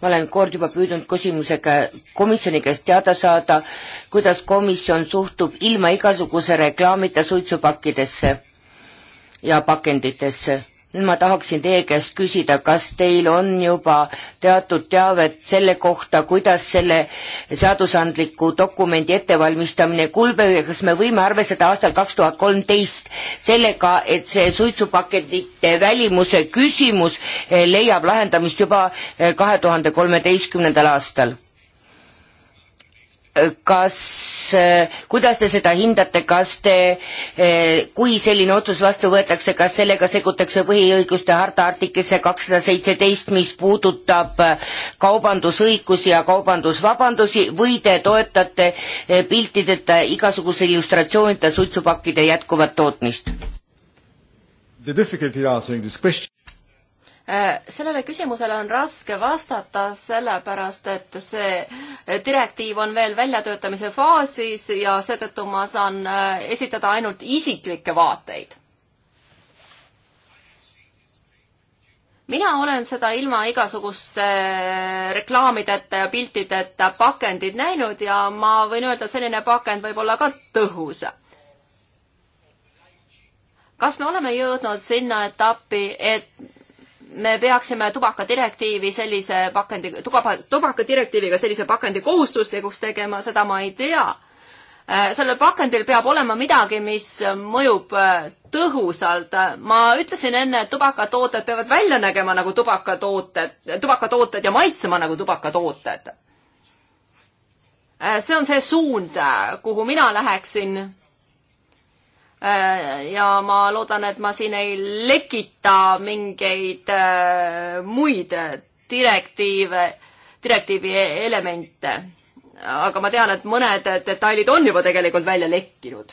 ma olen kord juba püüdnud küsimusega komisjoni käest teada saada, kuidas komisjon suhtub ilma igasuguse reklaamita suitsupakkidesse ja pakenditesse nüüd ma tahaksin teie käest küsida, kas teil on juba teatud teavet selle kohta, kuidas selle seadusandliku dokumendi ettevalmistamine kulbeb ja kas me võime arvestada aastal kaks tuhat kolmteist sellega, et see suitsupaketite välimuse küsimus eh, leiab lahendamist juba eh, kahe tuhande kolmeteistkümnendal aastal? Eh, kas Äh, kuidas te seda hindate, kas te, äh, kui selline otsus vastu võetakse, kas sellega segutakse põhiõiguste harta artiklisse kakssada seitseteist, mis puudutab äh, kaubandusõigusi ja kaubandusvabandusi või te toetate piltideta igasuguse illustratsioonide suitsupakkide jätkuvat tootmist? The difficulty answering this question sellele küsimusele on raske vastata, sellepärast et see direktiiv on veel väljatöötamise faasis ja seetõttu ma saan äh, esitada ainult isiklikke vaateid. mina olen seda ilma igasuguste äh, reklaamideta ja piltideta pakendit näinud ja ma võin öelda, selline pakend võib olla ka tõhus kas me oleme jõudnud sinna etappi, et me peaksime tubakadirektiivi sellise pakendi, tubakadirektiiviga sellise pakendi kohustuslikuks tegema, seda ma ei tea äh, sellel pakendil peab olema midagi, mis mõjub äh, tõhusalt. ma ütlesin enne, et tubakatooted peavad välja nägema nagu tubakatooted, tubakatooted ja maitsema nagu tubakatooted. Äh, see on see suund, kuhu mina läheksin. Äh, ja ma loodan, et ma siin ei lekita mingeid äh, muid direktiive, direktiivi e-, elemente. aga ma tean, et mõned detailid on juba tegelikult välja lekkinud.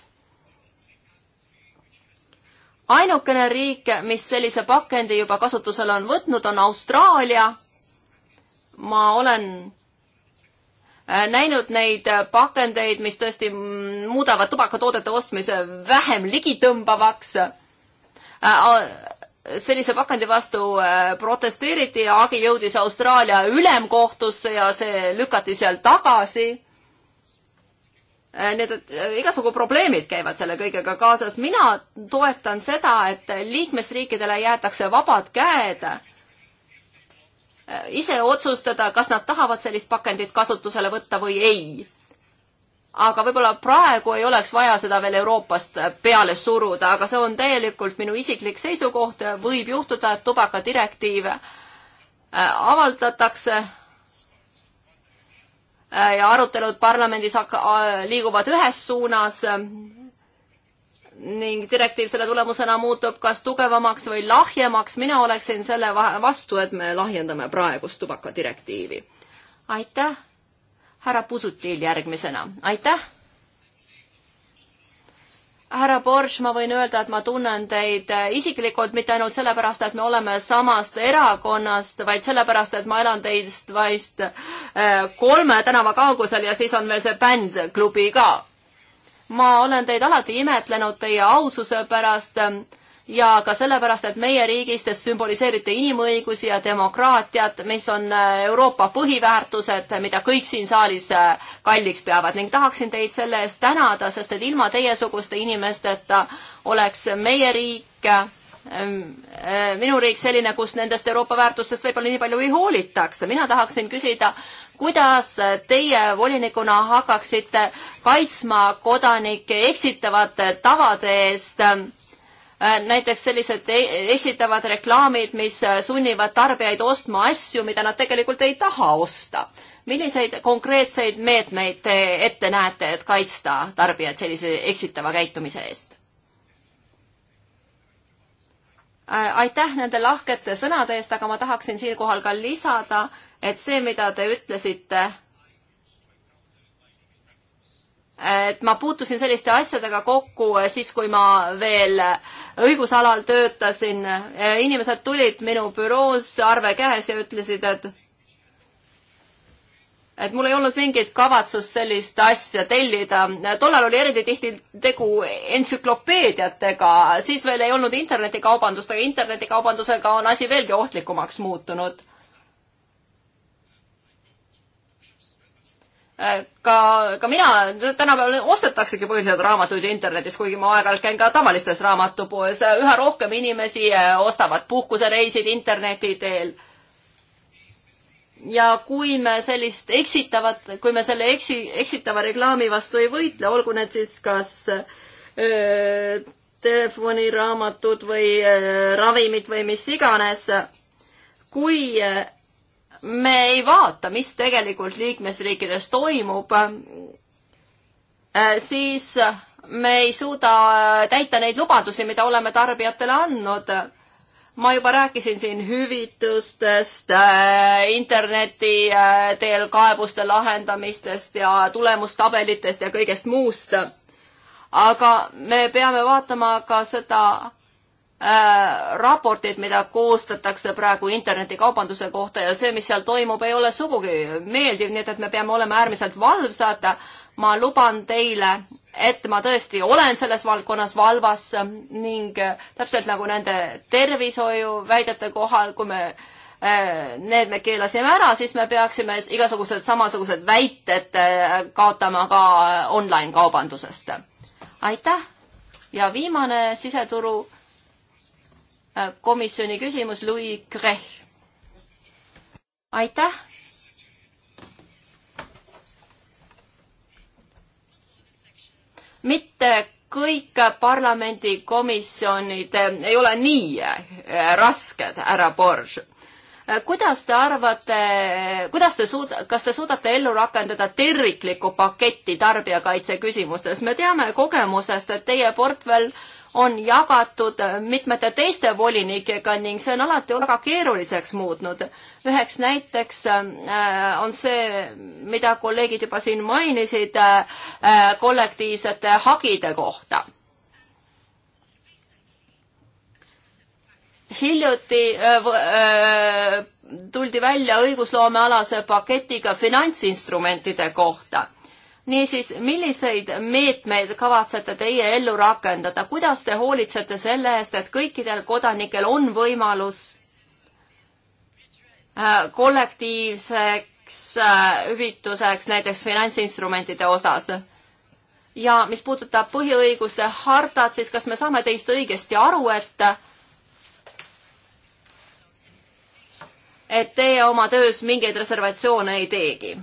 ainukene riik, mis sellise pakendi juba kasutusele on võtnud, on Austraalia. ma olen Äh, näinud neid äh, pakendeid, mis tõesti muudavad tubakatoodete ostmise vähem ligitõmbavaks. Äh, sellise pakendi vastu protesteeriti ja hagi jõudis Austraalia ülemkohtusse ja see lükati seal tagasi Need igasugu probleemid käivad selle kõigega kaasas. mina toetan seda, et liikmesriikidele jäetakse vabad käed ise otsustada, kas nad tahavad sellist pakendit kasutusele võtta või ei. aga võib-olla praegu ei oleks vaja seda veel Euroopast peale suruda, aga see on täielikult minu isiklik seisukoht, võib juhtuda, et tubakadirektiiv äh, avaldatakse äh, ja arutelud parlamendis äh, liiguvad ühes suunas ning direktiiv selle tulemusena muutub kas tugevamaks või lahjemaks. mina oleksin selle vastu, et me lahjendame praegust tubakadirektiivi. aitäh. härra Pusutil järgmisena, aitäh. härra Borš, ma võin öelda, et ma tunnen teid äh, isiklikult mitte ainult sellepärast, et me oleme samast erakonnast, vaid sellepärast, et ma elan teist vaid äh, kolme tänava kaugusel ja siis on veel see bändklubi ka ma olen teid alati imetlenud teie aususe pärast ja ka sellepärast, et meie riigis te sümboliseerite inimõigusi ja demokraatiat, mis on äh, Euroopa põhiväärtused, mida kõik siin saalis äh, kalliks peavad ning tahaksin teid selle eest tänada, sest et ilma teiesuguste inimesteta oleks meie riik äh, Ehm, ehm, minu riik selline, kus nendest Euroopa väärtustest võib-olla nii palju ei hoolitakse. mina tahaksin küsida, kuidas teie volinikuna hakkaksite kaitsma kodanikke eksitavate tavade eest, ehm, näiteks sellised esitavad reklaamid, mis sunnivad tarbijaid ostma asju, mida nad tegelikult ei taha osta. milliseid konkreetseid meetmeid te ette näete, et kaitsta tarbijaid sellise eksitava käitumise eest? Äh, aitäh nende lahkete sõnade eest, aga ma tahaksin siinkohal ka lisada, et see, mida te ütlesite, et ma puutusin selliste asjadega kokku siis, kui ma veel õigusalal töötasin. Äh, inimesed tulid minu büroos arve käes ja ütlesid, et et mul ei olnud mingit kavatsust sellist asja tellida. tollal oli eriti tihti tegu entsüklopeediatega, siis veel ei olnud internetikaubandust, aga internetikaubandusega on asi veelgi ohtlikumaks muutunud. ka, ka mina, tänapäeval ostetaksegi põhiliselt raamatuid internetis, kuigi ma aeg-ajalt käin ka tavalistes raamatupoes. üha rohkem inimesi ostavad puhkusereisid interneti teel ja kui me sellist eksitavat, kui me selle eksi, eksitava reklaami vastu ei võitle, olgu need siis kas öö, äh, telefoniraamatud või öö, äh, ravimid või mis iganes, kui äh, me ei vaata, mis tegelikult liikmesriikides toimub, siis me ei suuda täita neid lubadusi, mida oleme tarbijatele andnud ma juba rääkisin siin hüvitustest, äh, interneti äh, teel kaebuste lahendamistest ja tulemustabelitest ja kõigest muust. aga me peame vaatama ka seda äh, raporteid, mida koostatakse praegu internetikaubanduse kohta ja see, mis seal toimub, ei ole sugugi meeldiv, nii et, et me peame olema äärmiselt valvsad, ma luban teile, et ma tõesti olen selles valdkonnas valvas ning täpselt nagu nende tervishoiuväidete kohal, kui me eh, need me keelasime ära, siis me peaksime igasugused samasugused väited eh, kaotama ka online kaubandusest. aitäh ja viimane siseturu eh, komisjoni küsimus, Louis Krech. aitäh mitte kõik parlamendikomisjonid eh, ei ole nii eh, rasked, härra Borž. Eh, kuidas te arvate, kuidas te suud-, kas te suudate ellu rakendada terviklikku paketti tarbijakaitse küsimustes? me teame kogemusest, et teie portfell äh, on jagatud mitmete teiste volinikega ning see on alati väga keeruliseks muutnud. üheks näiteks äh, on see, mida kolleegid juba siin mainisid, äh, kollektiivsete hagide kohta. hiljuti äh, tuldi välja õigusloomealase paketiga finantsinstrumentide kohta niisiis, milliseid meetmeid kavatsete teie ellu rakendada, kuidas te hoolitsete selle eest, et kõikidel kodanikel on võimalus äh, kollektiivseks äh, hüvituseks näiteks finantsinstrumentide osas? ja mis puudutab põhiõiguste hartat, siis kas me saame teist õigesti aru, et et teie oma töös mingeid reservatsioone ei teegi?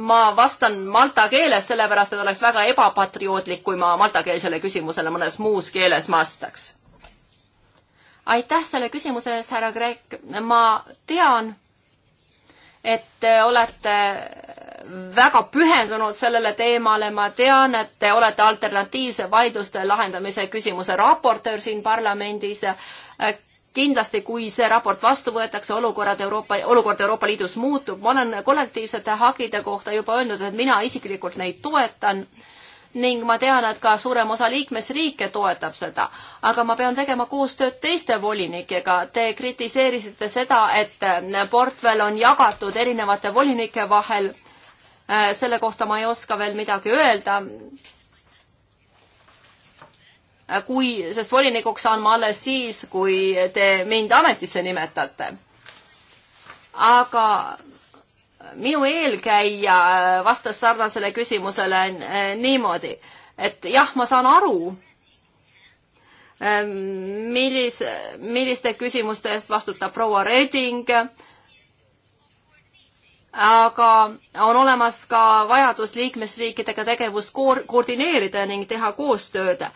ma vastan malta keeles, sellepärast et oleks väga ebapatriootlik, kui ma maltakeelsele küsimusele mõnes muus keeles vastaks. aitäh selle küsimuse eest, härra Kreek. ma tean, et te olete väga pühendunud sellele teemale, ma tean, et te olete alternatiivse vaidluste lahendamise küsimuse raportöör siin parlamendis kindlasti, kui see raport vastu võetakse, olukorrad Euroopa, olukord Euroopa Liidus muutub, ma olen kollektiivsete hagide kohta juba öelnud, et mina isiklikult neid toetan ning ma tean, et ka suurem osa liikmesriike toetab seda. aga ma pean tegema koostööd teiste volinikega. Te kritiseerisite seda, et portfell on jagatud erinevate volinike vahel. selle kohta ma ei oska veel midagi öelda kui, sest volinikuks saan ma alles siis, kui te mind ametisse nimetate. aga minu eelkäija vastas sarnasele küsimusele äh, niimoodi, et jah, ma saan aru, ähm, millis, milliste küsimuste eest vastutab proua Reding, aga on olemas ka vajadus liikmesriikidega tegevust koor-, koordineerida ning teha koostööd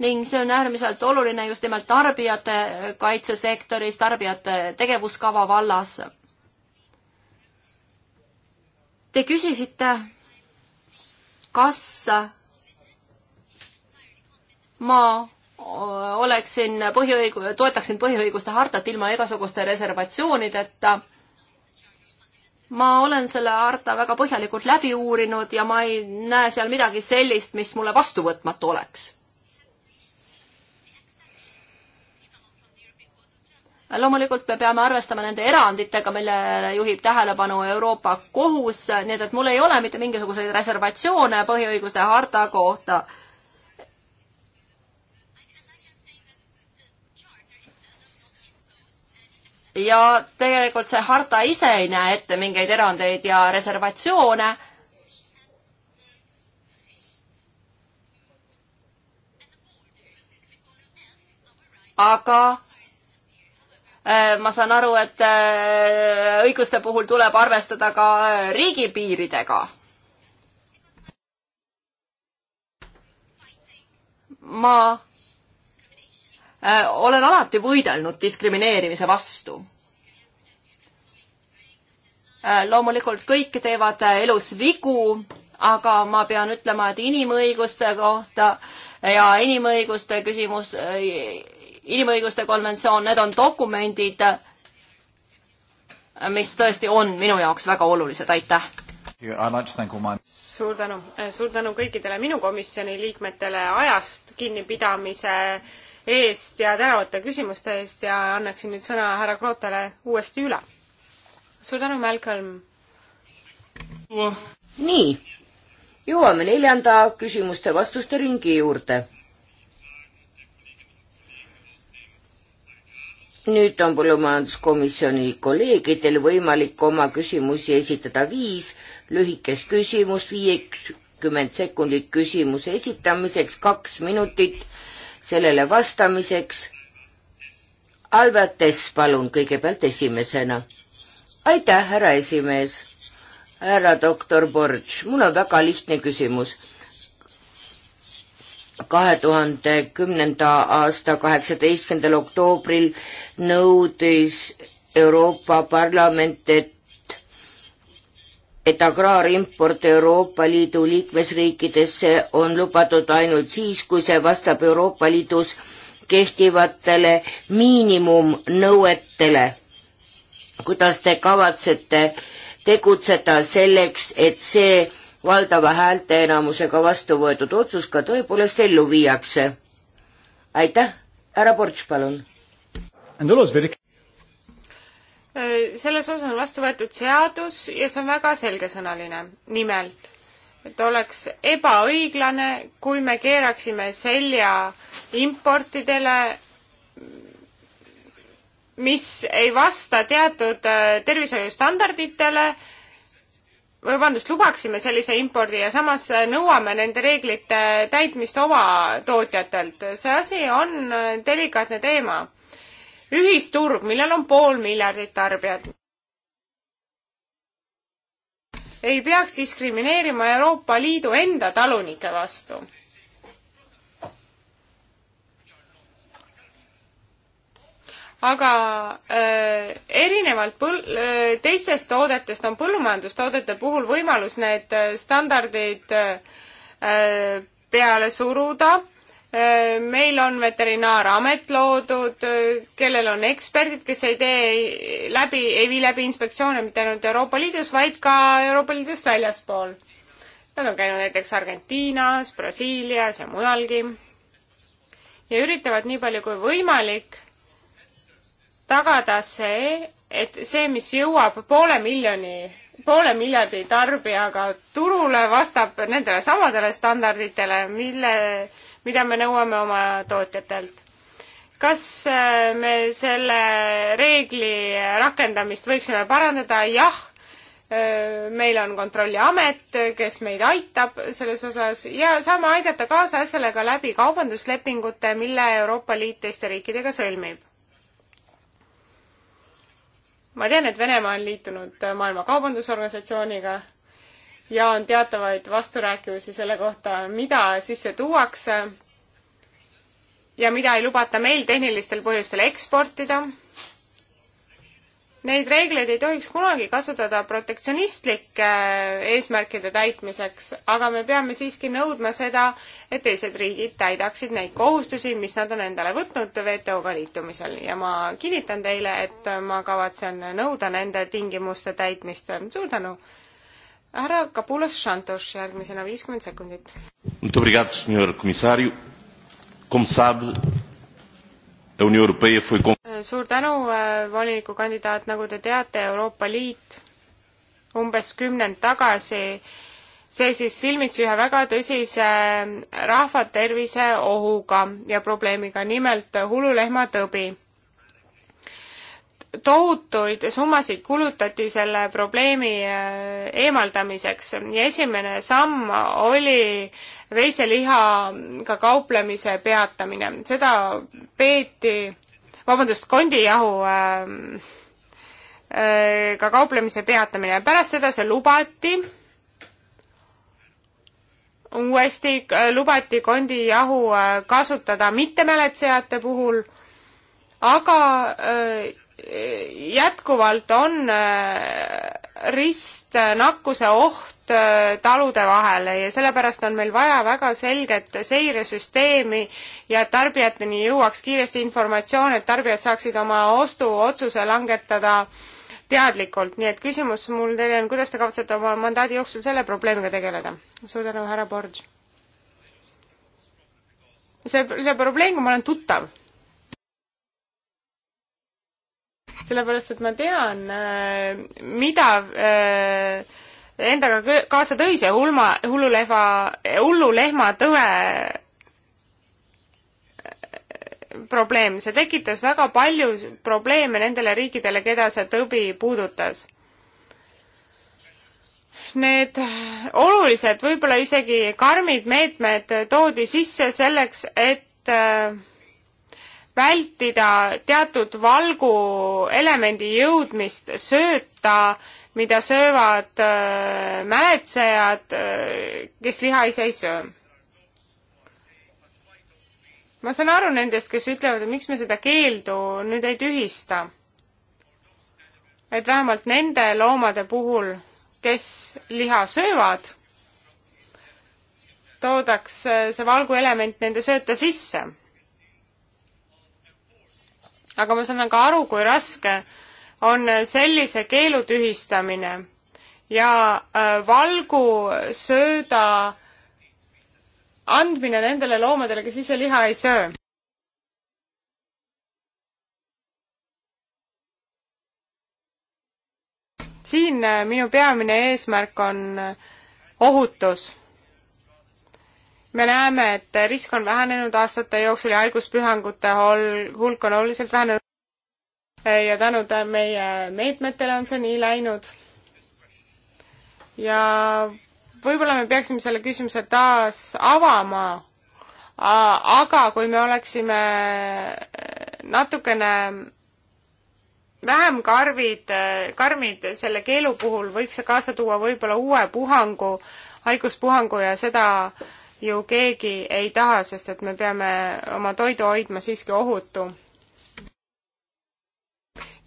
ning see on äärmiselt oluline just nimelt tarbijate kaitsesektoris, tarbijate tegevuskava vallas. Te küsisite, kas ma oleksin põhiõigu-, toetaksin põhiõiguste hartat ilma igasuguste reservatsioonideta. ma olen selle harta väga põhjalikult läbi uurinud ja ma ei näe seal midagi sellist, mis mulle vastuvõtmatu oleks loomulikult me peame arvestama nende eranditega, millele juhib tähelepanu Euroopa Kohus, nii et, et mul ei ole mitte mingisuguseid reservatsioone põhiõiguste harta kohta. ja tegelikult see harta ise ei näe ette mingeid erandeid ja reservatsioone aga Äh, ma saan aru, et äh, õiguste puhul tuleb arvestada ka äh, riigipiiridega. ma olen alati võidelnud diskrimineerimise vastu loomulikult kõik teevad elus vigu, aga ma pean ütlema, et inimõiguste kohta ja inimõiguste küsimus inimõiguste konventsioon, need on dokumendid, mis tõesti on minu jaoks väga olulised, aitäh! suur tänu, suur tänu kõikidele minu komisjoni liikmetele ajast kinnipidamise eest ja teravate küsimuste eest ja annaksin nüüd sõna härra Krootale uuesti üle. suur tänu, Malcolm! nii, jõuame neljanda küsimuste-vastuste ringi juurde nüüd on põllumajanduskomisjoni kolleegidel võimalik oma küsimusi esitada viis lühikest küsimust, viiekümmend sekundit küsimuse esitamiseks, kaks minutit sellele vastamiseks. Albert Tess, palun kõigepealt esimesena. aitäh, härra esimees. härra doktor Borš, mul on väga lihtne küsimus kahe tuhande kümnenda aasta kaheksateistkümnendal oktoobril nõudis Euroopa Parlament, et et agraarimport Euroopa Liidu liikmesriikidesse on lubatud ainult siis, kui see vastab Euroopa Liidus kehtivatele miinimumnõuetele. kuidas te kavatsete tegutseda selleks, et see valdava häälteenamusega vastu võetud otsus ka tõepoolest ellu viiakse. aitäh, härra Ports, palun. selles osas on vastu võetud seadus ja see on väga selgesõnaline. nimelt, et oleks ebaõiglane, kui me keeraksime selja importidele mis ei vasta teatud äh, tervishoiustandarditele vabandust, lubaksime sellise impordi ja samas nõuame nende reeglite täitmist oma tootjatelt. see asi on delikaatne teema. ühisturg, millel on pool miljardit tarbijat. ei peaks diskrimineerima Euroopa Liidu enda talunike vastu aga äh, erinevalt põl-, äh, teistest toodetest on põllumajandustoodete puhul võimalus need äh, standardid äh, peale suruda äh,. meil on veterinaaramet loodud äh,, kellel on eksperdid, kes ei tee läbi, ei vii läbi inspektsioone mitte ainult Euroopa Liidus, vaid ka Euroopa Liidust väljaspool. Nad on käinud näiteks Argentiinas, Brasiilias ja mujalgi ja üritavad nii palju kui võimalik tagada see, et see, mis jõuab poole miljoni, poole miljardi tarbijaga turule, vastab nendele samadele standarditele, mille, mida me nõuame oma tootjatelt. kas äh, me selle reegli rakendamist võiksime parandada? jah, äh, meil on Kontrolliamet, kes meid aitab selles osas ja saame aidata kaasa asjale ka läbi kaubanduslepingute, mille Euroopa Liit teiste riikidega sõlmib ma tean, et Venemaa on liitunud Maailma Kaubandusorganisatsiooniga ja on teatavaid vasturääkivusi selle kohta, mida sisse tuuakse ja mida ei lubata meil tehnilistel põhjustel eksportida Neid reegleid ei tohiks kunagi kasutada protektsionistlike äh, eesmärkide täitmiseks, aga me peame siiski nõudma seda, et teised riigid täidaksid neid kohustusi, mis nad on endale võtnud WTO-ga liitumisel ja ma kinnitan teile, et ma kavatsen nõuda nende tingimuste täitmist. suur tänu! härra Kapulas Šantoš, järgmisena viiskümmend sekundit da União Europeia foi suur tänu, äh, volinikukandidaat, nagu te teate, Euroopa Liit umbes kümnend tagasi seisis silmitsi ühe väga tõsise rahvatervise ohuga ja probleemiga, nimelt hullulehmatõbi tohutuid summasid kulutati selle probleemi äh, eemaldamiseks ja esimene samm oli veiselihaga kauplemise peatamine. seda peeti, vabandust, kondijahu äh, äh, ka kauplemise peatamine. pärast seda see lubati uuesti, lubati kondijahu kasutada mittemäletsejate puhul, aga jätkuvalt on äh, ristnakkuse äh, oht äh, talude vahel ja sellepärast on meil vaja väga selget seiresüsteemi ja et tarbijateni jõuaks kiiresti informatsioon, et tarbijad saaksid oma ostuotsuse langetada teadlikult, nii et küsimus mul teile on, kuidas te kavatsete oma mandaadi jooksul selle probleemiga tegeleda? suur tänu, härra Borg. see, selle probleemiga ma olen tuttav sellepärast et ma tean, äh, mida äh, endaga kaasa tõi see ulma, hullulehva, hullulehma tõve äh, probleem, see tekitas väga palju probleeme nendele riikidele, keda see tõbi puudutas. Need olulised, võib-olla isegi karmid meetmed toodi sisse selleks, et äh, vältida teatud valguelemendi jõudmist sööta, mida söövad öö, äh, mäletsejad, äh, kes liha ise ei söö. ma saan aru nendest, kes ütlevad, et miks me seda keeldu nüüd ei tühista. et vähemalt nende loomade puhul, kes liha söövad, toodaks äh, see valguelement nende sööta sisse aga ma saan ka aru, kui raske on sellise keelu tühistamine ja äh, valgusööda andmine nendele loomadele, kes ise liha ei söö. siin äh, minu peamine eesmärk on äh, ohutus me näeme, et risk on vähenenud aastate jooksul ja haiguspühangute hulk on oluliselt vähenenud. ja tänu meie meetmetele on see nii läinud. ja võib-olla me peaksime selle küsimuse taas avama. aga kui me oleksime eh, natukene vähem karvid, eh, karmid selle keelu puhul, võiks see kaasa tuua võib-olla uue puhangu, haiguspuhangu ja seda äh, ju keegi ei taha, sest et me peame oma toidu hoidma siiski ohutu.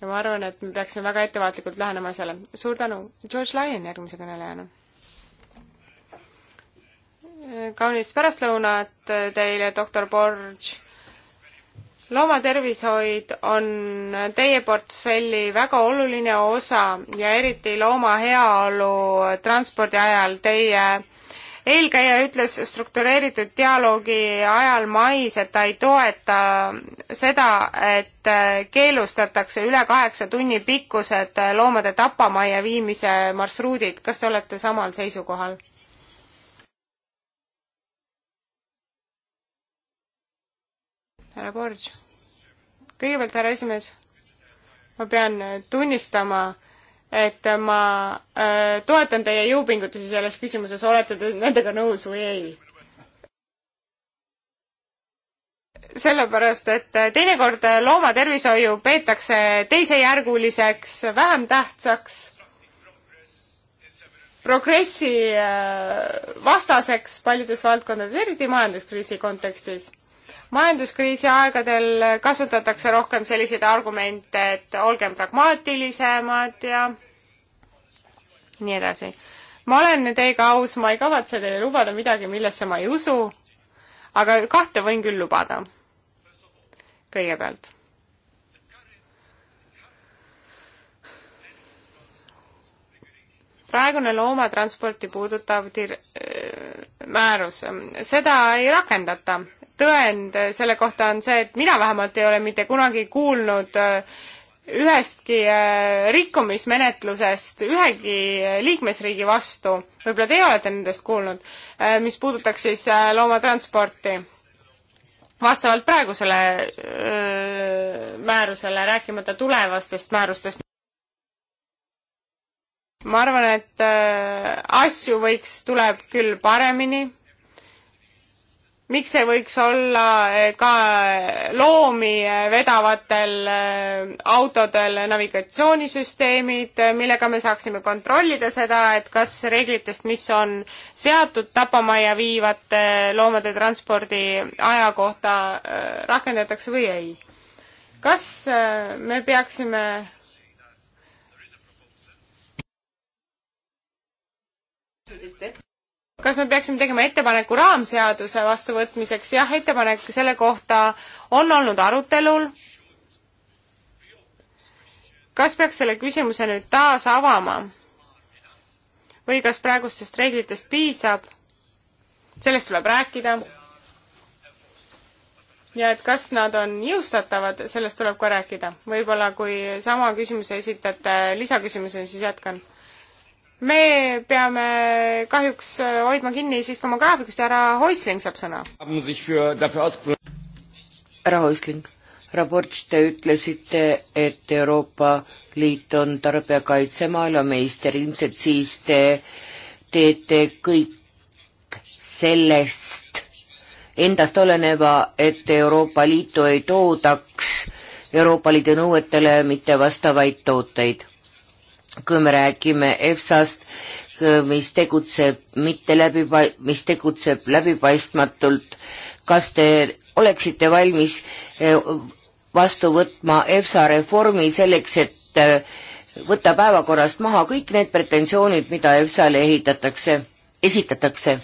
ja ma arvan, et me peaksime väga ettevaatlikult lähenema asjale. suur tänu, George Lyon järgmise kõnelejana. kaunist pärastlõunat teile, doktor Borg loomatervishoid on teie portfelli väga oluline osa ja eriti looma heaolu transpordi ajal teie eelkäija ütles struktureeritud dialoogi ajal mais, et ta ei toeta seda, et äh, keelustatakse üle kaheksa tunni pikkused äh, loomade tapamajja viimise marsruudid. kas te olete samal seisukohal? härra Borž. kõigepealt, härra esimees, ma pean tunnistama, et ma äh, toetan teie jõupingutusi selles küsimuses, olete te nendega nõus või ei? sellepärast, et äh, teinekord äh, loomatervishoiu peetakse teisejärguliseks, vähem tähtsaks, progressi äh, vastaseks paljudes valdkondades, eriti majanduskriisi kontekstis majanduskriisi aegadel kasutatakse rohkem selliseid argumente, et olgem pragmaatilisemad ja nii edasi. ma olen teiega aus, ma ei kavatse teile lubada midagi, millesse ma ei usu, aga kahte võin küll lubada. kõigepealt. praegune loomatransporti puudutav dir-, määrus, seda ei rakendata. tõend selle kohta on see, et mina vähemalt ei ole mitte kunagi kuulnud äh, ühestki äh, rikkumismenetlusest ühegi liikmesriigi vastu, võib-olla teie olete nendest kuulnud, äh, mis puudutaks siis loomatransporti vastavalt praegusele öö, määrusele, rääkimata tulevastest määrustest ma arvan, et äh, asju võiks, tuleb küll paremini. miks ei võiks olla äh, ka loomi äh, vedavatel autodel navigatsioonisüsteemid, millega me saaksime kontrollida seda, et kas reeglitest, mis on seatud tapamajja viivate loomade transpordi aja kohta, rakendatakse või ei? kas me peaksime kas me peaksime tegema ettepaneku raamseaduse vastuvõtmiseks? jah, ettepanek selle kohta on olnud arutelul. kas peaks selle küsimuse nüüd taas avama? või kas praegustest reeglitest piisab? sellest tuleb rääkida. ja et kas nad on jõustatavad, sellest tuleb ka rääkida. võib-olla kui sama küsimuse esitate lisaküsimuse, siis jätkan me peame kahjuks hoidma kinni siiski oma graafikust ja härra Häusling saab sõna. härra Häusling, raportis te ütlesite, et Euroopa Liit on tarbijakaitse maailmameister, ilmselt siis te teete kõik sellest endast oleneva, et Euroopa Liitu ei toodaks Euroopa Liidu nõuetele mitte vastavaid tooteid kui me räägime EFSA-st, mis tegutseb mitte läbi, mis tegutseb läbipaistmatult, kas te oleksite valmis eh, vastu võtma EFSA reformi selleks, et eh, võtta päevakorrast maha kõik need pretensioonid, mida EFSA-le ehitatakse, esitatakse?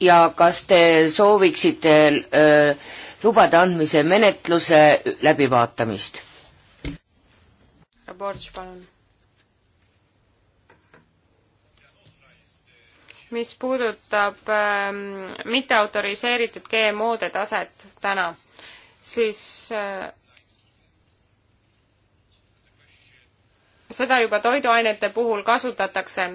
ja kas te sooviksite öö, eh, lubade andmise menetluse läbivaatamist. Borš, palun. mis puudutab ähm, mitteautoriseeritud GMO-de taset täna, siis äh, seda juba toiduainete puhul kasutatakse.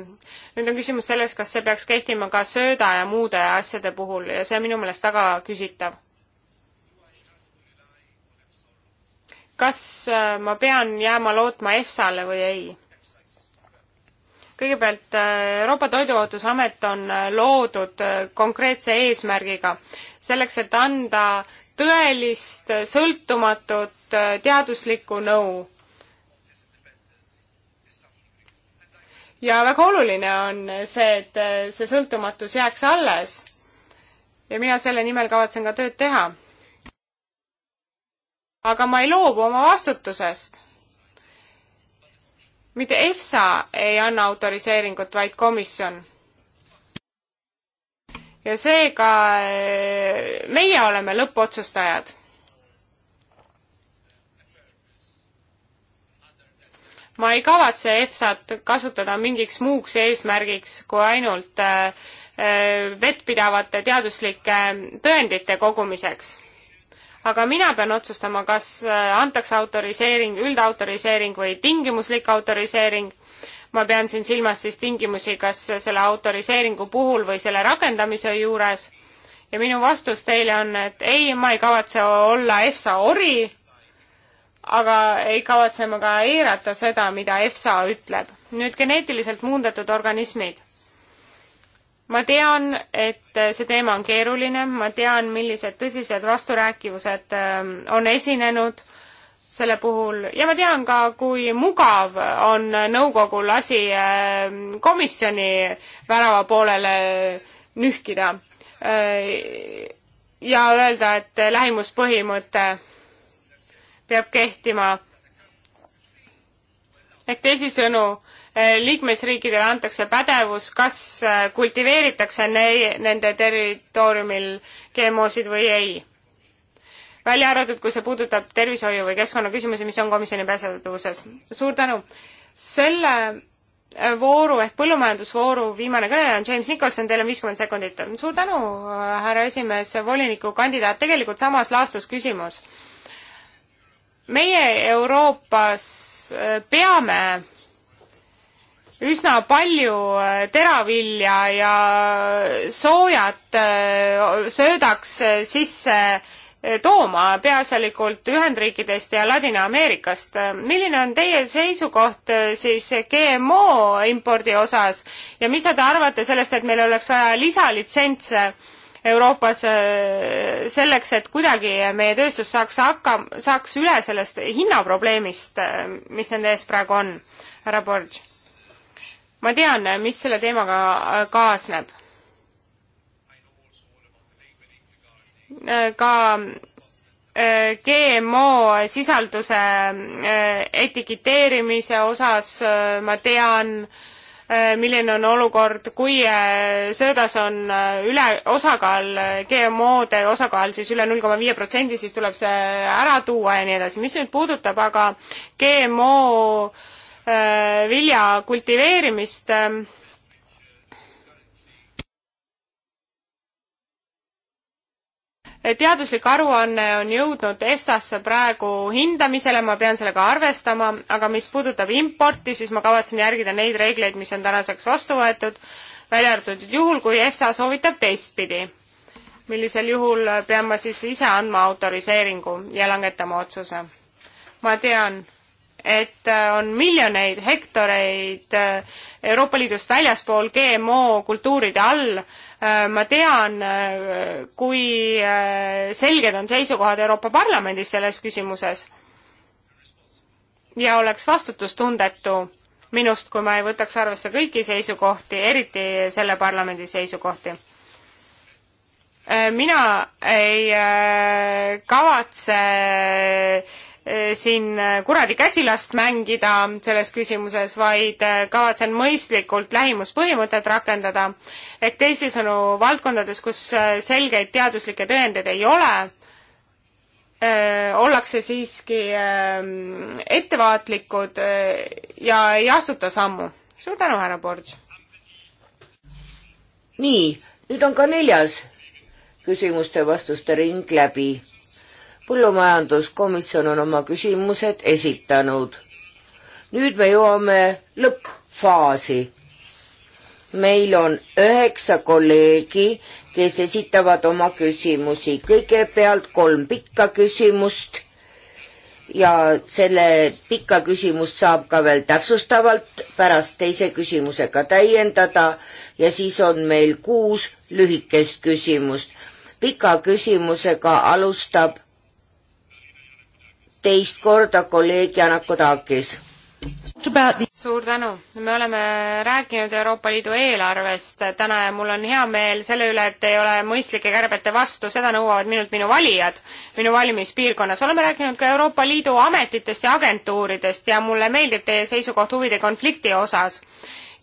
nüüd on küsimus selles, kas see peaks kehtima ka sööda ja muude asjade puhul ja see on minu meelest väga küsitav. kas äh, ma pean jääma lootma EFSA-le või ei. kõigepealt äh, Euroopa Toiduohutusamet on äh, loodud konkreetse eesmärgiga, selleks et anda tõelist sõltumatut teaduslikku nõu ja väga oluline on see, et see sõltumatus jääks alles. ja mina selle nimel kavatsen ka tööd teha aga ma ei loobu oma vastutusest. mitte EFSA ei anna autoriseeringut, vaid komisjon. ja seega eh, meie oleme lõppotsustajad. ma ei kavatse EFSA-t kasutada mingiks muuks eesmärgiks kui ainult eh, eh, vettpidavate teaduslike tõendite kogumiseks aga mina pean otsustama, kas äh, antakse autoriseering, üldautoriseering või tingimuslik autoriseering. ma pean siin silmas siis tingimusi, kas selle autoriseeringu puhul või selle rakendamise juures. ja minu vastus teile on, et ei, ma ei kavatse olla EFSA ori, aga ei kavatse ma ka eirata seda, mida EFSA ütleb. nüüd geneetiliselt muundatud organismid ma tean, et äh, see teema on keeruline, ma tean, millised tõsised vasturääkivused ähm, on esinenud selle puhul ja ma tean ka, kui mugav on nõukogul asi ähm, komisjoni värava poolele nühkida äh, ja öelda, et lähimuspõhimõte peab kehtima. ehk teisisõnu Eh, liikmesriikidele antakse pädevus, kas eh, kultiveeritakse ne-, nende territooriumil GMO-sid või ei. välja arvatud, kui see puudutab tervishoiu või keskkonnaküsimusi, mis on komisjoni pädevuses. suur tänu! selle eh, vooru ehk põllumajandusvooru viimane kõneleja on James Nicholson, teil on viiskümmend sekundit. suur tänu, härra esimees, volinikukandidaat, tegelikult samas laastus küsimus. meie Euroopas peame üsna palju äh, teravilja ja soojat äh, söödaks äh, sisse tooma, peaasjalikult Ühendriikidest ja Ladina-Ameerikast. milline on teie seisukoht siis GMO impordi osas ja mis te arvate sellest, et meil oleks vaja lisalitsentse Euroopas selleks, et kuidagi meie tööstus saaks hakka, saaks üle sellest hinnaprobleemist, mis nende ees praegu on? härra Borg ma tean, mis selle teemaga äh, kaasneb. ka äh, GMO sisalduse äh, etiketeerimise osas ma tean, milline on olukord, kui söödas on üle, osakaal, GMO-de osakaal siis üle null koma viie protsendi, siis tuleb see ära tuua ja nii edasi. mis nüüd puudutab aga GMO äh, Äh, vilja kultiveerimist ähm, teaduslik aruanne on jõudnud EFSA-sse praegu hindamisele, ma pean sellega arvestama, aga mis puudutab importi, siis ma kavatsen järgida neid reegleid, mis on tänaseks vastu võetud, välja arvatud juhul, kui EFSA soovitab teistpidi. millisel juhul pean ma siis ise andma autoriseeringu ja langetama otsuse? ma tean et äh, on miljoneid hektareid äh, Euroopa Liidust väljaspool GMO kultuuride all. Äh, ma tean, kui selged on seisukohad Euroopa Parlamendis selles küsimuses. ja oleks vastutustundetu minust, kui ma ei võtaks arvesse kõiki seisukohti, eriti selle parlamendi seisukohti mina ei kavatse Eh, siin eh, kuradi käsilast mängida selles küsimuses, vaid eh, kavatsen mõistlikult lähimuspõhimõtet rakendada. ehk teisisõnu, valdkondades, kus selgeid teaduslikke tõendeid ei ole, ollakse siiski ettevaatlikud ja ei astuta sammu. suur tänu, härra Borž! nii, nüüd on ka neljas küsimuste-vastuste ring läbi põllumajanduskomisjon on oma küsimused esitanud. nüüd me jõuame lõppfaasi. meil on üheksa kolleegi, kes esitavad oma küsimusi. kõigepealt kolm pikka küsimust ja selle pikka küsimust saab ka veel täpsustavalt pärast teise küsimusega täiendada ja siis on meil kuus lühikest küsimust. pika küsimusega alustab teist korda kolleeg Janakodakis. suur tänu, me oleme rääkinud Euroopa Liidu eelarvest täna ja mul on hea meel selle üle, et ei ole mõistlike kärbete vastu, seda nõuavad minult minu valijad minu valimispiirkonnas. oleme rääkinud ka Euroopa Liidu ametitest ja agentuuridest ja mulle meeldib teie seisukoht huvide konflikti osas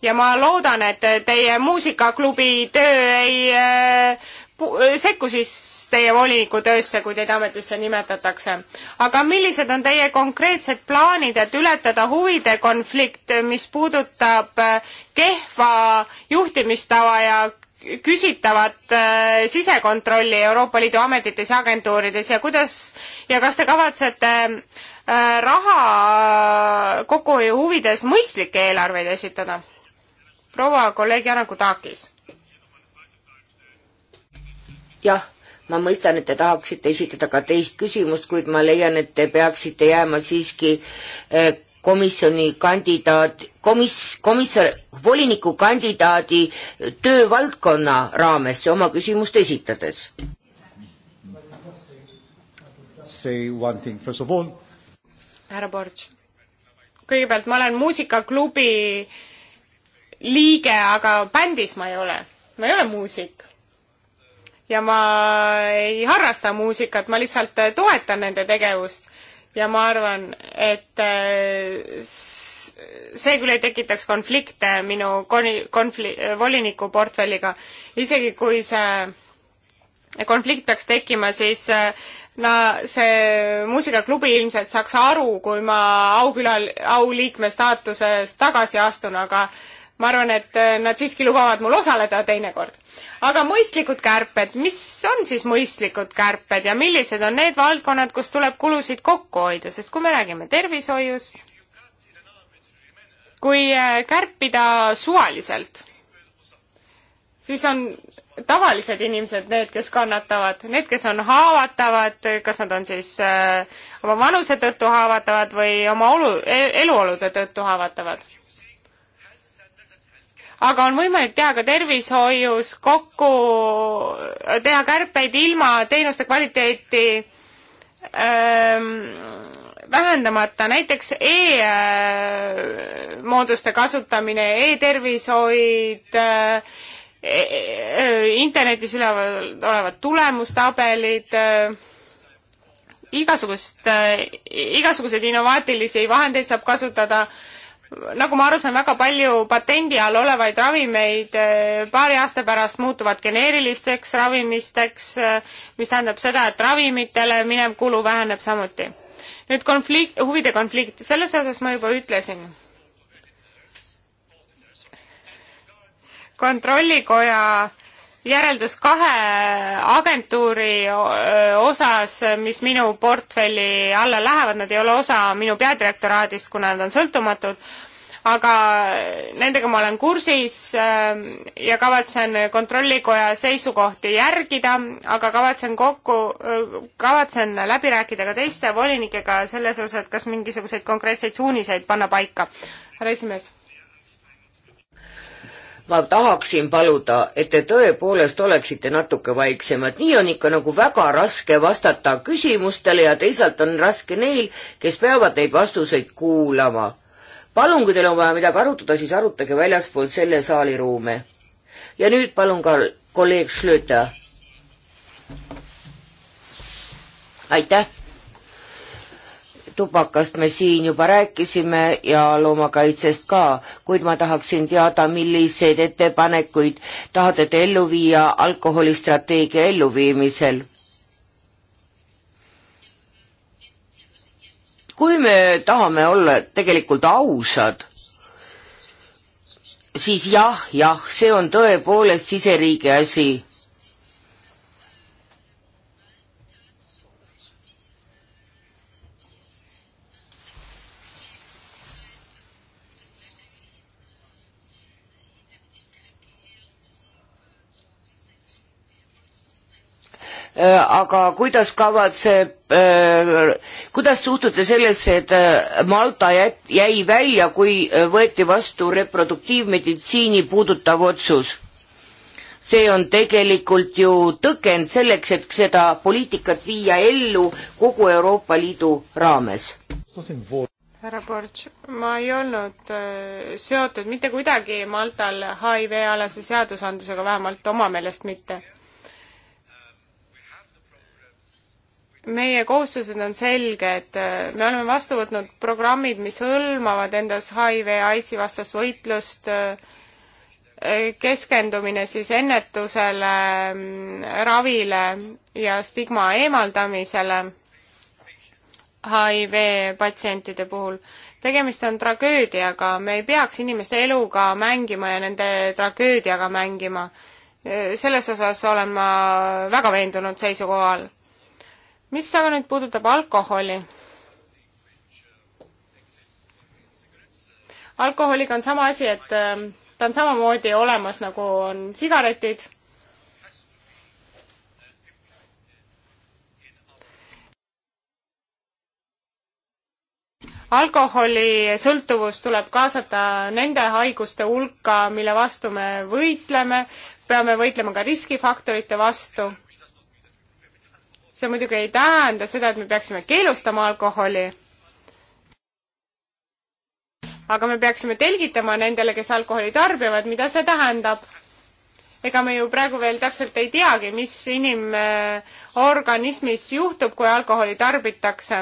ja ma loodan, et teie muusikaklubi töö ei äh, sekku siis teie voliniku töösse, kui teid ametisse nimetatakse. aga millised on teie konkreetsed plaanid, et ületada huvide konflikt, mis puudutab äh, kehva juhtimistava ja küsitavat äh, sisekontrolli Euroopa Liidu ametites ja agentuurides ja kuidas ja kas te kavatsete äh, raha kokkuhoiu huvides mõistlikke eelarveid esitada? proua kolleeg Jana Kudakis jah, ma mõistan, et te tahaksite esitada ka teist küsimust, kuid ma leian, et te peaksite jääma siiski eh, komisjoni kandidaat, komis-, komissar, voliniku kandidaadi töövaldkonna raamesse oma küsimust esitades. Say one thing first of all. härra Borš, kõigepealt ma olen muusikaklubi liige, aga bändis ma ei ole, ma ei ole muusik ja ma ei harrasta muusikat, ma lihtsalt äh, toetan nende tegevust ja ma arvan, et äh, see küll ei tekitaks konflikte minu kon-, konfli-, äh, voliniku portfelliga, isegi kui see konflikt peaks tekkima, siis no see muusikaklubi ilmselt saaks aru, kui ma aukülal, auliikme staatusest tagasi astun, aga ma arvan, et nad siiski lubavad mul osaleda teinekord aga mõistlikud kärped, mis on siis mõistlikud kärped ja millised on need valdkonnad, kus tuleb kulusid kokku hoida, sest kui me räägime tervishoiust, kui äh, kärpida suvaliselt, siis on tavalised inimesed need, kes kannatavad, need, kes on haavatavad, kas nad on siis öö, äh, oma vanuse tõttu haavatavad või oma olu, e-, eluolude tõttu haavatavad aga on võimalik teha ka tervishoius kokku, teha kärpeid ilma teenuste kvaliteeti ähm, vähendamata, näiteks e-mooduste kasutamine e, e-tervishoid äh,, e-, e-, e-, internetis üleval olevad tulemustabelid äh,, igasugust äh,, igasuguseid innovaatilisi vahendeid saab kasutada äh, nagu ma aru saan, väga palju patendi all olevaid ravimeid eh, paari aasta pärast muutuvad geneerilisteks ravimisteks, eh, mis tähendab seda, et ravimitele minev kulu väheneb samuti. nüüd konflikt, huvide konflikt, selles osas ma juba ütlesin. kontrollikoja järeldus kahe agentuuri osas, mis minu portfelli alla lähevad, nad ei ole osa minu peadirektoraadist, kuna nad on sõltumatud, aga nendega ma olen kursis ja kavatsen Kontrollikoja seisukohti järgida, aga kavatsen kokku, kavatsen läbi rääkida ka teiste volinikega selles osas, kas mingisuguseid konkreetseid suuniseid panna paika. härra esimees ma tahaksin paluda, et te tõepoolest oleksite natuke vaiksemad, nii on ikka nagu väga raske vastata küsimustele ja teisalt on raske neil, kes peavad neid vastuseid kuulama. palun, kui teil on vaja midagi arutada, siis arutage väljaspool selle saali ruume. ja nüüd palun ka kolleeg Schlöter. aitäh tubakast me siin juba rääkisime ja loomakaitsest ka, kuid ma tahaksin teada, milliseid ettepanekuid tahate te ellu viia alkoholistrateegia elluviimisel? kui me tahame olla tegelikult ausad, siis jah, jah, see on tõepoolest siseriigi asi Äh, aga kuidas kavatseb, äh, kuidas suhtute sellesse, et äh, Malta jäi välja, kui võeti vastu reproduktiivmeditsiini puudutav otsus? see on tegelikult ju tõkend selleks, et seda poliitikat viia ellu kogu Euroopa Liidu raames. härra Bortš, ma ei olnud seotud mitte kuidagi Maltal HIV-alase seadusandlusega, vähemalt oma meelest mitte meie kohustused on selged, me oleme vastu võtnud programmid, mis hõlmavad endas HIV ja AIDSi vastast võitlust, keskendumine siis ennetusele, ravile ja stigma eemaldamisele HIV patsientide puhul. tegemist on tragöödiaga, me ei peaks inimeste eluga mängima ja nende tragöödiaga mängima. selles osas olen ma väga veendunud seisukohal mis aga nüüd puudutab alkoholi? alkoholiga on sama asi, et ähm, ta on samamoodi olemas, nagu on sigaretid alkoholisõltuvus tuleb kaasata nende haiguste hulka, mille vastu me võitleme, peame võitlema ka riskifaktorite vastu see muidugi ei tähenda seda, et me peaksime keelustama alkoholi, aga me peaksime telgitama nendele, kes alkoholi tarbivad, mida see tähendab. ega me ju praegu veel täpselt ei teagi, mis inimorganismis juhtub, kui alkoholi tarbitakse.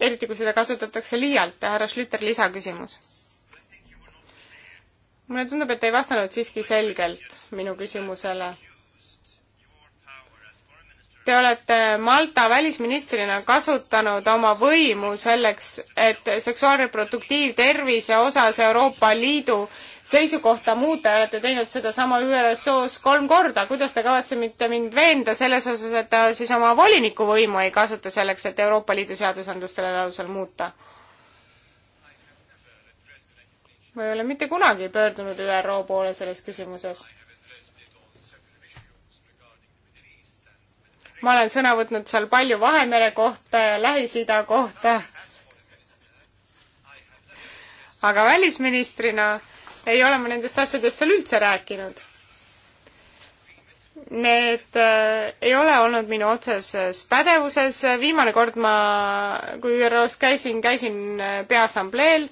eriti, kui seda kasutatakse liialt. härra Schlüter, lisaküsimus mulle tundub, et ei vastanud siiski selgelt minu küsimusele. Te olete Malta välisministrina kasutanud oma võimu selleks, et seksuaalreproduktiivtervise osas Euroopa Liidu seisukohta muuta ja olete teinud sedasama ÜRSO-s kolm korda. kuidas te kavatsete mind veenda selles osas, et ta siis oma voliniku võimu ei kasuta selleks, et Euroopa Liidu seadusandlust sellel alusel muuta? ma ei ole mitte kunagi pöördunud ÜRO poole selles küsimuses ma olen sõna võtnud seal palju Vahemere kohta ja Lähis-Ida kohta. aga välisministrina ei ole ma nendest asjadest seal üldse rääkinud. Need äh, ei ole olnud minu otseses pädevuses, viimane kord ma, kui ÜRO-s käisin, käisin äh, Peaassambleel,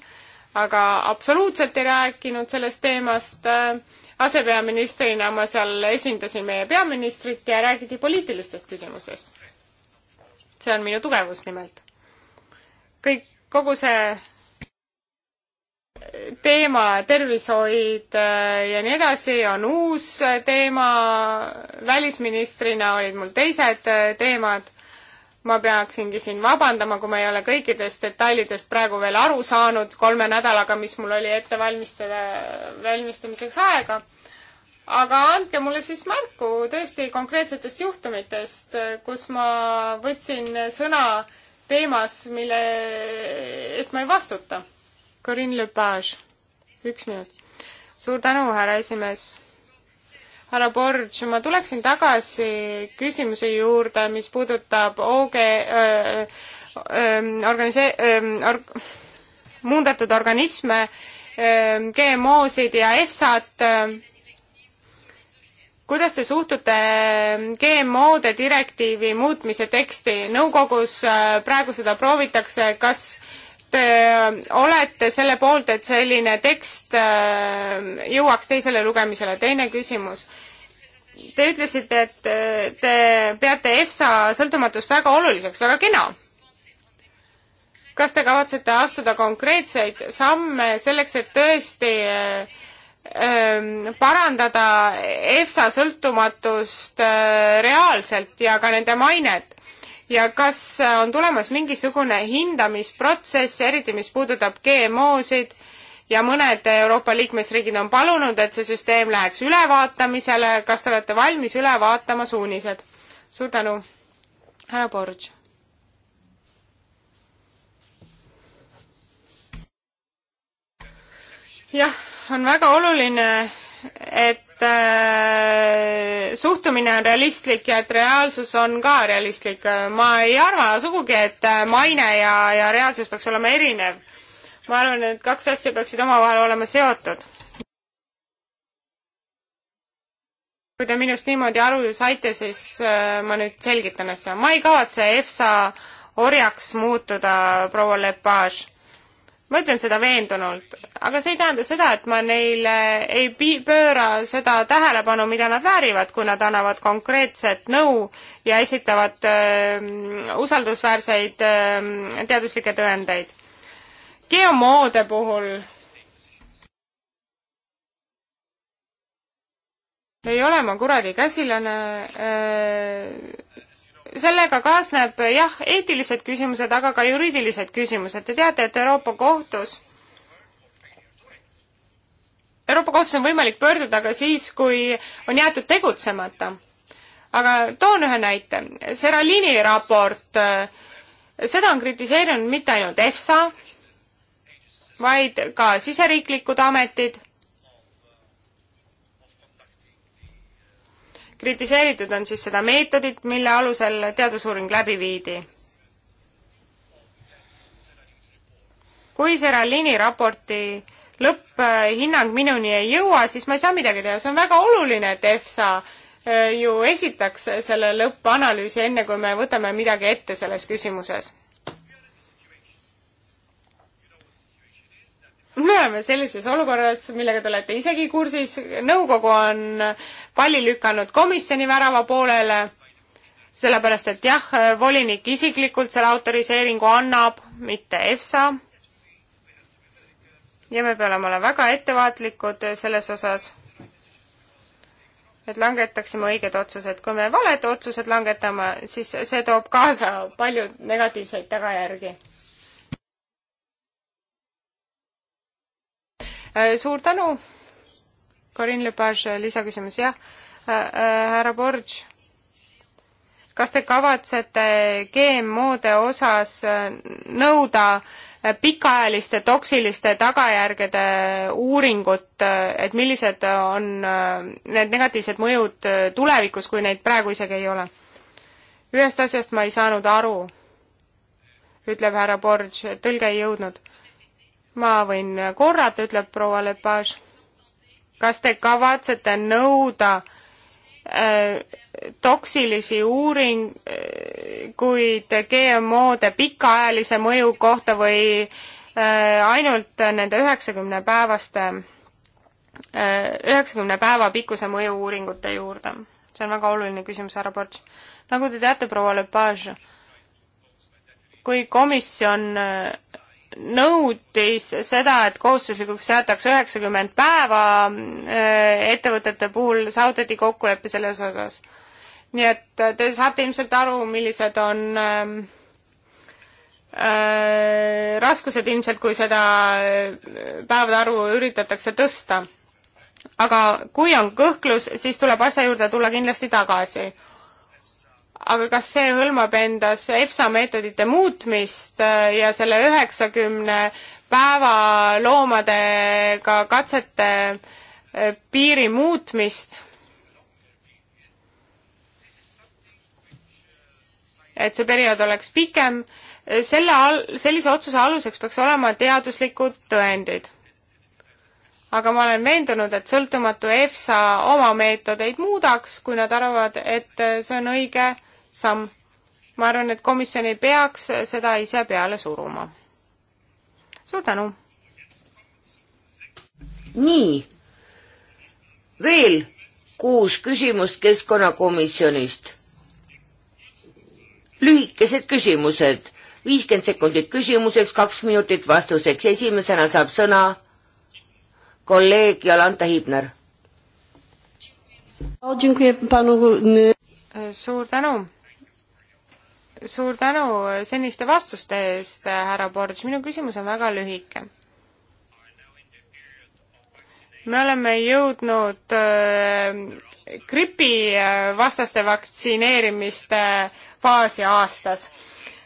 aga absoluutselt ei rääkinud sellest teemast äh, asepeaministrina ma seal esindasin meie peaministrit ja räägiti poliitilistest küsimustest. see on minu tugevus nimelt. kõik, kogu see teema tervishoid äh, ja nii edasi on uus teema, välisministrina olid mul teised äh, teemad ma peaksingi siin vabandama, kui ma ei ole kõikidest detailidest praegu veel aru saanud kolme nädalaga, mis mul oli ette valmistada, valmistamiseks aega. aga andke mulle siis märku tõesti konkreetsetest juhtumitest, kus ma võtsin sõna teemas, mille eest ma ei vastuta. Corinne Lepage, üks minut. suur tänu, härra esimees härra Borg, ma tuleksin tagasi küsimuse juurde, mis puudutab OG öö, öö, organise-, org-, muundatud organisme, GMO-sid ja EFSA-t. kuidas te suhtute GMO-de direktiivi muutmise teksti? nõukogus praegu seda proovitakse, kas te äh, olete selle poolt, et selline tekst äh, jõuaks teisele lugemisele? teine küsimus. Te ütlesite, et äh, te peate EFSA sõltumatust väga oluliseks, väga kena. kas te kavatsete astuda konkreetseid samme selleks, et tõesti ähm, parandada EFSA sõltumatust reaalselt ja ka nende mainet? ja kas äh, on tulemas mingisugune hindamisprotsess, eriti mis puudutab GMO-sid ja mõned Euroopa liikmesriigid on palunud, et see süsteem läheks ülevaatamisele, kas te olete valmis üle vaatama suunised? suur tänu, härra Borž. jah, on väga oluline, et Äh, suhtumine on realistlik ja et reaalsus on ka realistlik. ma ei arva sugugi, et äh, maine ja, ja reaalsus peaks olema erinev. ma arvan, et kaks asja peaksid omavahel olema seotud. kui te minust niimoodi aru saite, siis äh, ma nüüd selgitan asja. ma ei kavatse EFSA orjaks muutuda, proua Lepage ma ütlen seda veendunult, aga see ei tähenda seda, et ma neile ei pööra seda tähelepanu, mida nad väärivad, kui nad annavad konkreetset nõu ja esitavad öö, ähm, usaldusväärseid öö, ähm, teaduslikke tõendeid. GMO-de puhul ei ole ma kuradi käsilane öö, äh, sellega kaasneb jah, eetilised küsimused, aga ka juriidilised küsimused. Te teate, et Euroopa Kohtus Euroopa kohtus on võimalik pöörduda ka siis, kui on jäetud tegutsemata. aga toon ühe näite. Seralini raport, seda on kritiseerinud mitte ainult EFSA, vaid ka siseriiklikud ametid kritiseeritud on siis seda meetodit, mille alusel teadusuuring läbi viidi. kui Seralini raporti lõpphinnang minuni ei jõua, siis ma ei saa midagi teha, see on väga oluline, et EFSA äh, ju esitaks selle lõppanalüüsi, enne kui me võtame midagi ette selles küsimuses me oleme sellises olukorras, millega te olete isegi kursis, nõukogu on palli lükanud komisjoni värava poolele, sellepärast et jah, volinik isiklikult selle autoriseeringu annab, mitte EFSA. ja me peame olema väga ettevaatlikud selles osas, et langetaksime õiged otsused. kui me valed otsused langetame, siis see toob kaasa palju negatiivseid tagajärgi Äh, suur tänu, Corinne Lepage, äh, lisaküsimus, jah. Äh, härra Borž, kas te kavatsete GMO-de osas nõuda pikaajaliste toksiliste tagajärgede uuringut, et millised on need negatiivsed mõjud tulevikus, kui neid praegu isegi ei ole? ühest asjast ma ei saanud aru, ütleb härra Borž, tõlge ei jõudnud ma võin korrata, ütleb proua Lepage. kas te kavatsete nõuda äh, toksilisi uuringuid äh, GMO-de pikaajalise mõju kohta või äh, ainult nende üheksakümne päevaste äh, üheksakümne päeva pikkuse mõju uuringute juurde? see on väga oluline küsimus, härra Ports. nagu te teate, proua Lepage, kui komisjon äh, nõudis seda, et kohustuslikuks seatakse üheksakümmend päeva äh, ettevõtete puhul, saavutati kokkulepe selles osas. nii et äh, te saate ilmselt aru, millised on ähm, äh, raskused ilmselt, kui seda äh, päevade arvu üritatakse tõsta. aga kui on kõhklus, siis tuleb asja juurde tulla kindlasti tagasi aga kas see hõlmab endas EFSA meetodite muutmist äh, ja selle üheksakümne päeva loomadega katsete äh, piiri muutmist? et see periood oleks pikem, selle al-, sellise otsuse aluseks peaks olema teaduslikud tõendid. aga ma olen veendunud, et sõltumatu EFSA oma meetodeid muudaks, kui nad arvavad, et äh, see on õige samm. ma arvan, et komisjon ei peaks seda ise peale suruma. suur tänu! nii, veel kuus küsimust keskkonnakomisjonist. lühikesed küsimused, viiskümmend sekundit küsimuseks, kaks minutit vastuseks, esimesena saab sõna kolleeg Jolanta Hibner. suur tänu suur tänu seniste vastuste eest, härra Borg, minu küsimus on väga lühike. me oleme jõudnud äh, gripivastaste äh, vaktsineerimiste faasi aastas.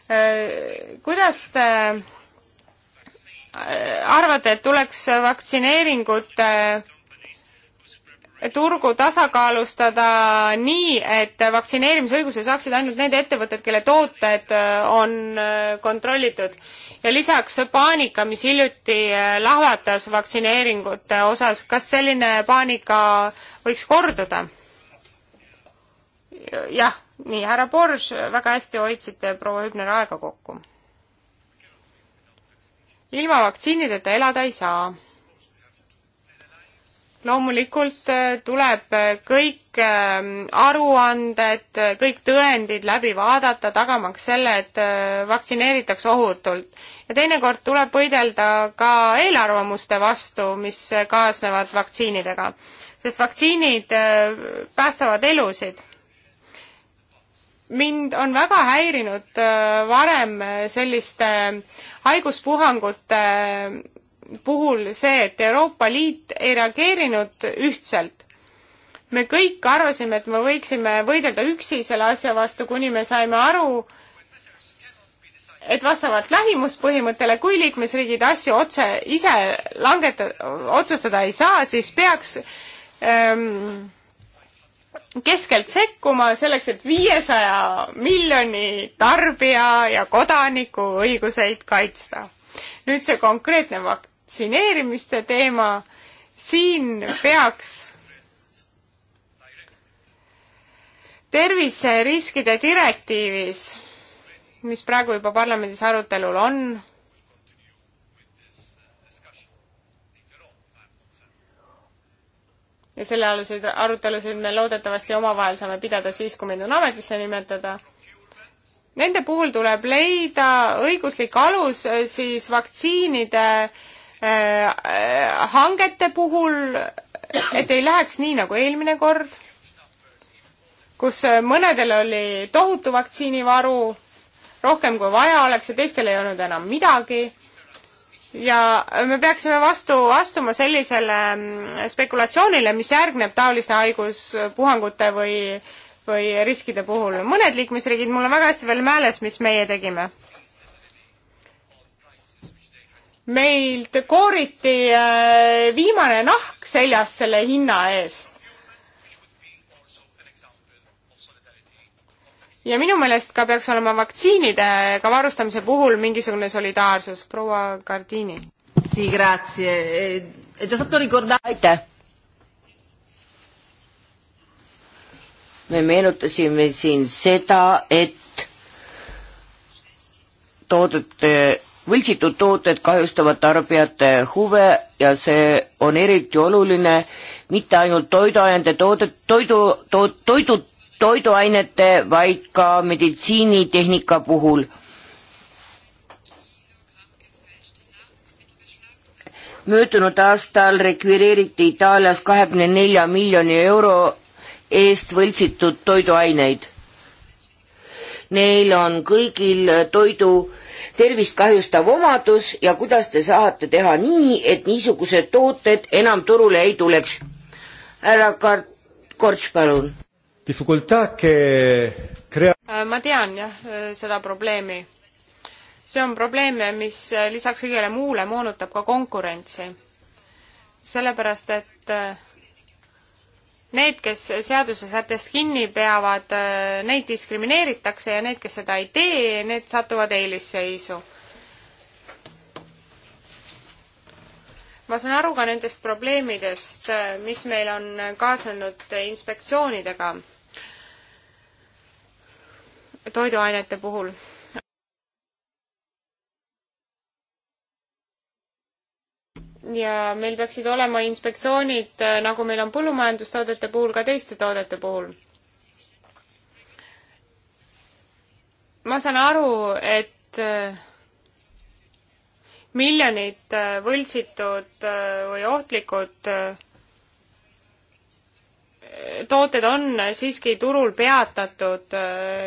Äh, kuidas te arvate, et tuleks vaktsineeringute turgu tasakaalustada nii, et vaktsineerimisõiguse saaksid ainult need ettevõtted, kelle tooted äh, on äh, kontrollitud. ja lisaks paanika, mis hiljuti äh, lahvatas vaktsineeringute osas, kas selline paanika võiks korduda? jah, nii, härra Borž, väga hästi hoidsite proua Hübner aega kokku. ilma vaktsiinideta elada ei saa loomulikult äh, tuleb äh, kõik ähm, aruanded, äh, kõik tõendid läbi vaadata, tagamaks selle, et vaktsineeritakse ohutult. ja teinekord tuleb võidelda ka eelarvamuste vastu, mis kaasnevad vaktsiinidega, sest vaktsiinid päästavad elusid mind on väga häirinud varem selliste haiguspuhangute puhul see, et Euroopa Liit ei reageerinud ühtselt. me kõik arvasime, et me võiksime võidelda üksi selle asja vastu, kuni me saime aru, et vastavalt lähimuspõhimõttele, kui liikmesriigid asju otse ise langeta-, otsustada ei saa, siis peaks ähm, keskelt sekkuma selleks, et viiesaja miljoni tarbija ja kodaniku õiguseid kaitsta. nüüd see konkreetne fakt, vaktsineerimiste teema, siin peaks terviseriskide direktiivis, mis praegu juba parlamendis arutelul on, ja selle aluseid, arutelusid me loodetavasti omavahel saame pidada siis, kui mind on ametisse nimetada. Nende puhul tuleb leida õiguslik alus äh, siis vaktsiinide Äh, äh, hangete puhul, et ei läheks nii nagu eelmine kord, kus äh, mõnedel oli tohutu vaktsiinivaru, rohkem kui vaja oleks ja teistel ei olnud enam midagi. ja me peaksime vastu astuma sellisele mm, spekulatsioonile, mis järgneb taoliste haiguspuhangute või, või riskide puhul. mõned liikmesriigid, mul on väga hästi veel mäles, mis meie tegime meilt kooriti äh, viimane nahk seljas selle hinna eest. ja minu meelest ka peaks olema vaktsiinidega varustamise puhul mingisugune solidaarsus, proua Gardini. Eh, aitäh. me meenutasime siin seda, et toodete võltsitud tooted kahjustavad tarbijate huve ja see on eriti oluline mitte ainult toiduainete toodet, toidu, to, toidu, toiduainete, vaid ka meditsiinitehnika puhul. möödunud aastal rekvireeriti Itaalias kahekümne nelja miljoni euro eest võltsitud toiduaineid neil on kõigil äh, toidu tervist kahjustav omadus ja kuidas te saate teha nii, et niisugused tooted enam turule ei tuleks? härra Korts, palun. Äh, ma tean jah, äh, seda probleemi. see on probleem, mis lisaks kõigele muule moonutab ka konkurentsi. sellepärast, et need, kes seaduse sättest kinni peavad, äh, neid diskrimineeritakse ja need, kes seda ei tee, need satuvad eelisseisu. ma saan aru ka nendest probleemidest, äh, mis meil on kaasnenud inspektsioonidega toiduainete puhul ja meil peaksid olema inspektsioonid, äh, nagu meil on põllumajandustoodete puhul, ka teiste toodete puhul. ma saan aru, et äh, miljonid äh, võltsitud või ohtlikud tooted on siiski turul peatatud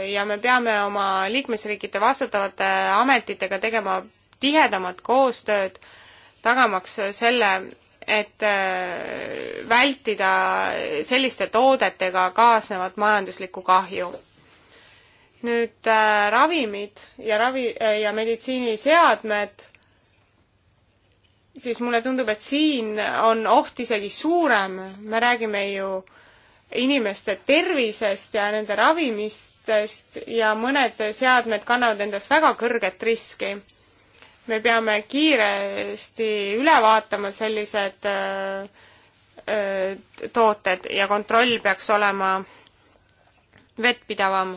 ja me peame oma liikmesriikide vastutavate ametitega tegema tihedamat koostööd tagamaks selle, et äh, vältida selliste toodetega kaasnevat majanduslikku kahju. nüüd äh, ravimid ja ravi- äh, ja meditsiiniseadmed, siis mulle tundub, et siin on oht isegi suurem, me räägime ju inimeste tervisest ja nende ravimistest ja mõned seadmed kannavad endas väga kõrget riski me peame kiiresti üle vaatama sellised äh, äh, tooted ja kontroll peaks olema vettpidavam.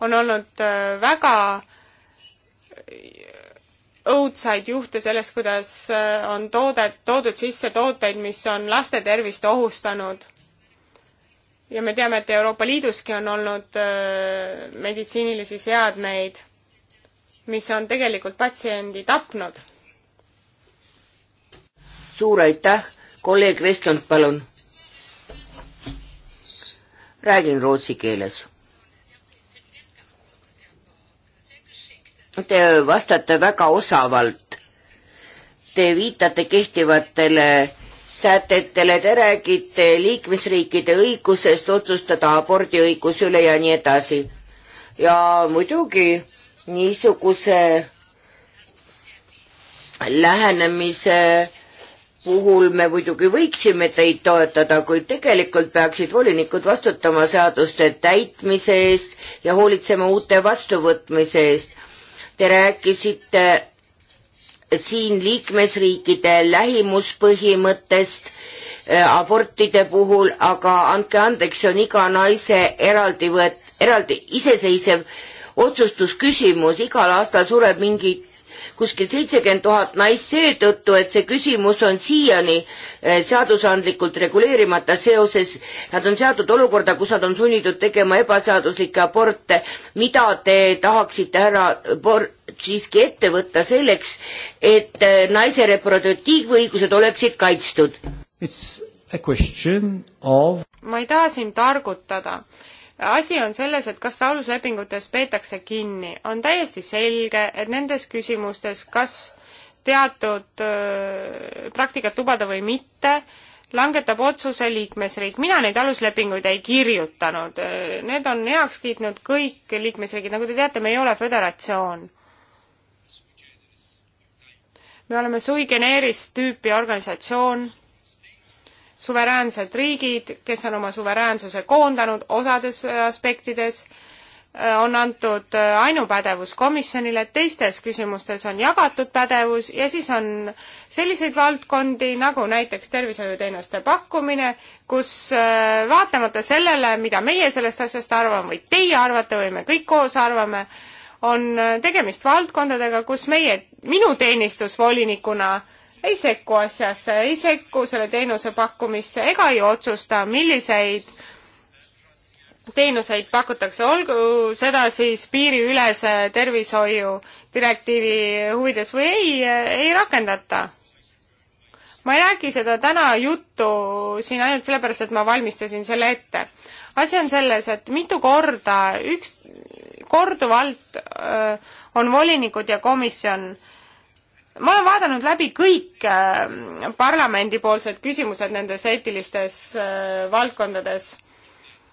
on olnud äh, väga õudsaid juhte sellest, kuidas on toodet, toodud sisse tooteid, mis on laste tervist ohustanud. ja me teame, et Euroopa Liiduski on olnud meditsiinilisi seadmeid mis on tegelikult patsiendi tapnud. suur aitäh, kolleeg Vestlund, palun. räägin rootsi keeles. Te vastate väga osavalt. Te viitate kehtivatele sätetele, te räägite liikmesriikide õigusest otsustada abordiõiguse üle ja nii edasi. ja muidugi niisuguse lähenemise puhul me muidugi võiksime teid toetada, kuid tegelikult peaksid volinikud vastutama seaduste täitmise eest ja hoolitsema uute vastuvõtmise eest. Te rääkisite siin liikmesriikide lähimuspõhimõttest äh, abortide puhul, aga andke andeks, see on iga naise eraldi võet-, eraldi iseseisev otsustusküsimus, igal aastal sureb mingi kuskil seitsekümmend tuhat naist seetõttu, et see küsimus on siiani eh, seadusandlikult reguleerimata seoses, nad on seatud olukorda, kus nad on sunnitud tegema ebaseaduslikke aborte. mida te tahaksite, härra Borg, siiski ette võtta selleks, et eh, naise reproduktiivõigused oleksid kaitstud? Of... ma ei taha siin targutada asi on selles, et kas aluslepingutest peetakse kinni. on täiesti selge, et nendes küsimustes, kas teatud praktikat lubada või mitte, langetab otsuse liikmesriik. mina neid aluslepinguid ei kirjutanud. Need on heaks kiitnud kõik liikmesriigid. nagu te teate, me ei ole föderatsioon. me oleme sui generis tüüpi organisatsioon suveräänsed riigid, kes on oma suveräänsuse koondanud osades äh, aspektides, äh, on antud äh, ainupädevus komisjonile, teistes küsimustes on jagatud pädevus ja siis on selliseid valdkondi nagu näiteks tervishoiuteenuste pakkumine, kus vaatamata sellele, mida meie sellest asjast arvame või teie arvate või me kõik koos arvame, on tegemist valdkondadega, kus meie, minu teenistus volinikuna äh, ei sekku asjasse, ei sekku selle teenuse pakkumisse ega ei otsusta, milliseid teenuseid pakutakse, olgu seda siis piiriülese tervishoiu direktiivi huvides või ei, ei rakendata. ma ei räägi seda täna juttu siin ainult sellepärast, et ma valmistasin selle ette. asi on selles, et mitu korda, üks, korduvalt öö, on volinikud ja komisjon öö, ma olen vaadanud läbi kõik ähm, parlamendipoolsed küsimused nendes eetilistes äh, valdkondades,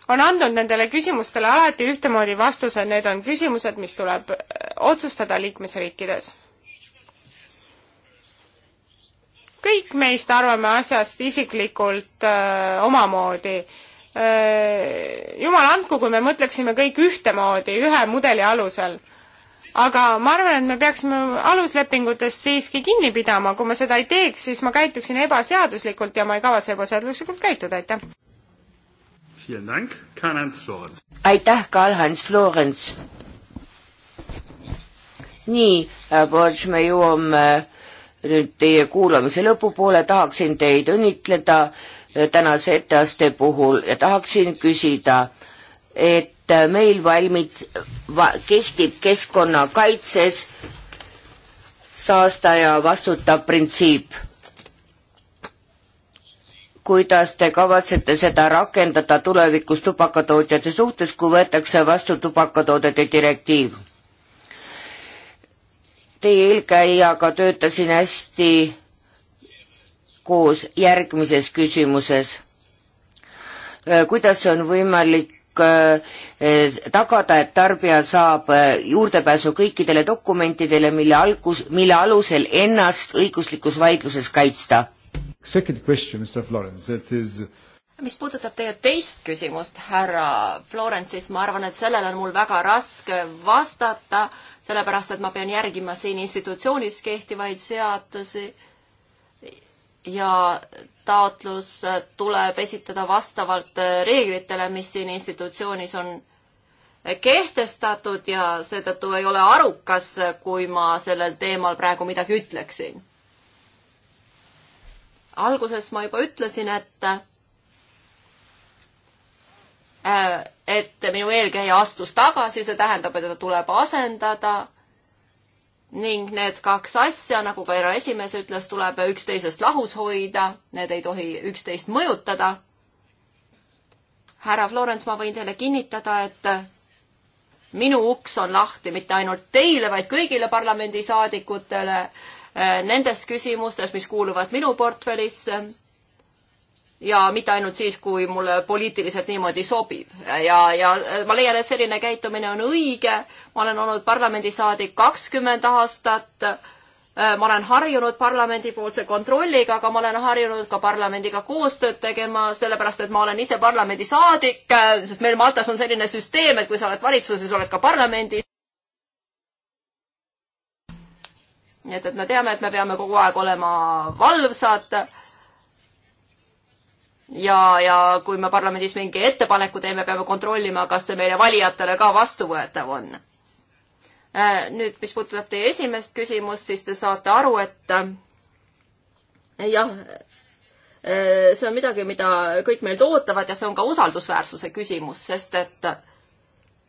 on andnud nendele küsimustele alati ühtemoodi vastuse, need on küsimused, mis tuleb äh, otsustada liikmesriikides. kõik meist arvame asjast isiklikult öö, äh, omamoodi. jumal andku, kui me mõtleksime kõik ühtemoodi, ühe mudeli alusel aga ma arvan, et me peaksime aluslepingutest siiski kinni pidama, kui ma seda ei teeks, siis ma käituksin ebaseaduslikult ja ma ei kavatse ebaseaduslikult käituda, aitäh. aitäh, Karl-Heinz Florens. nii, äh, Borž, me jõuame äh, nüüd teie kuulamise lõpupoole, tahaksin teid õnnitleda äh, tänase etteaste puhul ja tahaksin küsida, et et meil valmid va,, kehtib keskkonnakaitses saastaja vastutab printsiip. kuidas te kavatsete seda rakendada tulevikus tubakatootjate suhtes, kui võetakse vastu tubakatoodete direktiiv? Teie eelkäijaga töötasin hästi koos järgmises küsimuses. kuidas on võimalik Äh, äh, tagada, et tarbija saab äh, juurdepääsu kõikidele dokumentidele, mille algus, mille alusel ennast õiguslikus vaidluses kaitsta. Second question, Mr Florence, that is mis puudutab teie teist küsimust, härra Florent, siis ma arvan, et sellele on mul väga raske vastata, sellepärast et ma pean järgima siin institutsioonis kehtivaid seadusi ja taotlus tuleb esitada vastavalt reeglitele, mis siin institutsioonis on kehtestatud ja seetõttu ei ole arukas, kui ma sellel teemal praegu midagi ütleksin. alguses ma juba ütlesin, et äh, et minu eelkäija astus tagasi, see tähendab, et teda tuleb asendada ning need kaks asja, nagu ka härra esimees ütles, tuleb üksteisest lahus hoida, need ei tohi üksteist mõjutada. härra Florence, ma võin teile kinnitada, et minu uks on lahti mitte ainult teile, vaid kõigile parlamendisaadikutele eh, nendes küsimustes, mis kuuluvad minu portfellisse ja mitte ainult siis, kui mulle poliitiliselt niimoodi sobib. ja, ja ma leian, et selline käitumine on õige. ma olen olnud parlamendisaadik kakskümmend aastat. ma olen harjunud parlamendipoolse kontrolliga, aga ma olen harjunud ka parlamendiga koostööd tegema, sellepärast et ma olen ise parlamendisaadik, sest meil Maltas on selline süsteem, et kui sa oled valitsuses, oled ka parlamendis. nii et, et me teame, et me peame kogu aeg olema valvsad ja, ja kui me parlamendis mingi ettepaneku teeme, peame kontrollima, kas see meile valijatele ka vastuvõetav on. Äh, nüüd, mis puudutab teie esimest küsimust, siis te saate aru, et äh, jah, äh, see on midagi, mida kõik meilt ootavad ja see on ka usaldusväärsuse küsimus, sest et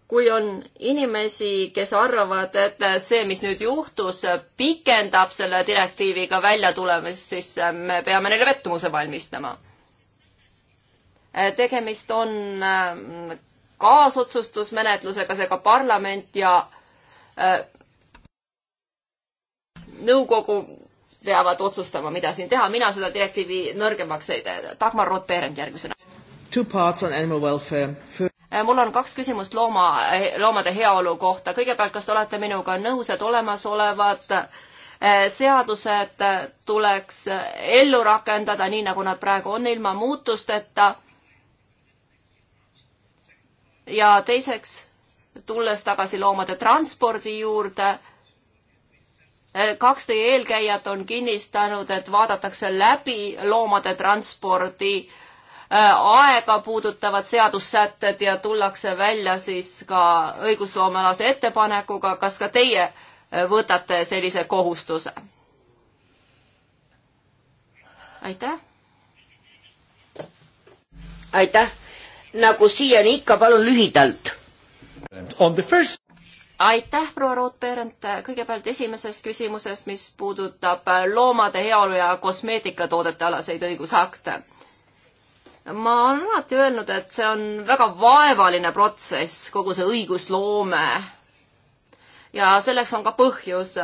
kui on inimesi, kes arvavad, et see, mis nüüd juhtus, pikendab selle direktiiviga väljatulemist, siis me peame neile pettumuse valmistama Äh, tegemist on äh, kaasotsustusmenetlusega, seega parlament ja äh, nõukogu peavad otsustama, mida siin teha, mina seda direktiivi nõrgemaks ei tee. Dagmar Roth-Berend järgmisena. mul on kaks küsimust looma, eh, loomade heaolu kohta. kõigepealt, kas te olete minuga nõus, et olemasolevad seadused tuleks ellu rakendada nii, nagu nad praegu on, ilma muutusteta ja teiseks, tulles tagasi loomade transpordi juurde, eh, kaks teie eelkäijat on kinnistanud, et vaadatakse läbi loomade transpordi eh, aega puudutavad seadussätted ja tullakse välja siis ka õigusloomealase ettepanekuga, kas ka teie eh, võtate sellise kohustuse? aitäh! aitäh! nagu siiani ikka, palun lühidalt. First... aitäh, proua Rootperent, kõigepealt esimeses küsimuses, mis puudutab loomade heaolu ja kosmeetikatoodete alaseid õigusakte. ma olen alati öelnud, et see on väga vaevaline protsess, kogu see õigusloome. ja selleks on ka põhjus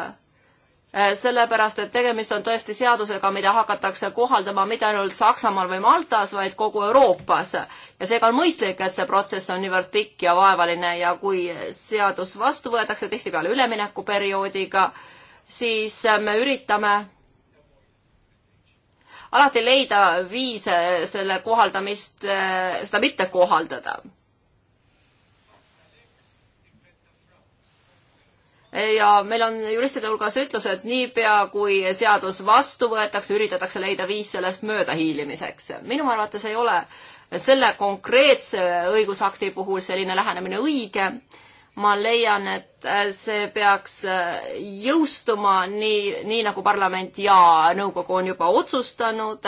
Äh, sellepärast et tegemist on tõesti seadusega, mida hakatakse kohaldama mitte ainult Saksamaal või Maltas, vaid kogu Euroopas. ja seega on mõistlik, et see protsess on niivõrd pikk ja vaevaline ja kui seadus vastu võetakse tihtipeale üleminekuperioodiga, siis me üritame alati leida viise selle kohaldamist, äh, seda mitte kohaldada ja meil on juristide hulgas ütlus, et niipea kui seadus vastu võetakse, üritatakse leida viis sellest möödahiilimiseks. minu arvates ei ole selle konkreetse õigusakti puhul selline lähenemine õige. ma leian, et see peaks jõustuma nii, nii nagu parlament ja nõukogu on juba otsustanud.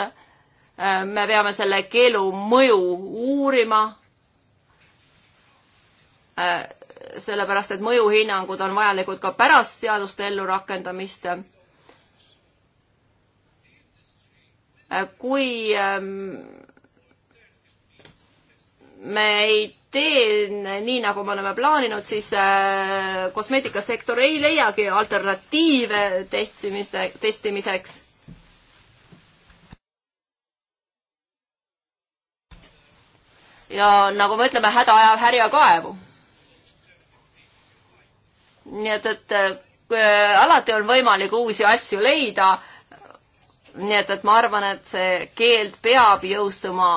me peame selle keelu mõju uurima sellepärast et mõjuhinnangud on vajalikud ka pärast seaduste ellurakendamist. kui ähm, me ei tee nii, nagu me oleme plaaninud, siis äh, kosmeetikasektor ei leiagi alternatiive testimise, testimiseks. ja nagu me ütleme, häda ajab härja kaevu nii et, et äh, alati on võimalik uusi asju leida. nii et, et ma arvan, et see keeld peab jõustuma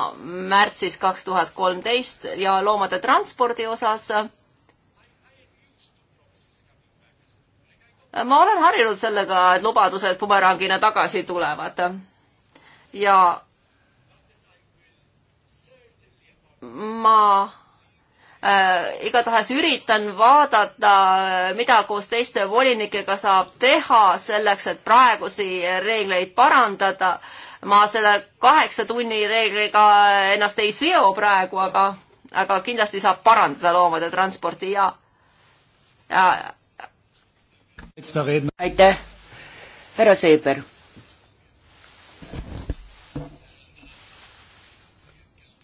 märtsis kaks tuhat kolmteist ja loomade transpordi osas ma olen harjunud sellega, et lubadused bumerangina tagasi tulevad. ja ma Äh, igatahes üritan vaadata, äh, mida koos teiste volinikega saab teha selleks, et praegusi reegleid parandada. ma selle kaheksa tunni reegliga ennast ei seo praegu, aga, aga kindlasti saab parandada loomade transporti ja, ja. aitäh, härra Seeber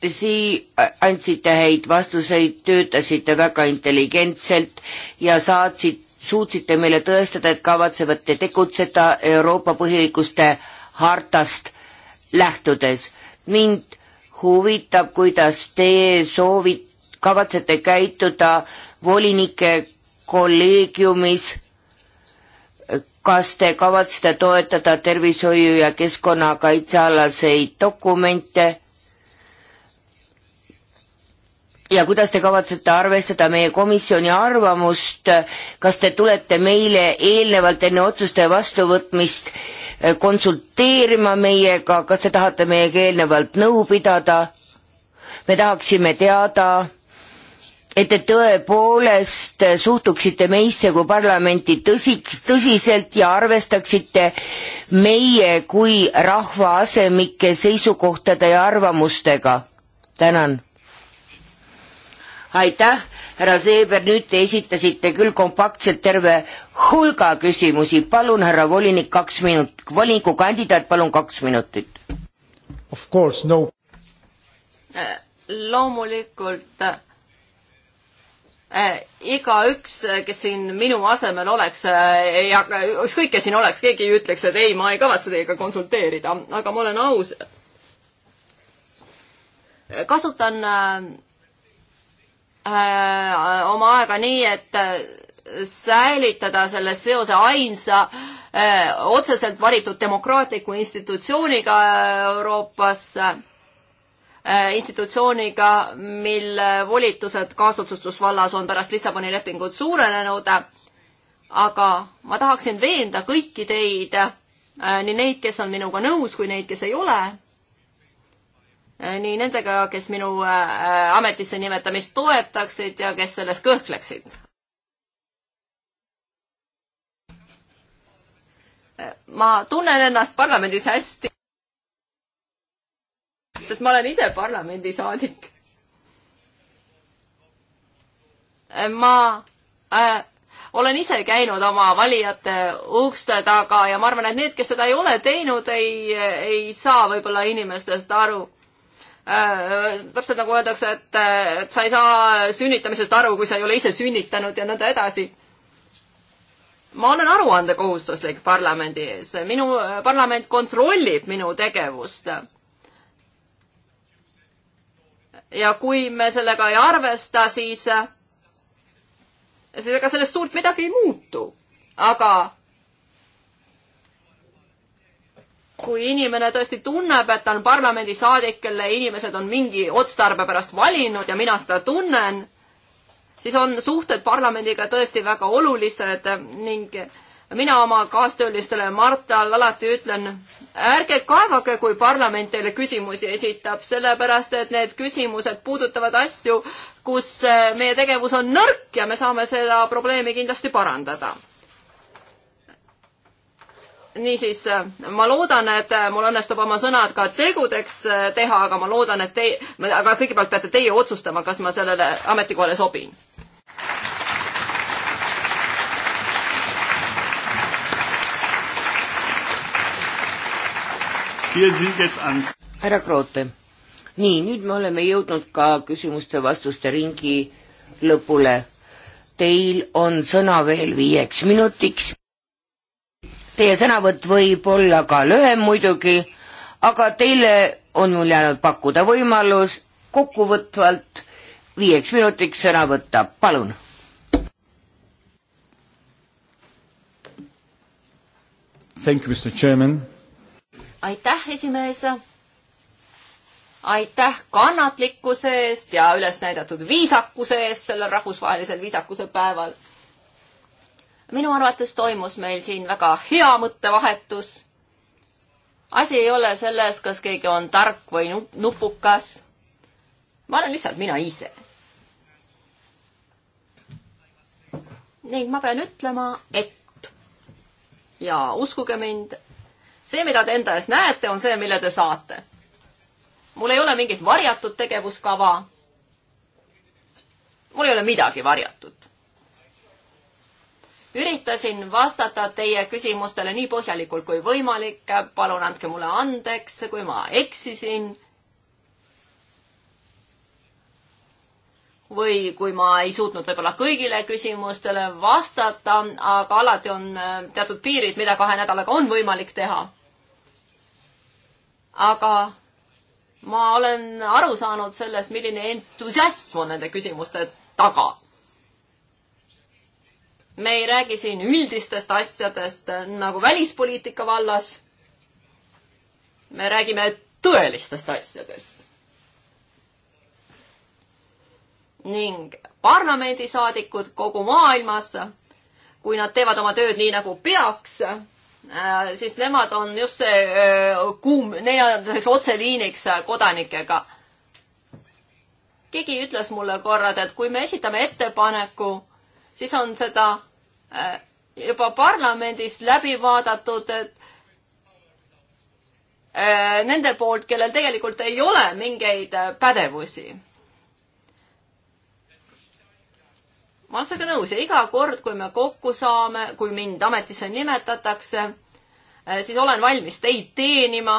sii-, andsite häid vastuseid, töötasite väga intelligentselt ja saatsid, suutsite meile tõestada, et kavatsevate tegutseda Euroopa põhiõiguste hartast lähtudes. mind huvitab, kuidas teie soovid, kavatsete käituda volinike kolleegiumis, kas te kavatsete toetada tervishoiu ja keskkonnakaitsealaseid dokumente ja kuidas te kavatsete arvestada meie komisjoni arvamust, kas te tulete meile eelnevalt enne otsuste vastuvõtmist eh, konsulteerima meiega, kas te tahate meiega eelnevalt nõu pidada? me tahaksime teada, et te tõepoolest suhtuksite meisse kui parlamenti tõsiks, tõsiselt ja arvestaksite meie kui rahvaasemikke seisukohtade ja arvamustega. tänan aitäh, härra Seeber, nüüd te esitasite küll kompaktselt terve hulga küsimusi, palun, härra volinik, kaks minut-, volinikukandidaat, palun kaks minutit. Of course, no. Äh, loomulikult äh, igaüks, kes siin minu asemel oleks äh, ja ükskõik, kes siin oleks, keegi ei ütleks, et ei, ma ei kavatse teiega konsulteerida, aga ma olen aus. kasutan äh, Äh, oma aega nii, et äh, säilitada selle seose ainsa öö, äh, otseselt valitud demokraatliku institutsiooniga Euroopas, institutsiooniga, mille volitused kaasotsustusvallas on pärast Lissaboni lepingut suurenenud. aga ma tahaksin veenda kõiki teid, nii neid, kes on minuga nõus, kui neid, kes ei ole Äh, nii nendega, kes minu äh, ametisse nimetamist toetaksid ja kes selles kõhkleksid. Äh, ma tunnen ennast parlamendis hästi, sest ma olen ise parlamendisaadik. ma äh, olen ise käinud oma valijate ukste taga ja ma arvan, et need, kes seda ei ole teinud, ei, ei saa võib-olla inimestest aru Äh, täpselt nagu öeldakse, et, äh, et sa ei saa sünnitamisest aru, kui sa ei ole ise sünnitanud ja nõnda edasi. ma olen aruandekohustuslik parlamendi ees, minu, äh, parlament kontrollib minu tegevust. ja kui me sellega ei arvesta, siis, siis ega sellest suurt midagi ei muutu. aga kui inimene tõesti tunneb, et ta on parlamendisaadik, kelle inimesed on mingi otstarbe pärast valinud ja mina seda tunnen, siis on suhted parlamendiga tõesti väga olulised ning mina oma kaastöölistele Martal alati ütlen, ärge kaevage, kui parlament teile küsimusi esitab, sellepärast et need küsimused puudutavad asju, kus eh, meie tegevus on nõrk ja me saame seda probleemi kindlasti parandada niisiis, äh, ma loodan, et äh, mul õnnestub oma sõnad ka tegudeks äh, teha, aga ma loodan, et teie, aga kõigepealt peate teie otsustama, kas ma sellele ametikohale sobin. härra Kroote, nii, nüüd me oleme jõudnud ka küsimuste-vastuste ringi lõpule. Teil on sõna veel viieks minutiks. Teie sõnavõtt võib olla ka lühem muidugi, aga teile on mul jäänud pakkuda võimalus kokkuvõtvalt viieks minutiks sõna võtta, palun. aitäh, esimees. aitäh kannatlikkuse eest ja üles näidatud viisakuse eest sellel rahvusvahelisel viisakuse päeval minu arvates toimus meil siin väga hea mõttevahetus. asi ei ole selles, kas keegi on tark või nupukas. ma olen lihtsalt mina ise. ning ma pean ütlema, et ja uskuge mind, see, mida te enda ees näete, on see, mille te saate. mul ei ole mingit varjatud tegevuskava. mul ei ole midagi varjatud üritasin vastata teie küsimustele nii põhjalikult kui võimalik. palun andke mulle andeks, kui ma eksisin. või kui ma ei suutnud võib-olla kõigile küsimustele vastata, aga alati on äh, teatud piirid, mida kahe nädalaga on võimalik teha. aga ma olen aru saanud sellest, milline entusiasm on nende küsimuste taga me ei räägi siin üldistest asjadest äh, nagu välispoliitika vallas. me räägime tõelistest asjadest. ning parlamendisaadikud kogu maailmas, kui nad teevad oma tööd nii nagu peaks, äh, siis nemad on just see äh, kuum, neljandaseks otseliiniks kodanikega. keegi ütles mulle korra, et kui me esitame ettepaneku siis on seda äh, juba parlamendis läbi vaadatud, et äh, nende poolt, kellel tegelikult ei ole mingeid äh, pädevusi. ma olen sellega nõus ja iga kord, kui me kokku saame, kui mind ametisse nimetatakse, siis olen valmis teid teenima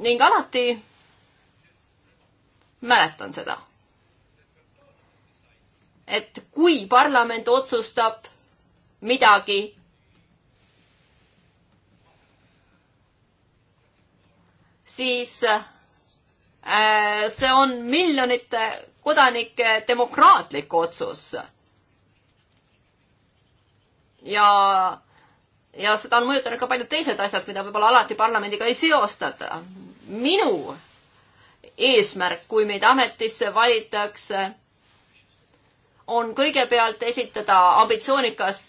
ning alati mäletan seda et kui parlament otsustab midagi, siis äh, see on miljonite kodanike demokraatlik otsus. ja, ja seda on mõjutanud ka paljud teised asjad, mida võib-olla alati parlamendiga ei seostata. minu eesmärk, kui meid ametisse valitakse, on kõigepealt esitada ambitsioonikas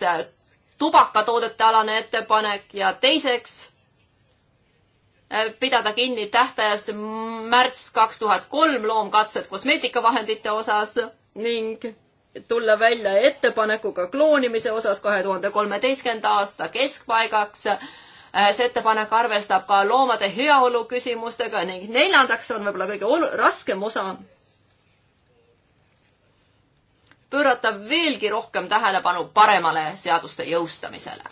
tubakatoodete alane ettepanek ja teiseks äh, pidada kinni tähtajast märts kaks tuhat kolm loomkatsed kosmeetikavahendite osas ning tulla välja ettepanekuga kloonimise osas kahe tuhande kolmeteistkümnenda aasta keskpaigaks. Äh, see ettepanek arvestab ka loomade heaolu küsimustega ning neljandaks on võib-olla kõige raskem osa pöörata veelgi rohkem tähelepanu paremale seaduste jõustamisele.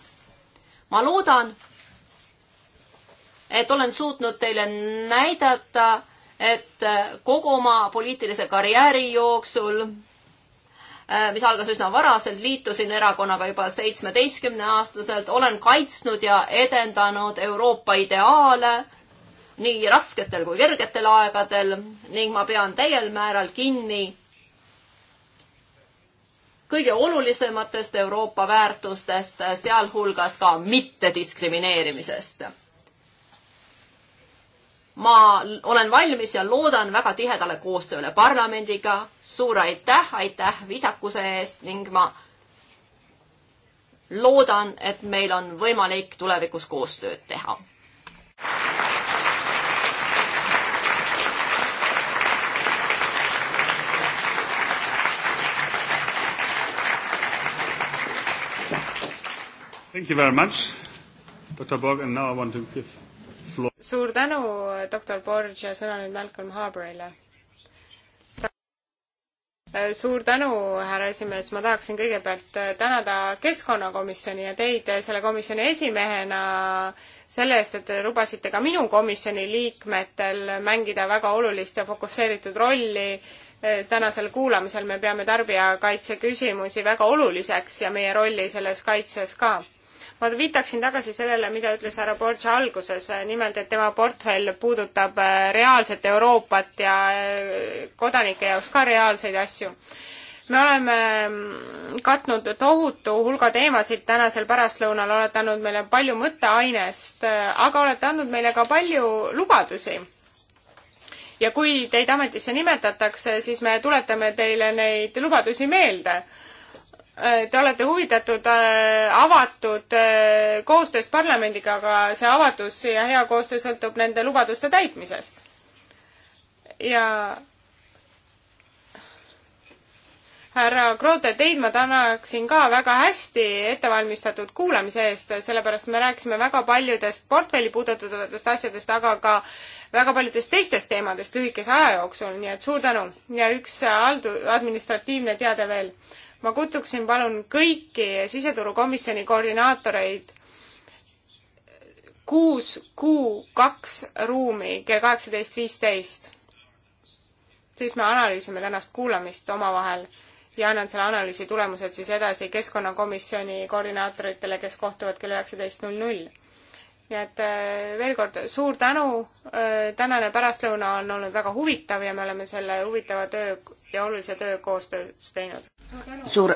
ma loodan, et olen suutnud teile näidata, et kogu oma poliitilise karjääri jooksul äh, mis algas üsna varaselt, liitusin erakonnaga juba seitsmeteistkümne aastaselt, olen kaitsnud ja edendanud Euroopa ideaale nii rasketel kui kergetel aegadel ning ma pean täiel määral kinni kõige olulisematest Euroopa väärtustest, sealhulgas ka mittediskrimineerimisest. ma olen valmis ja loodan väga tihedale koostööle parlamendiga. suur aitäh, aitäh viisakuse eest ning ma loodan, et meil on võimalik tulevikus koostööd teha Thank you very much, Dr Borg, and now I want to give floor. suur tänu, doktor Borg ja sõna nüüd Malcolm Harbourile suur tänu, härra esimees, ma tahaksin kõigepealt tänada Keskkonnakomisjoni ja teid selle komisjoni esimehena selle eest, et te lubasite ka minu komisjoni liikmetel mängida väga olulist ja fokusseeritud rolli tänasel kuulamisel. me peame tarbijakaitse küsimusi väga oluliseks ja meie rolli selles kaitses ka ma viitaksin tagasi sellele, mida ütles härra Borja alguses, eh, nimelt et tema portfell puudutab eh, reaalset Euroopat ja eh, kodanike jaoks ka reaalseid asju me oleme mm, katnud tohutu hulga teemasid tänasel pärastlõunal, olete andnud meile palju mõtteainest, aga olete andnud meile ka palju lubadusi. ja kui teid ametisse nimetatakse, siis me tuletame teile neid lubadusi meelde Äh, te olete huvitatud äh, avatud äh, koostööst parlamendiga, aga see avatus ja hea koostöö sõltub nende lubaduste täitmisest. ja härra Grote, teid ma tänaksin ka väga hästi ettevalmistatud kuulamise eest, sellepärast me rääkisime väga paljudest portfelli puudutavatest asjadest, aga ka väga paljudest teistest teemadest lühikese aja jooksul, nii et suur tänu. ja üks haldu-, administratiivne teade veel ma kutsuksin palun kõiki siseturukomisjoni koordinaatoreid kuus kuu kaks ruumi kell kaheksateist viisteist. siis me analüüsime tänast kuulamist omavahel ja annan selle analüüsi tulemused siis edasi keskkonnakomisjoni koordinaatoritele, kes kohtuvad kell üheksateist null null. nii et äh, veel kord suur tänu, äh, tänane pärastlõuna on olnud väga huvitav ja me oleme selle huvitava töö ja olulise töö koostöös teinud. suur,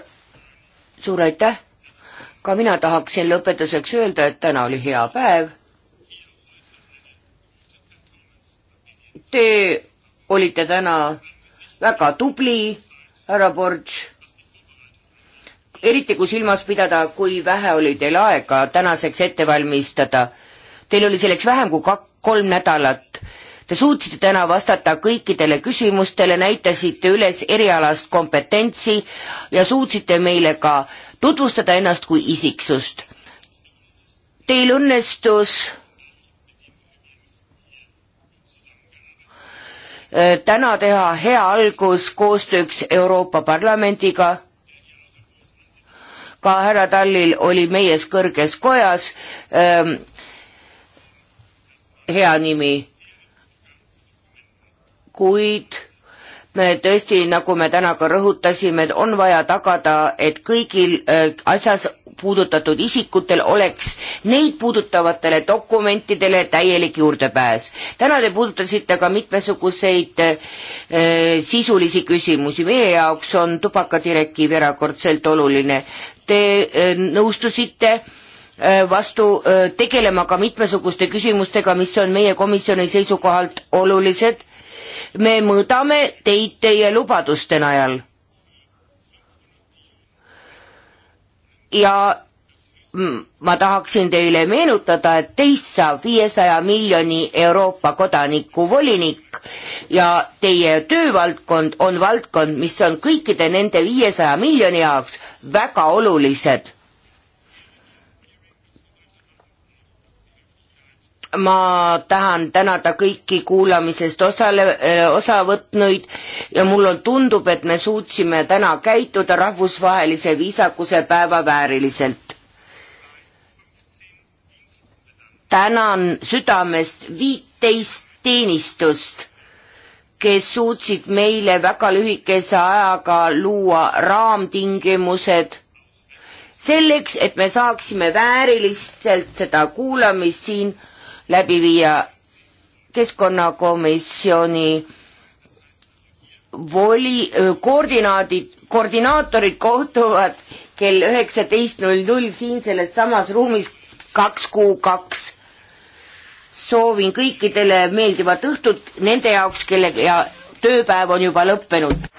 suur aitäh! ka mina tahaksin lõpetuseks öelda, et täna oli hea päev. Te olite täna väga tubli, härra Borš. eriti kui silmas pidada, kui vähe oli teil aega tänaseks ette valmistada. Teil oli selleks vähem kui kak-, kolm nädalat Te suutsite täna vastata kõikidele küsimustele, näitasite üles erialast kompetentsi ja suutsite meile ka tutvustada ennast kui isiksust. Teil õnnestus äh, täna teha hea algus koostööks Euroopa Parlamendiga ka härra Tallil oli meies kõrges kojas ähm, hea nimi kuid me tõesti, nagu me täna ka rõhutasime, on vaja tagada, et kõigil äh, asjas puudutatud isikutel oleks neid puudutavatele dokumentidele täielik juurdepääs. täna te puudutasite ka mitmesuguseid äh, sisulisi küsimusi, meie jaoks on tubakadirektiiv erakordselt oluline. Te äh, nõustusite äh, vastu äh, tegelema ka mitmesuguste küsimustega, mis on meie komisjoni seisukohalt olulised me mõõdame teid teie lubaduste najal. ja ma tahaksin teile meenutada, et teist saab viiesaja miljoni Euroopa kodaniku volinik ja teie töövaldkond on valdkond, mis on kõikide nende viiesaja miljoni jaoks väga olulised ma tahan tänada kõiki kuulamisest osale, osa võtnuid ja mul on, tundub, et me suutsime täna käituda rahvusvahelise viisakuse päeva vääriliselt. tänan südamest viiteist teenistust, kes suutsid meile väga lühikese ajaga luua raamtingimused selleks, et me saaksime vääriliselt seda kuulamist siin läbi viia keskkonnakomisjoni voli, koordinaadid, koordinaatorid kohtuvad kell üheksateist null null siin selles samas ruumis kaks kuu kaks. soovin kõikidele meeldivat õhtut nende jaoks, kelle ja tööpäev on juba lõppenud.